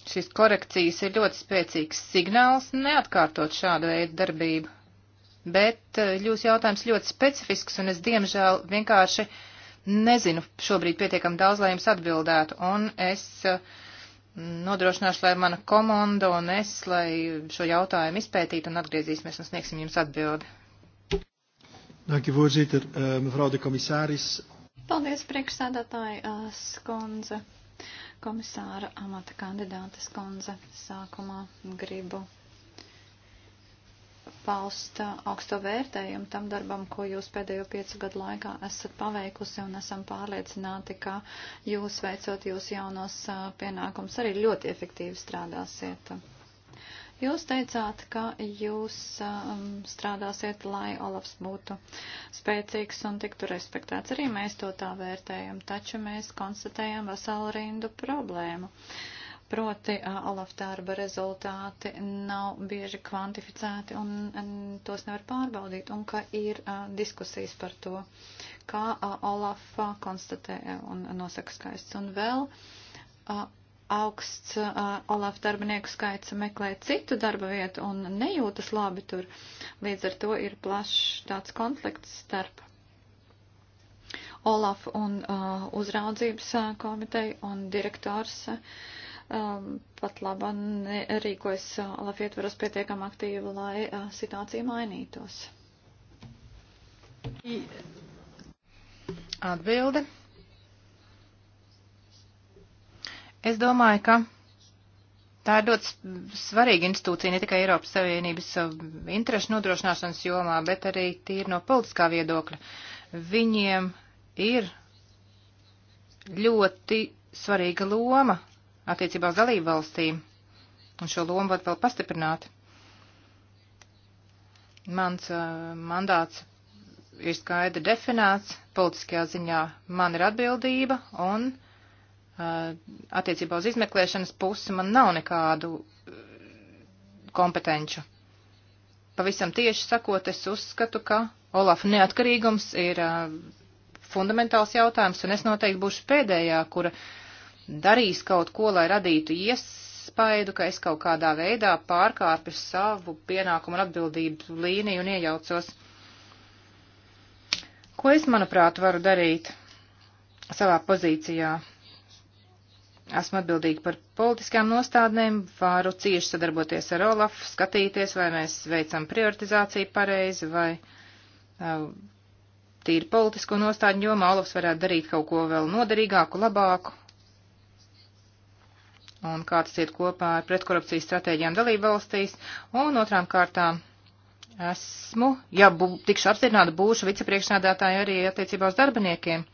Šis korekcijas ir ļoti spēcīgs signāls neatkārtot šādu veidu darbību. Bet eh, jūsu jautājums ļoti specifisks, un es diemžēl vienkārši nezinu šobrīd pietiekam daudz, lai jums atbildētu, un es uh, nodrošināšu, lai mana komanda un es, lai šo jautājumu izpētītu un atgriezīsimies un sniegsim jums atbildi. Dankie, voorzitter. Eh, mevrouw de commissaris. Paldies, priekšsēdētāji eh, Skundze, komisāra amata kandidāte Skundze. Sākumā gribu paust augsto vērtējumu tam darbam, ko jūs pēdējo piecu gadu laikā esat paveikusi un esam pārliecināti, ka jūs veicot jūs jaunos pienākums arī ļoti efektīvi strādāsiet. Jūs teicāt, ka jūs um, strādāsiet, lai Olafs būtu spēcīgs un tiktu respektēts. Arī mēs to tā vērtējam, taču mēs konstatējam veselu rindu problēmu. Uh, Proti, Olaf darba rezultāti nav bieži kvantificēti un, un tos nevar pārbaudīt, un ka ir uh, diskusijas par to, kā uh, Olaf uh, konstatē un nosaka skaists. Un vēl uh, augsts uh, Olaf darbinieku skaits meklē citu darba vietu un nejūtas labi tur. Līdz ar to ir plašs tāds konflikts starp Olaf un uh, uzraudzības uh, komiteju un direktors. Uh, um, pat laba rīkojas uh, LAF ietveros pietiekam aktīvi, lai uh, situācija mainītos. Atbilde. Es domāju, ka tā ir ļoti svarīga institūcija ne tikai Eiropas Savienības uh, interešu nodrošināšanas jomā, bet arī tīri no politiskā viedokļa. Viņiem ir ļoti svarīga loma attiecībā uz dalību valstīm, un šo lomu var vēl pastiprināt. Mans uh, mandāts ir skaidri definēts, politiskajā ziņā man ir atbildība, un uh, attiecībā uz izmeklēšanas pusi man nav nekādu uh, kompetenču. Pavisam tieši sakot, es uzskatu, ka Olafa neatkarīgums ir uh, fundamentāls jautājums, un es noteikti būšu pēdējā, kura uh, darījis kaut ko, lai radītu iespaidu, ka es kaut kādā veidā pārkāpju savu pienākumu un atbildību līniju un iejaucos. Ko es, manuprāt, varu darīt savā pozīcijā? Esmu atbildīgi par politiskām nostādnēm, varu cieši sadarboties ar Olafu, skatīties, vai mēs veicam prioritizāciju pareizi, vai uh, tīri politisko nostādņu jomā Olafs varētu darīt kaut ko vēl noderīgāku, labāku, un kā tas iet kopā ar pretkorupcijas stratēģijām dalību valstīs. Un otrām kārtām esmu, ja bū, tikšu apstiprināta, būšu vicepriekšnādātāja arī attiecībā uz darbiniekiem.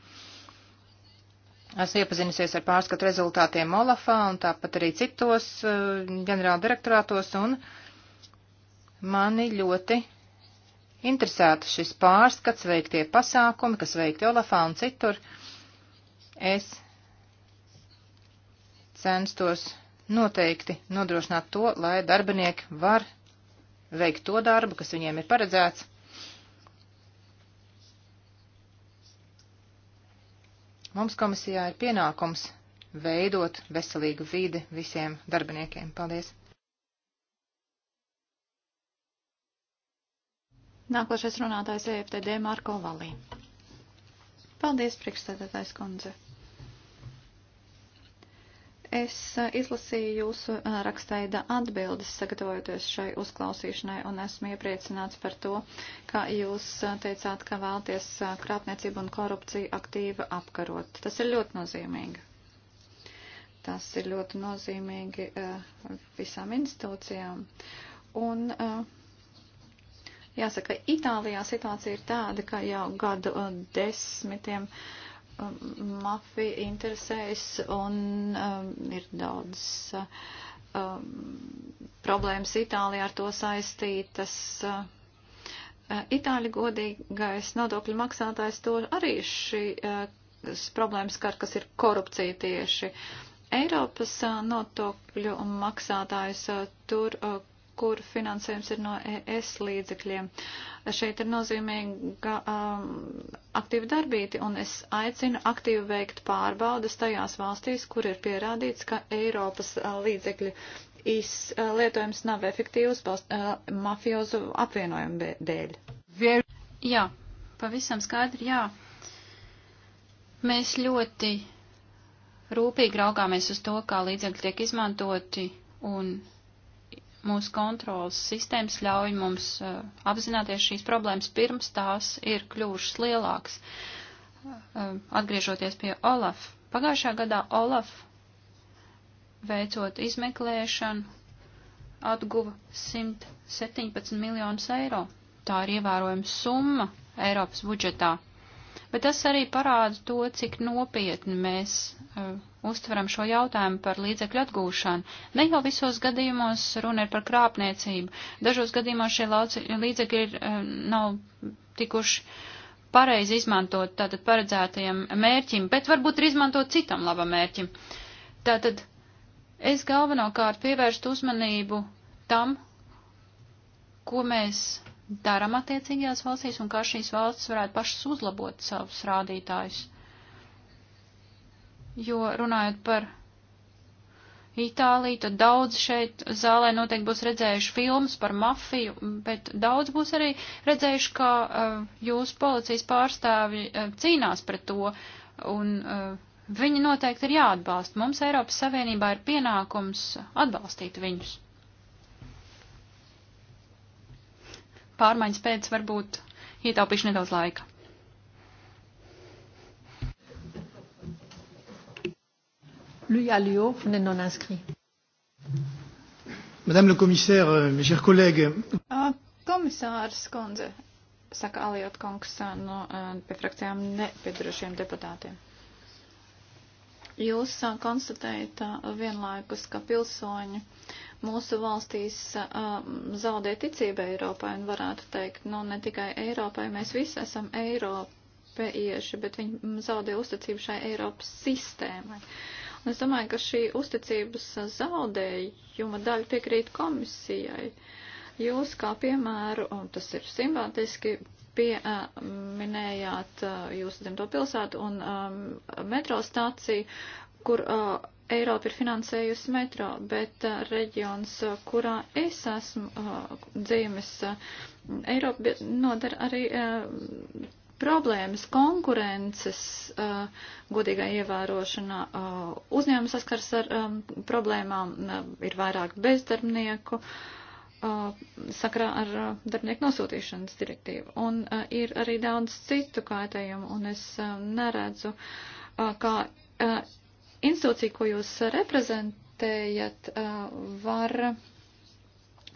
Esmu iepazinusies ar pārskatu rezultātiem Olafā un tāpat arī citos uh, ģenerāla direktorātos un mani ļoti interesēta šis pārskats, veiktie pasākumi, kas veikti Olafā un citur. Es censtos noteikti nodrošināt to, lai darbinieki var veikt to darbu, kas viņiem ir paredzēts. Mums komisijā ir pienākums veidot veselīgu vidi visiem darbiniekiem. Paldies! Nākošais runātājs EFTD Marko Valī. Paldies, priekšstādātājs kundze! Es eh, izlasīju jūsu eh, rakstaida atbildes, sagatavojoties šai uzklausīšanai, un esmu iepriecināts par to, ka jūs eh, teicāt, ka vēlties krāpniecību un korupciju aktīvi apkarot. Tas ir ļoti nozīmīgi. Tas ir ļoti nozīmīgi visām institūcijām. Un, jāsaka, Itālijā situācija ir tāda, ka jau gadu desmitiem. Uh, Um, mafija interesēs un um, ir daudz um, problēmas Itālijā ar to saistītas. Uh, Itāļi godīgais nodokļu maksātājs to arī šī uh, problēmas kar, kas ir korupcija tieši. Eiropas uh, nodokļu maksātājs uh, tur. Uh, kur finansējums ir no ES līdzekļiem. Šeit ir nozīmīga um, aktīva darbība, un es aicinu aktīvi veikt pārbaudas tajās valstīs, kur ir pierādīts, ka Eiropas uh, līdzekļu izlietojums uh, nav efektīvs balst, uh, mafiozu apvienojumu dēļ. Jā, pavisam skaidri, jā. Mēs ļoti rūpīgi raugāmies uz to, kā līdzekļi tiek izmantoti un mūsu kontrolas sistēmas ļauj mums uh, apzināties šīs problēmas pirms tās ir kļuvušas lielākas. Uh, atgriežoties pie Olaf. Pagājušā gadā Olaf, veicot izmeklēšanu, atguva 117 miljonus eiro. Tā ir ievērojama summa Eiropas budžetā. Bet tas arī parāda to, cik nopietni mēs uh, uztveram šo jautājumu par līdzekļu atgūšanu. Ne jau visos gadījumos runa ir par krāpniecību. Dažos gadījumos šie līdzekļi ir, uh, nav tikuši pareizi izmantot tātad paredzētajam mērķim, bet varbūt ir izmantot citam labam mērķim. Tātad es galvenokārt pievērstu uzmanību tam, ko mēs daram attiecīgajās valstīs un kā šīs valstis varētu pašas uzlabot savus rādītājus. Jo runājot par Itāliju, tad daudz šeit zālē noteikti būs redzējuši filmas par mafiju, bet daudz būs arī redzējuši, kā uh, jūsu policijas pārstāvji uh, cīnās pret to, un uh, viņi noteikti ir jāatbalsta. Mums Eiropas Savienībā ir pienākums atbalstīt viņus. pārmaiņas pēc varbūt ietaupīšu nedaudz laika. Lui Alliot, vous n'êtes non inscrit. Madame le commissaire, euh, mes chers collègues. Komisārs Kondze, saka Aliot Kongs no pie frakcijām nepiedarošiem deputātiem. Jūs konstatējat vienlaikus, ka pilsoņi mūsu valstīs um, zaudē ticība Eiropai un varētu teikt, nu ne tikai Eiropai, mēs visi esam Eiropieši, bet viņi zaudē uzticību šai Eiropas sistēmai. Un es domāju, ka šī uzticības zaudējuma daļa piekrīt komisijai. Jūs kā piemēru, un tas ir simpātiski, pieminējāt uh, jūsu dzimto pilsētu un um, metro stāciju, kur uh, Eiropa ir finansējusi metro, bet uh, reģions, uh, kurā es esmu uh, dzīves, uh, Eiropa nodara arī uh, problēmas konkurences uh, godīgā ievērošanā. Uh, uzņēmumi saskars ar um, problēmām, uh, ir vairāk bezdarbnieku uh, sakarā ar uh, darbnieku nosūtīšanas direktīvu. Un uh, ir arī daudz citu kaitējumu, un es uh, neredzu, uh, kā. Uh, institūcija, ko jūs reprezentējat, var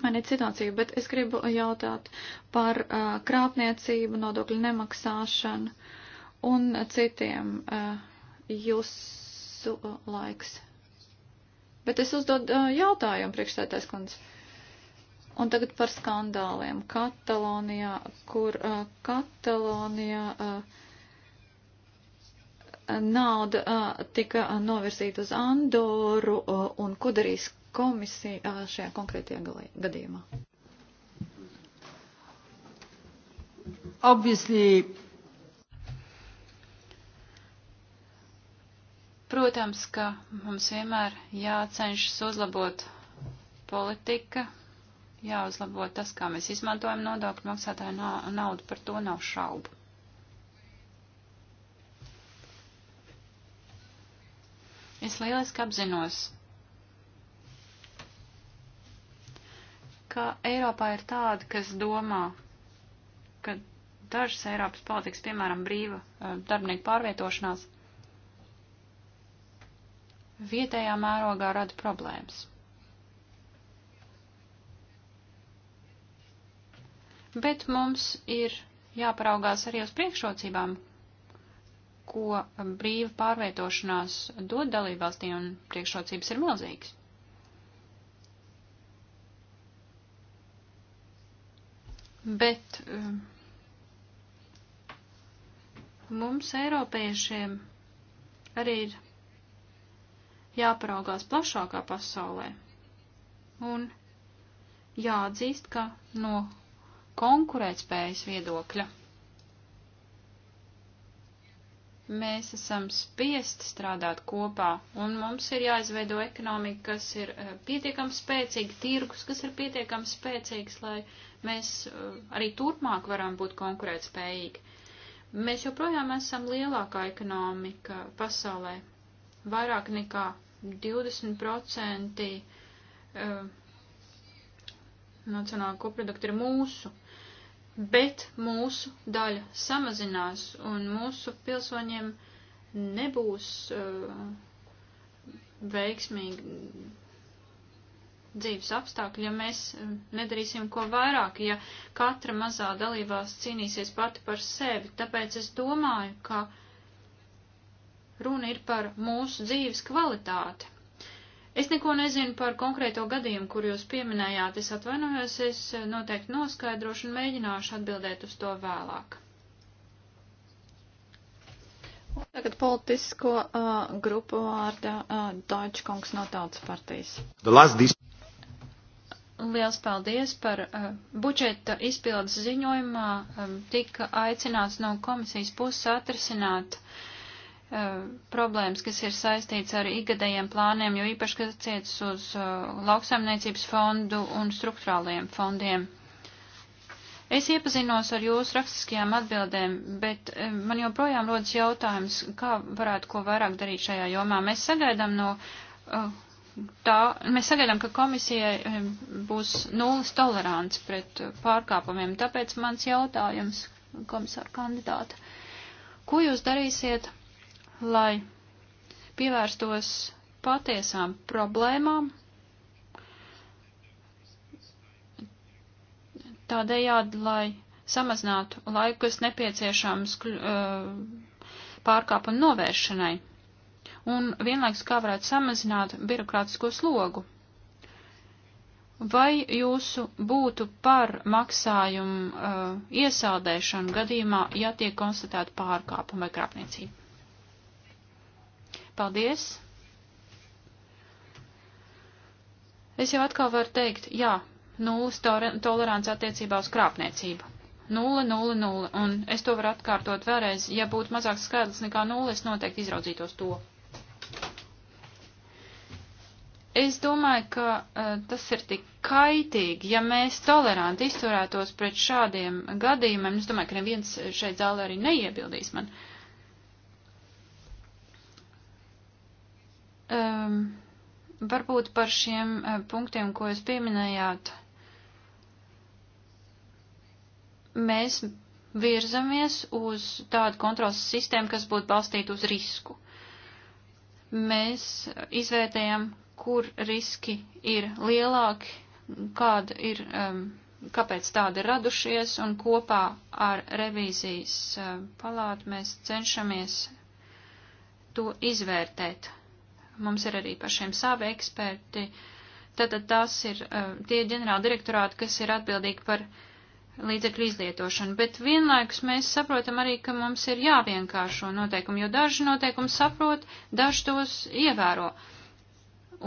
mainīt situāciju, bet es gribu jautāt par krāpniecību, nodokļu nemaksāšanu un citiem jūsu laiks. Bet es uzdodu jautājumu priekšsētājs kundze. Un tagad par skandāliem Katalonijā, kur uh, Katalonijā uh, nauda tika novirzīta uz Andoru un ko darīs komisija šajā konkrētajā gadījumā? Obviously. Protams, ka mums vienmēr jācenšas uzlabot politika, jāuzlabo tas, kā mēs izmantojam nodokļu maksātāju naudu, par to nav šaubu. Es lieliski apzinos, ka Eiropā ir tādi, kas domā, ka dažas Eiropas politikas, piemēram, brīva eh, darbinieku pārvietošanās, vietējā mērogā rada problēmas. Bet mums ir jāparaugās arī uz priekšrocībām, ko brīva pārvietošanās dod dalībvalstī un priekšrocības ir milzīgas. Bet um, mums, Eiropiešiem, arī ir jāparaugās plašākā pasaulē un jāatzīst, ka no konkurētspējas viedokļa mēs esam spiest strādāt kopā, un mums ir jāizveido ekonomika, kas ir eh, pietiekami spēcīga, tirgus, kas ir pietiekami spēcīgs, lai mēs eh, arī turpmāk varam būt konkurētspējīgi. Mēs joprojām esam lielākā ekonomika pasaulē, vairāk nekā 20% eh, nacionāla koprodukta ir mūsu bet mūsu daļa samazinās un mūsu pilsoņiem nebūs uh, veiksmīgi dzīves apstākļi, ja mēs uh, nedarīsim ko vairāk, ja katra mazā dalībās cīnīsies pati par sevi. Tāpēc es domāju, ka runa ir par mūsu dzīves kvalitāti. Es neko nezinu par konkrēto gadījumu, kur jūs pieminējāt. Es atvainojos, es noteikti noskaidrošu un mēģināšu atbildēt uz to vēlāk. Tagad politisko uh, grupu vārdā uh, Deutsche kungs no tautas partijas. Liels paldies par uh, budžeta izpildes ziņojumā. Um, tika aicināts no komisijas puses atrisināt uh, Eh, problēmas, kas ir saistīts ar ikgadējiem plāniem, jo īpaši, kas attiecas uz eh, lauksaimniecības fondu un struktūrāliem fondiem. Es iepazinos ar jūsu rakstiskajām atbildēm, bet eh, man joprojām rodas jautājums, kā varētu ko vairāk darīt šajā jomā. Mēs sagaidām no tā, mēs sagaidām, ka komisijai būs nulles tolerants pret pārkāpumiem, tāpēc mans jautājums, komisāra kandidāta, ko jūs darīsiet, lai pievērstos patiesām problēmām, tādējādi, lai samazinātu laiku, kas nepieciešams uh, pārkāpumu novēršanai, un vienlaiks kā varētu samazināt birokrātisko slogu. Vai jūsu būtu par maksājumu uh, iesaldēšanu gadījumā, ja tiek konstatēta pārkāpuma vai krāpniecība? Paldies! Es jau atkal varu teikt, jā, nulles tolerants attiecībā uz krāpniecību. Nulle, nulle, nulle, un es to varu atkārtot vēlreiz, ja būtu mazāks skaidrs nekā nulle, es noteikti izraudzītos to. Es domāju, ka uh, tas ir tik kaitīgi, ja mēs toleranti izturētos pret šādiem gadījumiem. Es domāju, ka neviens šeit zālē arī neiebildīs man. Uh, um, varbūt par šiem eh, punktiem, ko jūs pieminējāt. Mēs virzamies uz tādu kontrols sistēmu, kas būtu balstīta uz risku. Mēs izvērtējam, kur riski ir lielāki, kāda ir, um, kāpēc tādi ir radušies, un kopā ar revīzijas um, palātu mēs cenšamies to izvērtēt. Mums ir arī pašiem savi eksperti. Tātad tās ir uh, tie ģenerāla direktorāti, kas ir atbildīgi par līdzekļu izlietošanu. Bet vienlaikus mēs saprotam arī, ka mums ir jāvienkāršo noteikumu, jo daži noteikumi saprot, daži tos ievēro.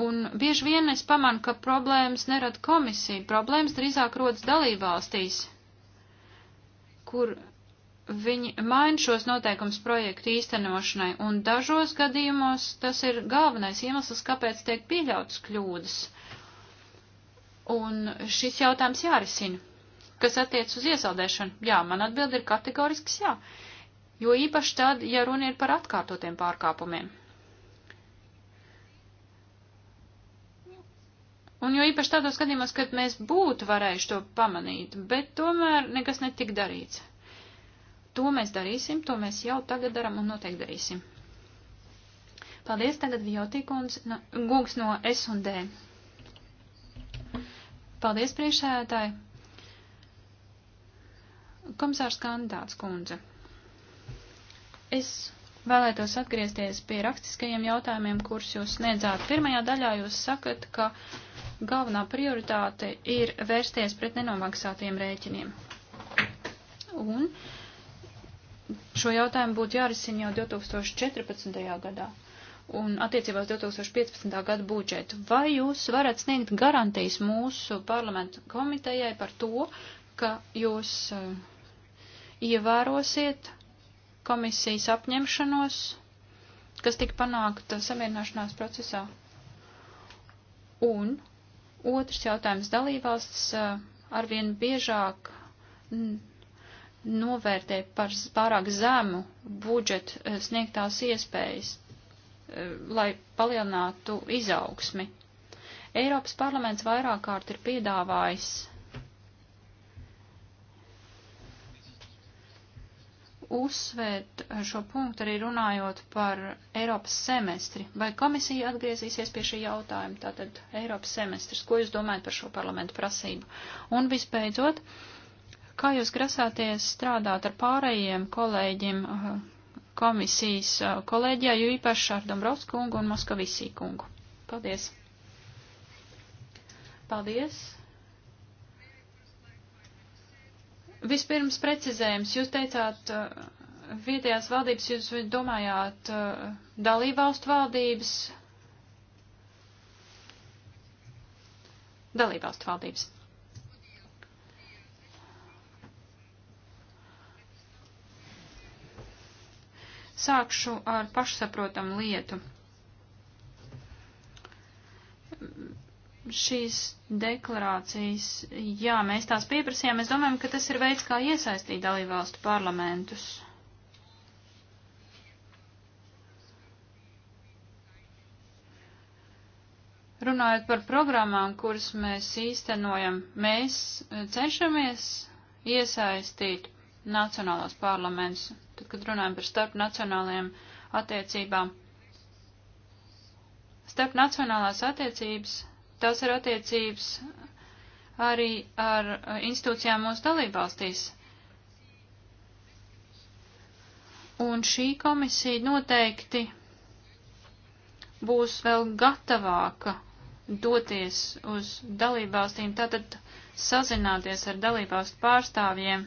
Un bieži vien es pamanu, ka problēmas nerada komisija, problēmas drīzāk rodas dalībvalstīs, kur viņi maina šos noteikums projektu īstenošanai, un dažos gadījumos tas ir galvenais iemesls, kāpēc tiek pieļautas kļūdas. Un šis jautājums jārisina. Kas attiec uz iesaldēšanu? Jā, man atbildi ir kategorisks jā, jo īpaši tad, ja runa ir par atkārtotiem pārkāpumiem. Un jo īpaši tādos gadījumos, kad mēs būtu varējuši to pamanīt, bet tomēr nekas netika darīts. To mēs darīsim, to mēs jau tagad daram un noteikti darīsim. Paldies tagad Viotīkums, no, Gūgs no S&D. Paldies priekšsēdētāji. Komisārs kandidāts kundze. Es vēlētos atgriezties pie rakstiskajiem jautājumiem, kurus jūs sniedzāt. Pirmajā daļā jūs sakat, ka galvenā prioritāte ir vērsties pret nenomaksātiem rēķiniem. Un uh, šo jautājumu būtu jārisina jau 2014. gadā un attiecībā uz 2015. gada budžetu. Vai jūs varat sniegt garantijas mūsu parlamentu komitejai par to, ka jūs eh, ievērosiet komisijas apņemšanos, kas tika panākta samierināšanās procesā? Un otrs jautājums dalībvalstis eh, arvien biežāk novērtē par pārāk zemu budžetu eh, sniegtās iespējas, eh, lai palielinātu izaugsmi. Eiropas parlaments vairāk kārt ir piedāvājis uzsvērt šo punktu arī runājot par Eiropas semestri. Vai komisija atgriezīsies pie šī jautājuma, tātad Eiropas semestris? Ko jūs domājat par šo parlamentu prasību? Un visbeidzot, uh, Kā jūs grasāties strādāt ar pārējiem kolēģiem eh, komisijas eh, kolēģijā, jo īpaši ar Dombrovskungu un Moskavisī kungu? Paldies! Paldies! Vispirms precizējums. Jūs teicāt, eh, vietējās valdības, jūs domājāt dalībvalstu valdības? Dalībvalstu valdības. Sākšu ar pašsaprotamu lietu. Šīs deklarācijas, jā, mēs tās pieprasījām, mēs domājam, ka tas ir veids, kā iesaistīt dalībvalstu parlamentus. Runājot par programmām, kuras mēs īstenojam, mēs cenšamies iesaistīt nacionālās parlaments. Tad, kad runājam par starp nacionālajiem attiecībām, starp nacionālās attiecības, tās ir attiecības arī ar uh, institūcijām mūsu dalībvalstīs. Un šī komisija noteikti būs vēl gatavāka doties uz dalībvalstīm, tātad sazināties ar dalībvalstu pārstāvjiem.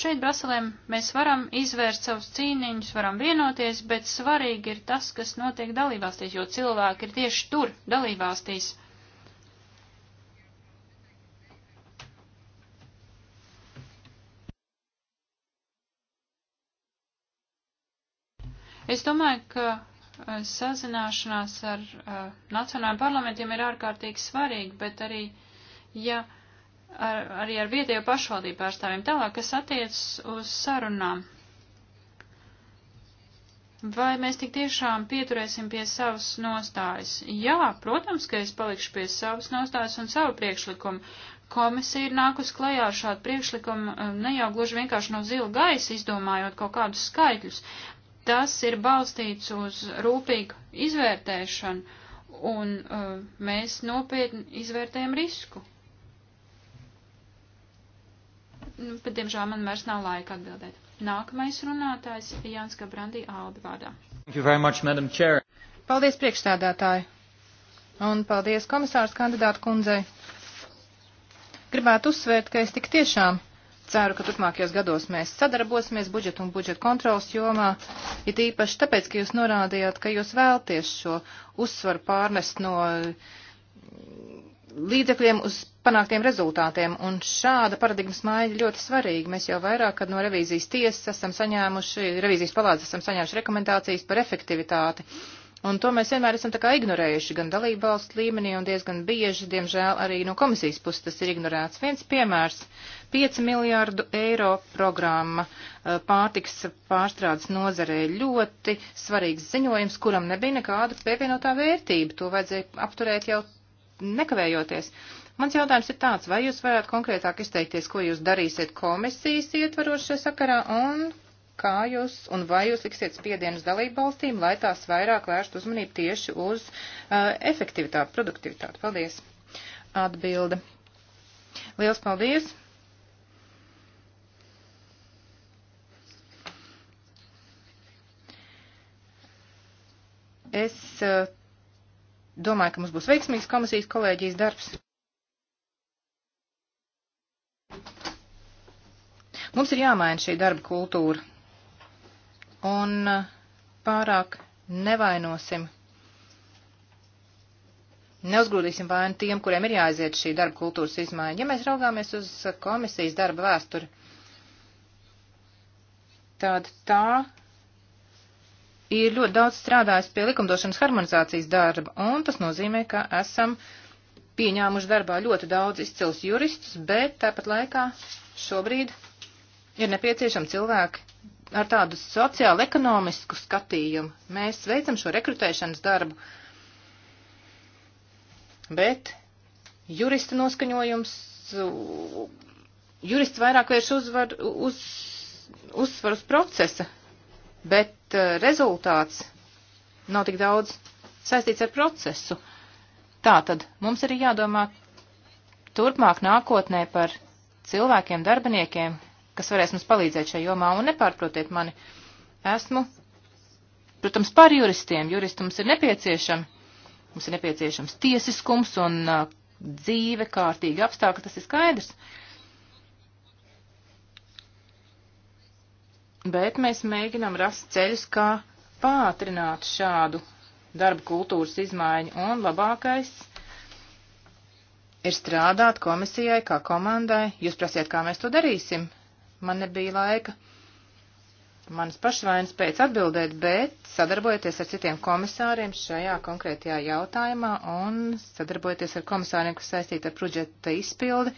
Šeit Brasilēm mēs varam izvērst savus cīniņus, varam vienoties, bet svarīgi ir tas, kas notiek dalībvalstīs, jo cilvēki ir tieši tur, dalībvalstīs. Es domāju, ka eh, sazināšanās ar uh, nacionālajiem parlamentiem ir ārkārtīgi svarīgi, bet arī, ja uh, ar, arī ar vietējo pašvaldību pārstāvjiem. Tālāk, kas attiecas uz sarunām. Vai mēs tik tiešām pieturēsim pie savas nostājas? Jā, protams, ka es palikšu pie savas nostājas un savu priekšlikumu. Komisija ir nākus klajā ar šādu priekšlikumu um, ne jau gluži vienkārši no zila gaisa izdomājot kaut kādus skaitļus. Tas ir balstīts uz rūpīgu izvērtēšanu un uh, mēs nopietni izvērtējam risku. Nu, bet, diemžēl, man vairs nav laika atbildēt. Nākamais runātājs - Jānis Gabrandī Aldi vārdā. Much, paldies priekšstādātāji. Un paldies komisārs kandidātu kundzei. Gribētu uzsvērt, ka es tik tiešām ceru, ka turpmākajos gados mēs sadarbosimies budžetu un budžetu kontrolas jomā, it īpaši tāpēc, ka jūs norādījāt, ka jūs vēlties šo uzsvaru pārnest no līdzekļiem uz panāktiem rezultātiem, un šāda paradigmas maiņa ļoti svarīga. Mēs jau vairāk, kad no revīzijas tiesas esam saņēmuši, revīzijas palādes esam saņēmuši rekomendācijas par efektivitāti, un to mēs vienmēr esam tā kā ignorējuši, gan dalībvalstu līmenī, un diezgan bieži, diemžēl, arī no komisijas puses tas ir ignorēts. Viens piemērs - 5 miljārdu eiro programma eh, pārtiks pārstrādes nozarē ļoti svarīgs ziņojums, kuram nebija nekāda pievienotā vērtība, to vajadzēja apturēt jau nekavējoties. Uh, Mans jautājums ir tāds, vai jūs varētu konkrētāk izteikties, ko jūs darīsiet komisijas ietvaros šajā sakarā un kā jūs un vai jūs liksiet spiedienus dalību valstīm, lai tās vairāk vērst uzmanību tieši uz uh, efektivitāti, produktivitāti. Paldies. Atbilde. Liels paldies. Es uh, domāju, ka mums būs veiksmīgs komisijas kolēģijas darbs. Mums ir jāmaina šī darba kultūra. Un eh, pārāk nevainosim, neuzgrūdīsim vainu tiem, kuriem ir jāaiziet šī darba kultūras izmaiņa. Ja mēs raugāmies uz eh, komisijas darba vēsturi, tad tā ir ļoti daudz strādājis pie likumdošanas harmonizācijas darba, un tas nozīmē, ka esam pieņēmuši darbā ļoti daudz izcils juristus, bet tāpat laikā šobrīd ir nepieciešami cilvēki ar tādu sociālu ekonomisku skatījumu. Mēs veicam šo rekrutēšanas darbu, bet jurista noskaņojums, jurists vairāk vērš uzvar, uz, uzsvaru uz procesa, bet eh, rezultāts nav tik daudz saistīts ar procesu. Tātad mums ir jādomā turpmāk nākotnē par cilvēkiem, darbiniekiem, kas varēs mums palīdzēt šajā jomā. Un nepārprotiet mani, esmu, protams, par juristiem. Juristi mums ir nepieciešami. Mums ir nepieciešams tiesiskums un uh, dzīve, kārtīgi apstākļi, tas ir skaidrs. Bet mēs mēģinām rast ceļus, kā pātrināt šādu darba kultūras izmaiņu, un labākais ir strādāt komisijai kā komandai. Jūs prasiet, kā mēs to darīsim. Man nebija laika manas pašvainas pēc atbildēt, bet sadarbojoties ar citiem komisāriem šajā konkrētajā jautājumā un sadarbojoties ar komisāriem, kas saistīti ar budžeta izpildi,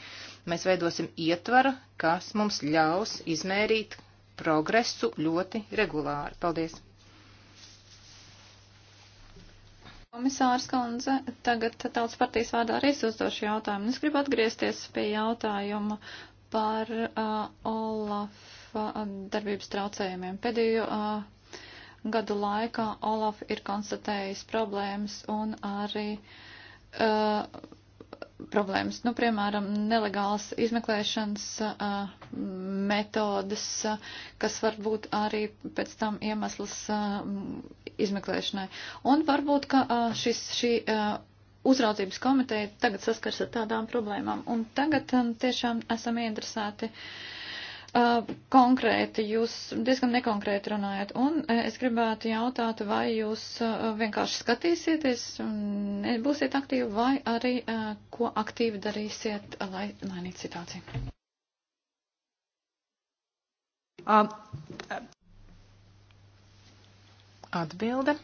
mēs veidosim ietvaru, kas mums ļaus izmērīt progresu ļoti regulāri. Paldies! Komisārs Kalnze, tagad tautas partijas vārdā arī uzdošu jautājumu. Es gribu atgriezties pie jautājuma par uh, Olafa darbības traucējumiem. Pēdējo uh, gadu laikā Olaf ir konstatējis problēmas un arī uh, problēmas. Nu, piemēram, nelegālas izmeklēšanas uh, metodas, uh, kas var būt arī pēc tam iemesls uh, izmeklēšanai. Un varbūt, ka uh, šis, šī. Uh, uzraudzības komiteja tagad saskars ar tādām problēmām. Un tagad um, tiešām esam interesēti uh, konkrēti, jūs diezgan nekonkrēti runājat. Un uh, es gribētu jautāt, vai jūs uh, vienkārši skatīsieties, eh, būsiet aktīvi, vai arī uh, ko aktīvi darīsiet, lai mainītu situāciju. Um, uh, Atbilde.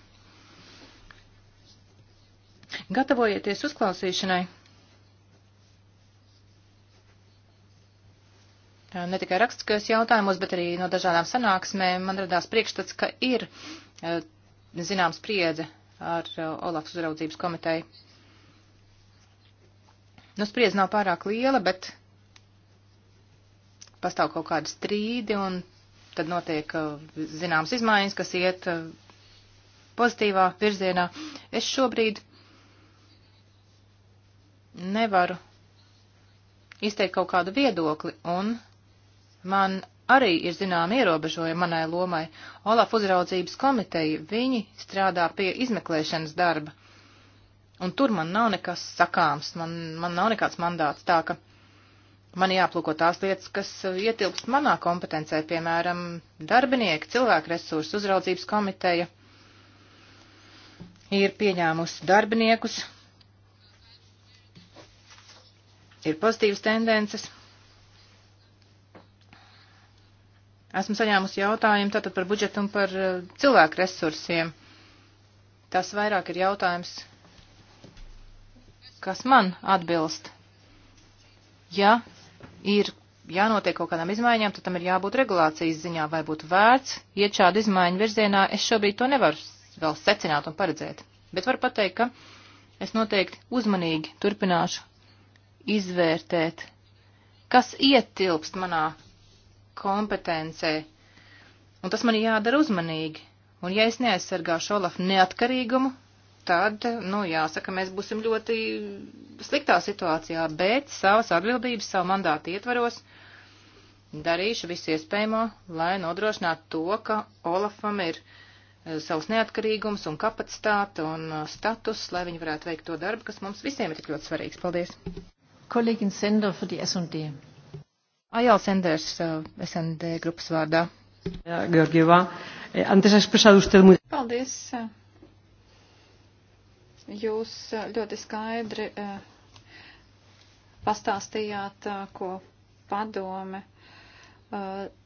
Gatavojieties uzklausīšanai. Ne tikai rakstiskajos jautājumos, bet arī no dažādām sanāksmēm man radās priekšstats, ka ir e, zināms spriedze ar e, Olafs uzraudzības komiteju. Nu, spriedze nav pārāk liela, bet pastāv kaut kādi strīdi un tad notiek e, zināmas izmaiņas, kas iet pozitīvā virzienā. Es šobrīd nevaru izteikt kaut kādu viedokli, un man arī ir zinām ierobežojumi manai lomai. Olaf uzraudzības komiteja, viņi strādā pie izmeklēšanas darba, un tur man nav nekas sakāms, man, man nav nekāds mandāts, tā ka man jāplūko tās lietas, kas ietilpst manā kompetencē, piemēram, darbinieki, cilvēku resursu uzraudzības komiteja ir pieņēmusi darbiniekus, ir pozitīvas tendences. Esmu saņēmusi jautājumu tātad par budžetu un par eh, cilvēku resursiem. Tas vairāk ir jautājums, kas man atbilst. Ja ir jānotiek kaut kādām izmaiņām, tad tam ir jābūt regulācijas ziņā, vai būtu vērts iet šādu izmaiņu virzienā. Es šobrīd to nevaru vēl secināt un paredzēt, bet varu pateikt, ka es noteikti uzmanīgi turpināšu izvērtēt, kas ietilpst manā kompetencē, un tas man jādara uzmanīgi. Un ja es neaizsargāšu Olafu neatkarīgumu, tad, nu, jāsaka, mēs būsim ļoti sliktā situācijā, bet savas atbildības, savu mandātu ietvaros darīšu visu iespējamo, lai nodrošinātu to, ka Olafam ir e, savs neatkarīgums un kapacitāte un e, status, lai viņi varētu veikt to darbu, kas mums visiem ir tik ļoti svarīgs. Paldies! Kolēģin Sender für die S&D. Ajāl Senders, uh, S&D grupas vārdā. Jā, Georgieva, e, antes ha expresado usted muy... Paldies. Jūs uh, ļoti skaidri uh, pastāstījāt, ko padome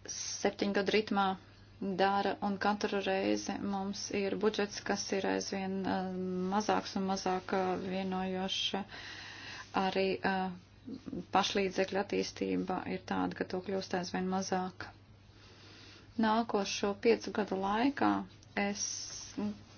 septiņgadu ritmā dara, un katru reizi mums ir budžets, kas ir aizvien mazāks un mazāk vienojošs arī uh, pašlīdzekļu attīstība ir tāda, ka to kļūst aizvien mazāk. Nākošo piecu gadu laikā es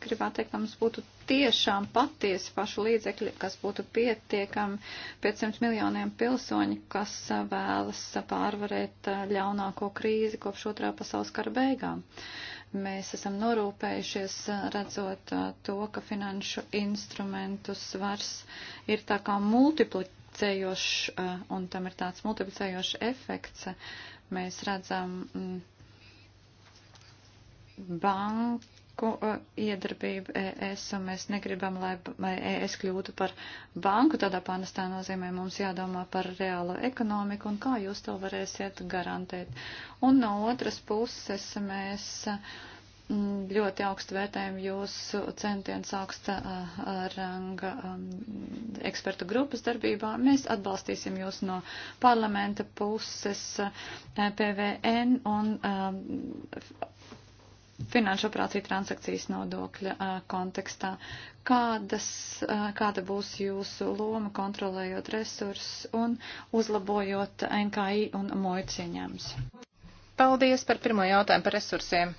gribētu teikt, ka mums būtu tiešām patiesi pašu līdzekļi, kas būtu pietiekami 500 miljoniem pilsoņu, kas vēlas pārvarēt ļaunāko krīzi kopš otrā pasaules kara beigām. Uh, Mēs esam norūpējušies redzot to, ka finanšu instrumentu svars ir tā kā multiplicējošs, un tam ir tāds multiplicējošs efekts. Mēs redzam mm, banku banku uh, iedarbību ES, un mēs negribam, lai, lai ES kļūtu par banku. Tādā panastā nozīmē mums jādomā par reālo ekonomiku un kā jūs to varēsiet garantēt. Un no otras puses mēs mm, ļoti augstu vērtējam jūsu centienus augsta uh, ranga um, ekspertu grupas darbībā. Mēs atbalstīsim jūs no parlamenta puses uh, PVN un um, finanšu operāciju transakcijas nodokļa uh, kontekstā. Kādas, uh, kāda būs jūsu loma kontrolējot resursus un uzlabojot NKI un mojciņams? Paldies par pirmo jautājumu par resursiem.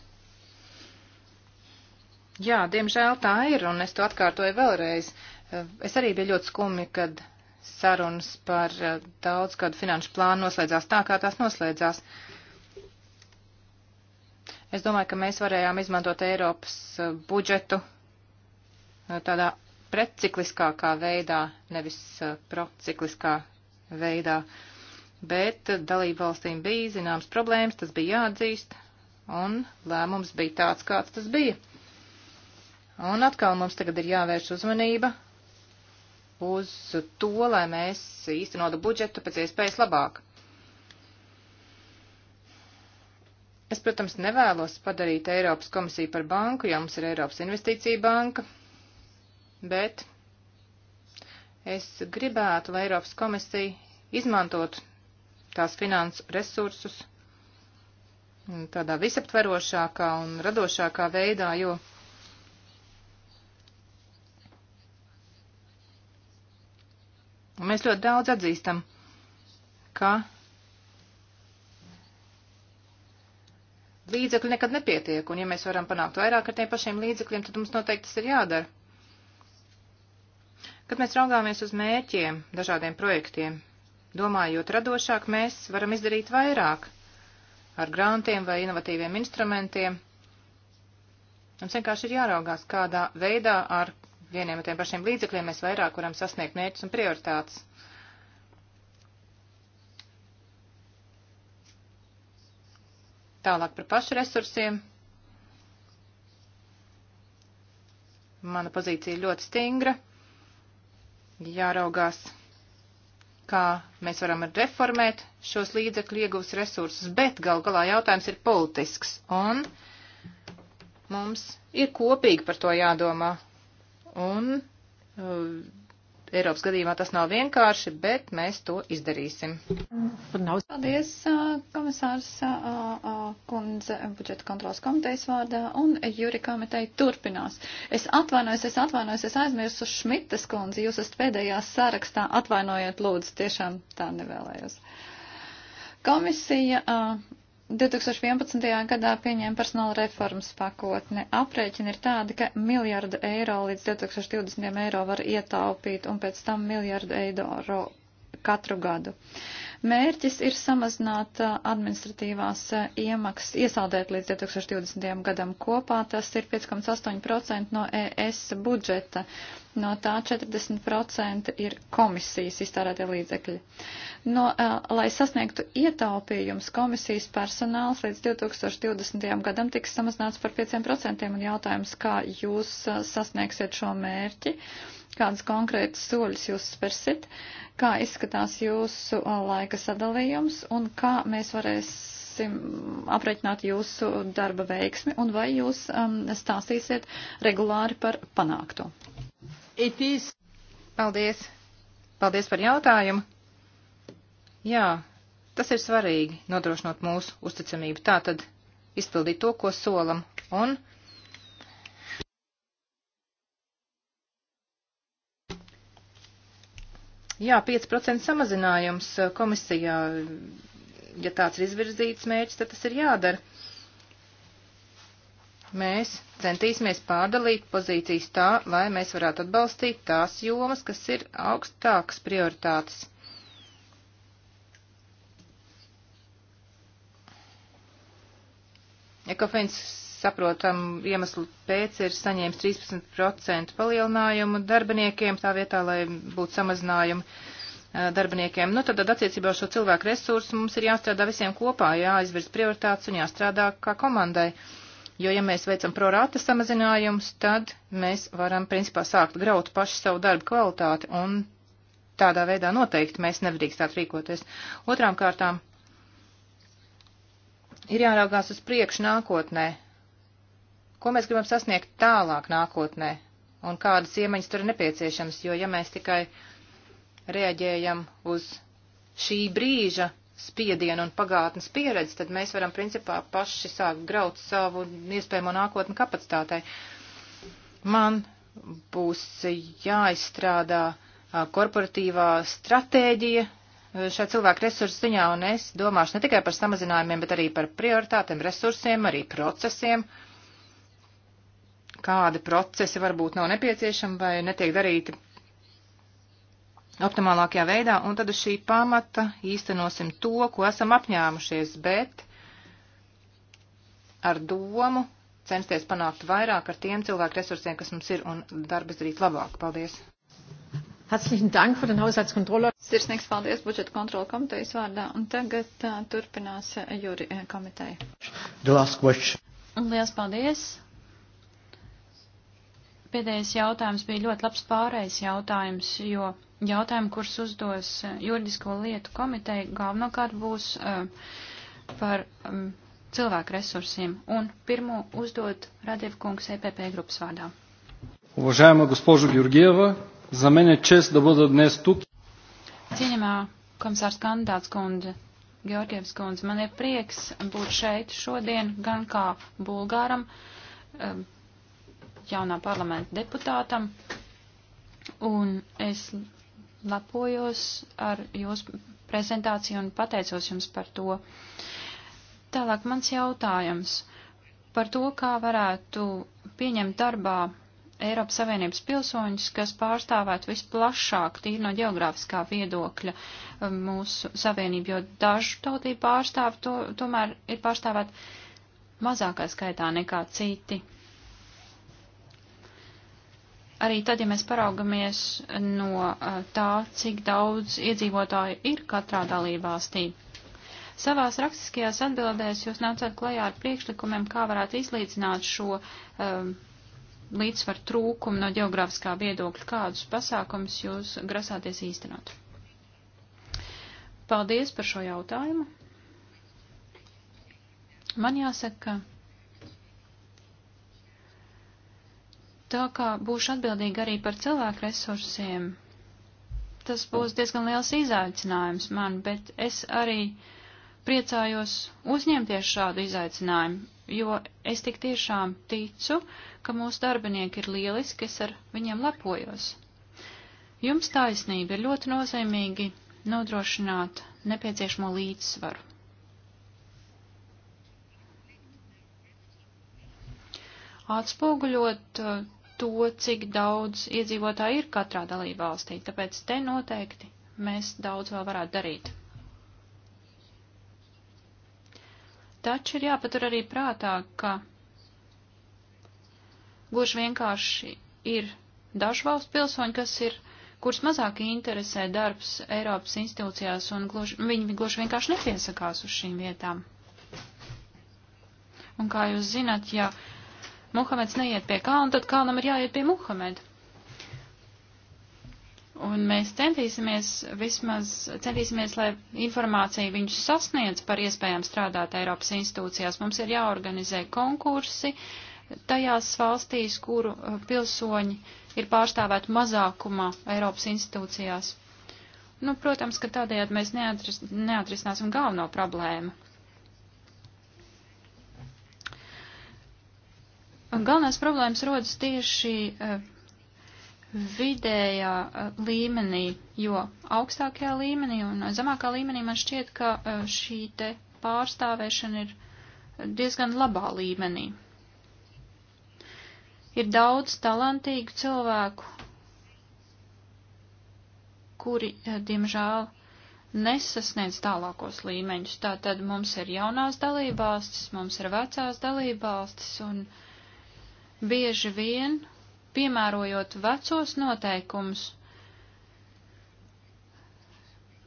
Jā, diemžēl tā ir, un es to atkārtoju vēlreiz. Es arī biju ļoti skumji, kad sarunas par daudzgadu finanšu plānu noslēdzās tā, kā tās noslēdzās. Uh, Es domāju, ka mēs varējām izmantot Eiropas eh, budžetu eh, tādā precikliskākā veidā, nevis eh, procikliskā veidā. Bet dalību valstīm bija zināms problēmas, tas bija jāatzīst, un lēmums bija tāds, kāds tas bija. Un atkal mums tagad ir jāvērš uzmanība uz to, lai mēs īstenotu budžetu pēc iespējas labāk. Es, protams, nevēlos padarīt Eiropas komisiju par banku, jo mums ir Eiropas investīcija banka, bet es gribētu, lai Eiropas komisija izmantot tās finansu resursus tādā visaptverošākā un radošākā veidā, jo mēs ļoti daudz atzīstam, ka līdzekļi nekad nepietiek, un ja mēs varam panākt vairāk ar tiem pašiem līdzekļiem, tad mums noteikti tas ir jādara. Kad mēs raugāmies uz mērķiem, dažādiem projektiem, domājot radošāk, mēs varam izdarīt vairāk ar grantiem vai inovatīviem instrumentiem. Mums vienkārši ir jāraugās, kādā veidā ar vieniem un tiem pašiem līdzekļiem mēs vairāk varam sasniegt mērķus un prioritātes. Tālāk par pašu resursiem. Mana pozīcija ļoti stingra. Jāraugās, kā mēs varam reformēt šos līdzekļu ieguvus resursus, bet gal galā jautājums ir politisks. Un mums ir kopīgi par to jādomā. Un uh, Eiropas gadījumā tas nav vienkārši, bet mēs to izdarīsim. Paldies, komisārs kundze budžeta kontrolas komitejas vārdā un Juri komiteja turpinās. Es atvainojos, es atvainojos, es aizmirsu Šmitas kundzi, jūs esat pēdējā sarakstā, atvainojiet lūdzu, tiešām tā nevēlējos. Komisija uh, 2011. gadā pieņēma personāla reformas pakotni. Aprēķini ir tādi, ka miljardu eiro līdz 2020. eiro var ietaupīt un pēc tam miljardu eiro katru gadu. Uh, Mērķis ir samazināt administratīvās iemaksas, iesaldēt līdz 2020. gadam kopā. Tas ir 5,8% no ES budžeta. No tā 40% ir komisijas iztērētie līdzekļi. No, lai sasniegtu ietaupījums, komisijas personāls līdz 2020. gadam tiks samazināts par 5% un jautājums, kā jūs sasniegsiet šo mērķi. Uh, Kādas konkrētas soļas jūs spersit, kā izskatās jūsu uh, laika sadalījums un kā mēs varēsim aprēķināt jūsu darba veiksmi un vai jūs um, stāstīsiet regulāri par panākto? Itīs. Paldies. Paldies par jautājumu. Jā, tas ir svarīgi, nodrošinot mūsu uzticamību. Tātad izpildīt to, ko solam, un Jā, 5% samazinājums eh, komisijā, ja tāds ir izvirzīts mērķis, tad tas ir jādara. Mēs centīsimies pārdalīt pozīcijas tā, lai mēs varētu atbalstīt tās jomas, kas ir augstākas prioritātes. Ekofens saprotam iemeslu pēc ir saņēmis 13% palielinājumu darbiniekiem, tā vietā, lai būtu samazinājumi darbiniekiem. Nu, tad, tad attiecībā uz šo cilvēku resursu mums ir jāstrādā visiem kopā, jāizvirz prioritātes un jāstrādā kā komandai. Jo, ja mēs veicam prorāta samazinājumus, tad mēs varam, principā, sākt graut pašu savu darbu kvalitāti, un tādā veidā noteikti mēs nedrīkstāt rīkoties. Otrām kārtām ir jāraugās uz priekšu nākotnē, Ko mēs gribam sasniegt tālāk nākotnē un kādas iemaņas tur ir nepieciešams, jo ja mēs tikai reaģējam uz šī brīža spiedienu un pagātnes pieredzi, tad mēs varam principā paši sākt graut savu iespējamo nākotni kapacitātei. Man būs jāizstrādā korporatīvā stratēģija šā cilvēka resursu ziņā, un es domāšu ne tikai par samazinājumiem, bet arī par prioritātēm, resursiem, arī procesiem. Uh, kādi procesi varbūt nav nepieciešami vai netiek darīti optimālākajā veidā, un tad uz šī pamata īstenosim to, ko esam apņēmušies, bet ar domu censties panākt vairāk ar tiem cilvēku resursiem, kas mums ir, un darbu izdarīt labāk. Paldies! Herzlichen Dank für den Haushaltskontroller. Sirsnīgs paldies budžeta kontrola komitejas vārdā. Un tagad uh, turpinās uh, Juri uh, komiteja. The last question. Lielas paldies pēdējais jautājums bija ļoti labs pārējais jautājums, jo jautājumi, kurus uzdos eh, juridisko lietu komiteja, galvenokārt būs uh, par um, cilvēku resursiem. Un pirmo uzdod Radieva kungs EPP grupas vārdā. Уважаема госпожо Георгиева, за мен е чест да бъда днес тук. Cienījamā komisārs kandidāts kundze, Georgievs kundze, man ir prieks būt šeit šodien gan kā bulgāram, um, jaunā parlamenta deputātam, un es lepojos ar jūsu prezentāciju un pateicos jums par to. Tālāk mans jautājums par to, kā varētu pieņemt darbā Eiropas Savienības pilsoņus, kas pārstāvētu visplašāk, tīri no geogrāfiskā viedokļa um, mūsu savienību, jo dažu tautību pārstāv to, tomēr ir pārstāvēt mazākā skaitā nekā citi arī tad, ja mēs paraugamies no tā, cik daudz iedzīvotāju ir katrā dalībvalstī. Savās rakstiskajās atbildēs jūs nācāt klajā ar priekšlikumiem, kā varētu izlīdzināt šo um, līdzsvaru trūkumu no geogrāfiskā viedokļa, kādus pasākumus jūs grasāties īstenot. Paldies par šo jautājumu. Man jāsaka, ka tā kā būšu atbildīga arī par cilvēku resursiem, tas būs diezgan liels izaicinājums man, bet es arī priecājos uzņemties šādu izaicinājumu, jo es tik tiešām ticu, ka mūsu darbinieki ir lieliski, es ar viņiem lepojos. Jums taisnība ir ļoti nozīmīgi nodrošināt nepieciešamo līdzsvaru. atspoguļot uh, to, cik daudz iedzīvotāji ir katrā dalībvalstī, tāpēc te noteikti mēs daudz vēl varētu darīt. Taču ir jāpatur arī prātā, ka gluži vienkārši ir dažu valstu pilsoņi, kas ir, kurus mazāk interesē darbs Eiropas institūcijās, un gluži, viņi gluži vienkārši nepiesakās uz šīm vietām. Un kā jūs zināt, ja Muhameds neiet pie kalna, tad kalnam ir jāiet pie Muhameda. Un mēs centīsimies vismaz, centīsimies, lai informācija viņus sasniedz par iespējām strādāt Eiropas institūcijās. Mums ir jāorganizē konkursi tajās valstīs, kuru uh, pilsoņi ir pārstāvēti mazākumā Eiropas institūcijās. Nu, protams, ka tādējādi mēs neatris, neatrisināsim galveno problēmu. Galvenās problēmas rodas tieši eh, vidējā eh, līmenī, jo augstākajā līmenī un zemākā līmenī man šķiet, ka eh, šī te pārstāvēšana ir diezgan labā līmenī. Ir daudz talantīgu cilvēku, kuri, diemžēl, nesasniedz tālākos līmeņus. Tātad mums ir jaunās dalībvalstis, mums ir vecās dalībvalstis, un bieži vien, piemērojot vecos noteikumus,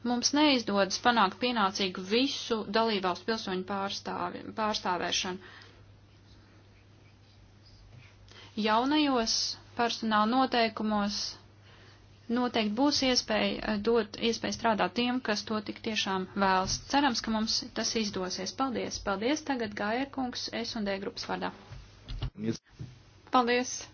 mums neizdodas panākt pienācīgu visu dalībvalstu pilsoņu pārstāvi, pārstāvēšanu. Jaunajos personāla noteikumos noteikti būs iespēja eh, dot iespēju strādāt tiem, kas to tik tiešām vēlas. Cerams, ka mums tas izdosies. Paldies! Paldies tagad Gājerkungs, S un D grupas vārdā. Yes. Paldies!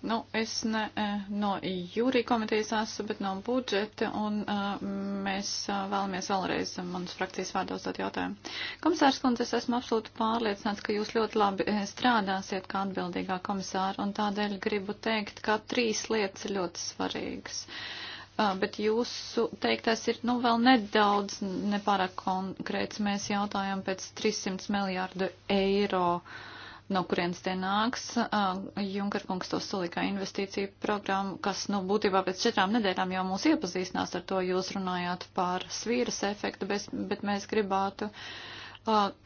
Nu, es ne eh, no jūrī komitejas esmu, bet no budžeta, un uh, mēs eh, vēlamies vēlreiz manas frakcijas vārdos dot jautājumu. Komisārs kundze, es esmu absolūti pārliecināts, ka jūs ļoti labi strādāsiet kā atbildīgā komisāra, un tādēļ gribu teikt, ka trīs lietas ir ļoti svarīgas. Uh, bet jūsu teiktais ir, nu, vēl nedaudz nepārāk konkrēts. Mēs jautājam pēc 300 miljārdu eiro. Uh, no kurienes tie nāks. Junkarkungs to solīja kā investīciju programmu, kas, nu, būtībā pēc četrām nedēļām jau mūs iepazīstinās ar to. Jūs runājāt par svīras efektu, bet mēs gribētu uh,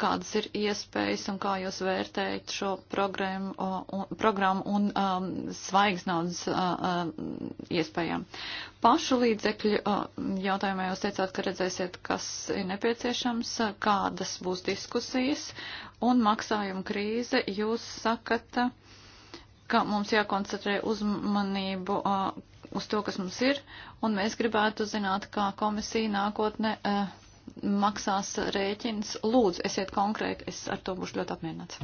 kādas ir iespējas un kā jūs vērtējat šo programmu, programmu un um, svaigas naudas uh, iespējām. Pašu līdzekļu uh, jautājumā jūs teicāt, ka redzēsiet, kas ir nepieciešams, kādas būs diskusijas un maksājuma krīze. Jūs sakat, ka mums jākoncentrē uzmanību. Uh, uz to, kas mums ir, un mēs gribētu zināt, kā komisija nākotne uh, maksās rēķins. Lūdzu, esiet konkrēti, es ar to būšu ļoti apmierināts.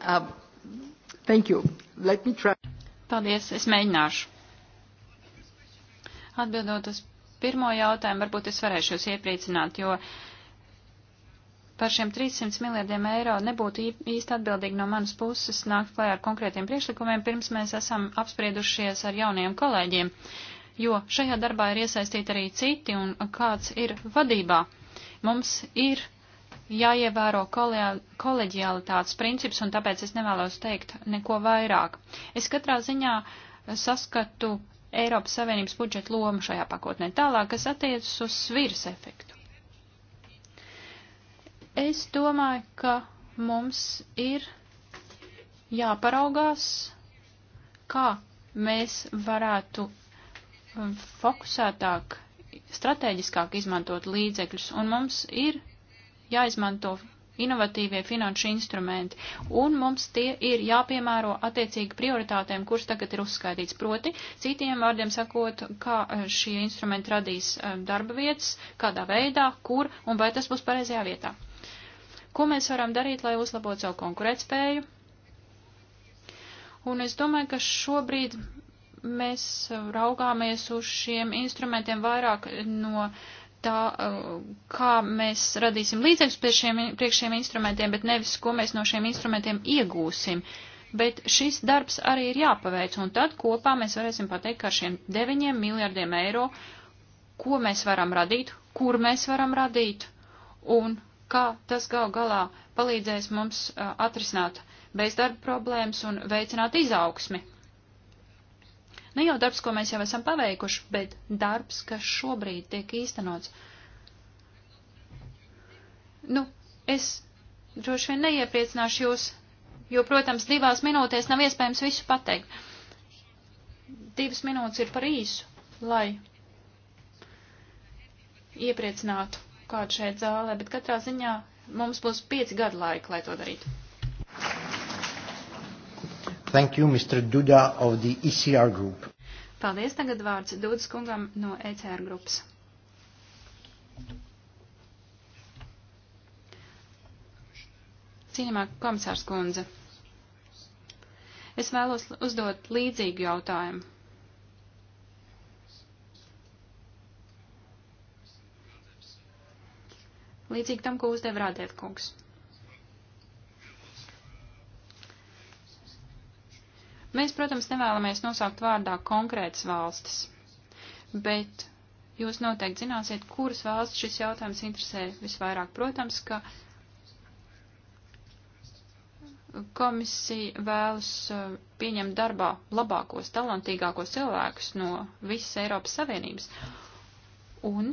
Uh, thank you. Let me try. Paldies, es mēģināšu. Atbildot uz pirmo jautājumu, varbūt es varēšu jūs iepriecināt, jo par šiem 300 miljardiem eiro nebūtu īsti atbildīgi no manas puses nākt klajā ar konkrētiem priekšlikumiem, pirms mēs esam apspriedušies ar jauniem kolēģiem. Uh, jo šajā darbā ir iesaistīti arī citi un kāds ir vadībā. Mums ir jāievēro koleģialitātes princips, un tāpēc es nevēlos teikt neko vairāk. Es katrā ziņā saskatu Eiropas Savienības budžeta lomu šajā pakotnē tālāk, kas attiecas uz svirs efektu. Es domāju, ka mums ir jāparaugās, kā mēs varētu fokusētāk, strateģiskāk izmantot līdzekļus, un mums ir jāizmanto inovatīvie finanšu instrumenti, un mums tie ir jāpiemēro attiecīgi prioritātēm, kuras tagad ir uzskaitīts. Proti, citiem vārdiem sakot, kā eh, šie instrumenti radīs eh, darba vietas, kādā veidā, kur un vai tas būs pareizajā vietā. Ko mēs varam darīt, lai uzlabotu savu konkurētspēju? Un es domāju, ka šobrīd mēs raugāmies uz šiem instrumentiem vairāk no tā, kā mēs radīsim līdzekļus pie šiem, priekš šiem instrumentiem, bet nevis, ko mēs no šiem instrumentiem iegūsim. Bet šis darbs arī ir jāpaveic, un tad kopā mēs varēsim pateikt, ka ar šiem 9 miljardiem eiro, ko mēs varam radīt, kur mēs varam radīt, un kā tas gal galā palīdzēs mums atrisināt bezdarba problēmas un veicināt izaugsmi. Ne jau darbs, ko mēs jau esam paveikuši, bet darbs, kas šobrīd tiek īstenots. Nu, es droši vien neiepriecināšu jūs, jo, protams, divās minūtēs nav iespējams visu pateikt. Divas minūtes ir par īsu, lai iepriecinātu kādu šeit zālē, bet katrā ziņā mums būs pieci gadu laika, lai to darītu. Thank you, Mr. Duda of the ECR Group. Paldies, tagad vārds Dūdas kungam no ECR grupas. Cienījumā komisārs kundze, es vēlos uzdot līdzīgu jautājumu. Līdzīgi tam, ko uzdeva Rādētkungs. kungs. Mēs, protams, nevēlamies nosaukt vārdā konkrētas valstis, bet jūs noteikti zināsiet, kuras valsts šis jautājums interesē visvairāk. Protams, ka komisija vēlas uh, pieņemt darbā labākos, talantīgākos cilvēkus no visas Eiropas Savienības. Un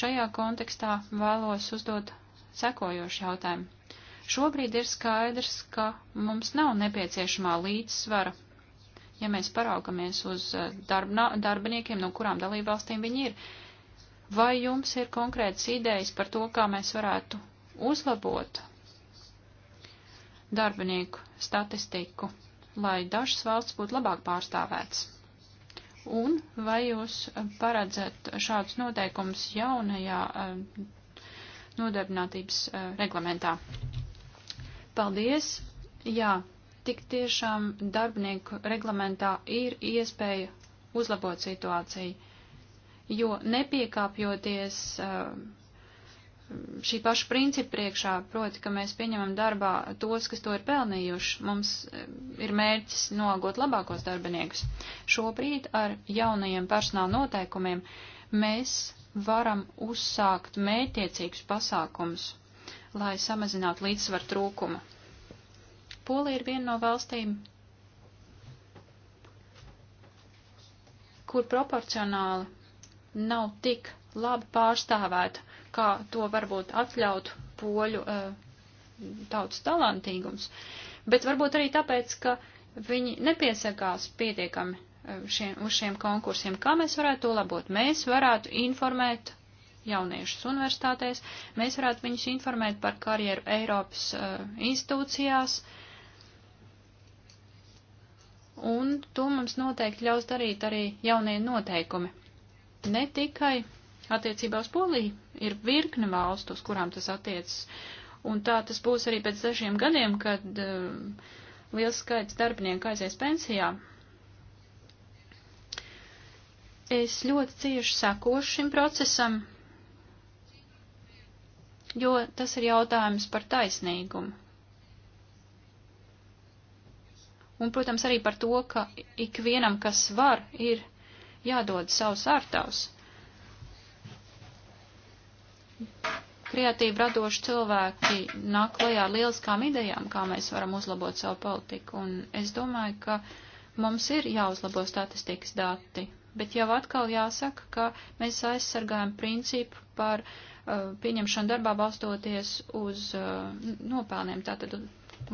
šajā kontekstā vēlos uzdot sekojošu jautājumu. Šobrīd ir skaidrs, ka mums nav nepieciešamā līdzsvara, ja mēs paraugamies uz eh, darbna, darbiniekiem, no kurām dalībvalstīm viņi ir. Vai jums ir konkrētas idejas par to, kā mēs varētu uzlabot darbinieku statistiku, lai dažas valsts būtu labāk pārstāvētas? Un vai jūs paredzat šādus noteikumus jaunajā eh, nodarbinātības eh, reglamentā? Paldies! Jā, tik tiešām darbinieku reglamentā ir iespēja uzlabot situāciju, jo nepiekāpjoties uh, šī paša principa priekšā, proti, ka mēs pieņemam darbā tos, kas to ir pelnījuši, mums uh, ir mērķis nolgot labākos darbiniekus. Šobrīd ar jaunajiem personāla noteikumiem mēs varam uzsākt mērķiecīgus pasākumus lai samazinātu līdzsvaru trūkumu. Polija ir viena no valstīm, kur proporcionāli nav tik labi pārstāvēta, kā to varbūt atļautu poļu e, tautas talantīgums, bet varbūt arī tāpēc, ka viņi nepiesakās pietiekami eh, šiem, uz šiem konkursiem. Kā mēs varētu to labot? Mēs varētu informēt jauniešus universitātēs, mēs varētu viņus informēt par karjeru Eiropas uh, institūcijās, un to mums noteikti ļaus darīt arī jaunie noteikumi. Ne tikai attiecībā uz Poliju ir virkne valstu, uz kurām tas attiecas, un tā tas būs arī pēc dažiem gadiem, kad uh, liels skaits darbinieku aizies pensijā. Es ļoti cieši sekošu šim procesam, jo tas ir jautājums par taisnīgumu. Un, protams, arī par to, ka ikvienam, kas var, ir jādod savs ārtavs. Kreatīvi radoši cilvēki nāk klajā ar lieliskām idejām, kā mēs varam uzlabot savu politiku, un es domāju, ka mums ir jāuzlabo statistikas dati, bet jau atkal jāsaka, ka mēs aizsargājam principu par uh, Uh, pieņemšanu darbā balstoties uz uh, nopelniem, tātad,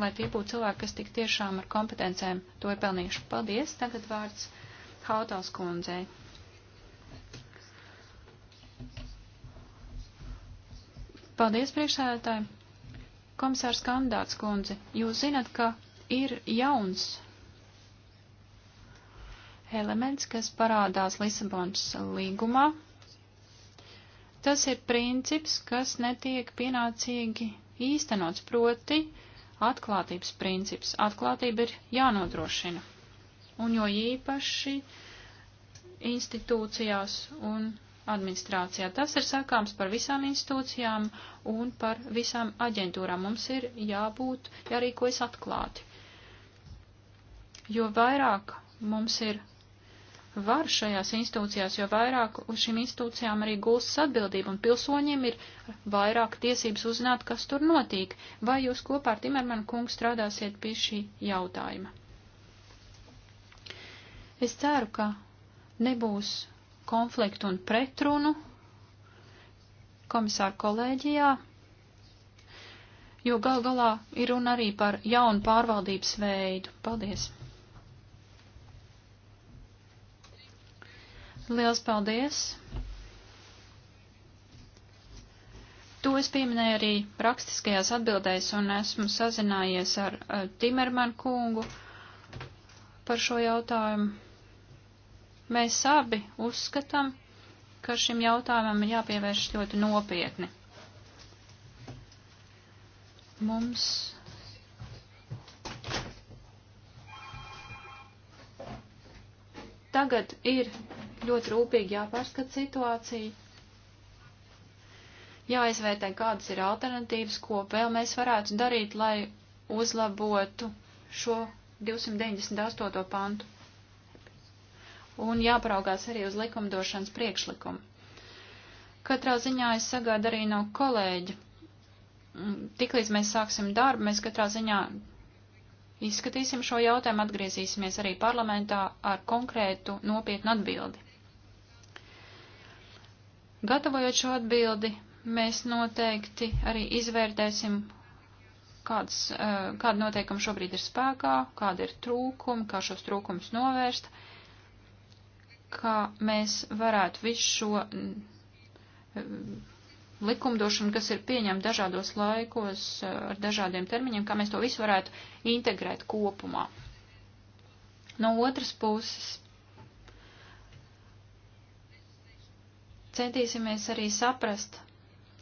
lai tie būtu cilvēki, kas tik tiešām ar kompetencēm to ir pelnījuši. Paldies, tagad vārds Hautals kundzei. Paldies, priekšsēdētāji. Komisārs kandidāts kundze, jūs zinat, ka ir jauns elements, kas parādās Lisabonas līgumā, Tas ir princips, kas netiek pienācīgi īstenots, proti atklātības princips. Atklātība ir jānodrošina. Un jo īpaši institūcijās un administrācijā. Tas ir sakāms par visām institūcijām un par visām aģentūrām. Mums ir jābūt, jārīkojas atklāti. Jo vairāk mums ir varu šajās institūcijās, jo vairāk uz šīm institūcijām arī gūstas atbildība, un pilsoņiem ir vairāk tiesības uzzināt, kas tur notiek. Vai jūs kopā ar Timermanu kungu strādāsiet pie šī jautājuma? Es ceru, ka nebūs konfliktu un pretrunu komisāru kolēģijā, jo gal galā ir runa arī par jaunu pārvaldības veidu. Paldies! Liels paldies! To es pieminēju arī rakstiskajās atbildēs un esmu sazinājies ar uh, Timermanu kungu par šo jautājumu. Mēs abi uzskatām, ka šim jautājumam ir jāpievērš ļoti nopietni. Mums tagad ir ļoti rūpīgi jāpārskat situācija, jāizvērtē, kādas ir alternatīvas, ko vēl mēs varētu darīt, lai uzlabotu šo 298. pantu. Un jāpraugās arī uz likumdošanas priekšlikumu. Katrā ziņā es sagādu arī no kolēģa. Mm, tiklīdz mēs sāksim darbu, mēs katrā ziņā izskatīsim šo jautājumu, atgriezīsimies arī parlamentā ar konkrētu nopietnu atbildi. Gatavojot šo atbildi, mēs noteikti arī izvērtēsim, kāds, eh, kāda noteikuma šobrīd ir spēkā, kāda ir trūkuma, kā šos trūkumus novērst, kā mēs varētu visu šo eh, likumdošanu, kas ir pieņemta dažādos laikos eh, ar dažādiem termiņiem, kā mēs to visu varētu integrēt kopumā. No otras puses, centīsimies arī saprast,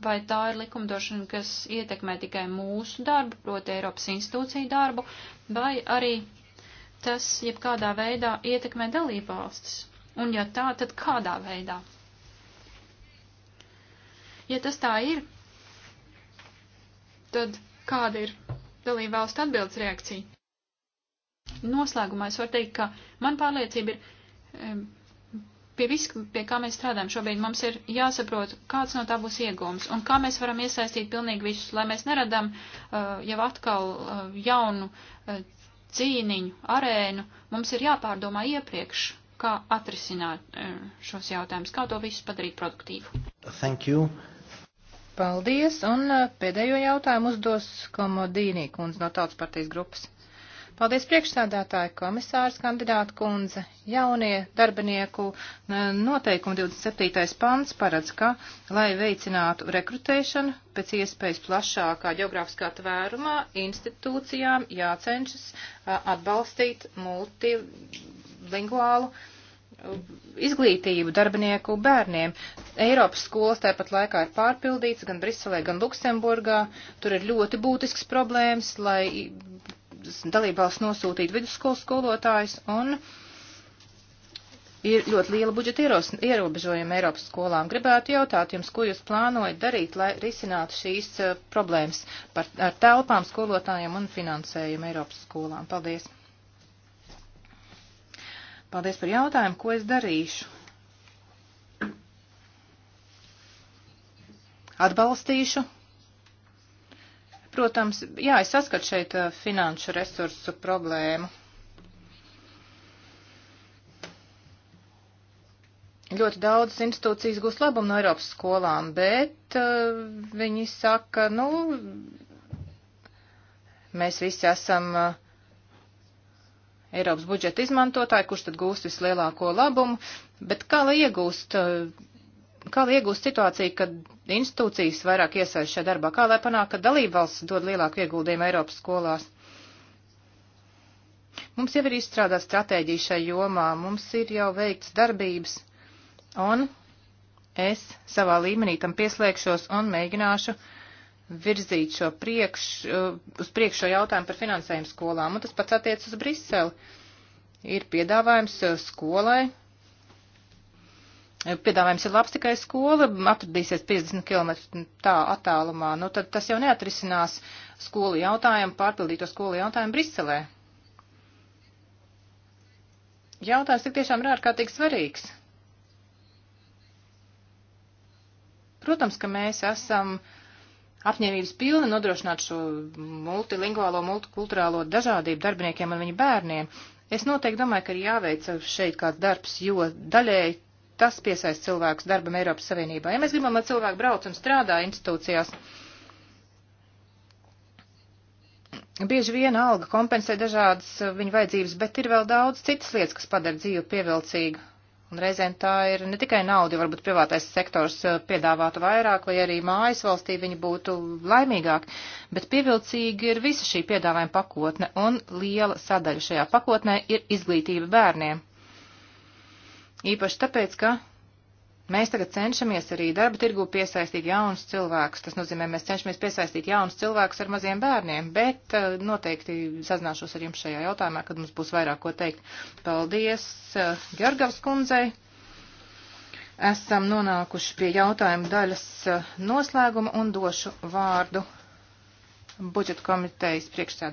vai tā ir likumdošana, kas ietekmē tikai mūsu darbu, proti Eiropas institūciju darbu, vai arī tas jebkādā veidā ietekmē dalībvalstis. Un ja tā, tad kādā veidā? Ja tas tā ir, tad kāda ir dalībvalstu atbildes reakcija? Noslēgumā es varu teikt, ka man pārliecība ir pie viss, pie kā mēs strādājam šobrīd, mums ir jāsaprot, kāds no tā būs iegūms un kā mēs varam iesaistīt pilnīgi visus, lai mēs neradam uh, jau atkal uh, jaunu uh, cīniņu, arēnu. Mums ir jāpārdomā iepriekš, kā atrisināt uh, šos jautājumus, kā to visu padarīt produktīvu. Thank you. Paldies, un uh, pēdējo jautājumu uzdos Komodīnī kundze no Tautas partijas grupas. Paldies priekšsādātāji komisārs kandidāta kundze. Jaunie darbinieku noteikumi 27. pants paredz, ka, lai veicinātu rekrutēšanu pēc iespējas plašākā geogrāfiskā tvērumā, institūcijām jācenšas atbalstīt multilinguālu izglītību darbinieku bērniem. Eiropas skolas tāpat laikā ir pārpildīts gan Briselē, gan Luksemburgā. Tur ir ļoti būtisks problēmas, lai dalībvalsts nosūtīt vidusskolas skolotājus un ir ļoti liela budžeta ierobežojuma Eiropas skolām. Gribētu jautāt jums, ko jūs plānojat darīt, lai risinātu šīs e, problēmas par, ar telpām, skolotājiem un finansējumu Eiropas skolām. Paldies! Paldies par jautājumu, ko es darīšu. Atbalstīšu Protams, jā, es saskatu šeit eh, finanšu resursu problēmu. Ļoti daudzas institūcijas gūs labumu no Eiropas skolām, bet uh, viņi saka, nu, mēs visi esam uh, Eiropas budžeta izmantotāji, kurš tad gūst vislielāko labumu, bet kā lai iegūst uh, Kā lai iegūst situāciju, kad institūcijas vairāk iesaist šajā darbā? Kā lai panāk, ka dalība valsts dod lielāku ieguldījumu Eiropas skolās? Mums jau ir izstrādāta stratēģija šai jomā, mums ir jau veikts darbības, un es savā līmenī tam pieslēgšos un mēģināšu virzīt šo priekš, uh, uz priekšo jautājumu par finansējumu skolām, un tas pats attiec uz Briseli. Ir piedāvājums uh, skolai piedāvājums ir labs tikai skola, atradīsies 50 km tā attālumā, nu tad tas jau neatrisinās skolu jautājumu, pārpildīto skolu jautājumu Briselē. Jautājums tik tiešām ir ārkārtīgi svarīgs. Protams, ka mēs esam apņēmības pilni nodrošināt šo multilingvālo, multikulturālo dažādību darbiniekiem un viņu bērniem. Es noteikti domāju, ka ir jāveic šeit kāds darbs, jo daļēji tas piesaist cilvēkus darbam Eiropas Savienībā. Ja mēs gribam, lai cilvēki brauc un strādā institūcijās, bieži viena alga kompensē dažādas uh, viņa vajadzības, bet ir vēl daudz citas lietas, kas padara dzīvi pievilcīgu. Un reizēm tā ir ne tikai nauda, varbūt privātais sektors uh, piedāvātu vairāk, vai arī mājas valstī viņi būtu laimīgāki, bet pievilcīgi ir visa šī piedāvājuma pakotne, un liela sadaļa šajā pakotnē ir izglītība bērniem. Īpaši tāpēc, ka mēs tagad cenšamies arī darba tirgu piesaistīt jaunus cilvēkus. Tas nozīmē, mēs cenšamies piesaistīt jaunus cilvēkus ar maziem bērniem, bet eh, noteikti sazināšos ar jums šajā jautājumā, kad mums būs vairāk ko teikt. Paldies eh, Georgavas kundzei! Esam nonākuši pie jautājuma daļas eh, noslēguma un došu vārdu budžeta komitejas priekšsēdētājai.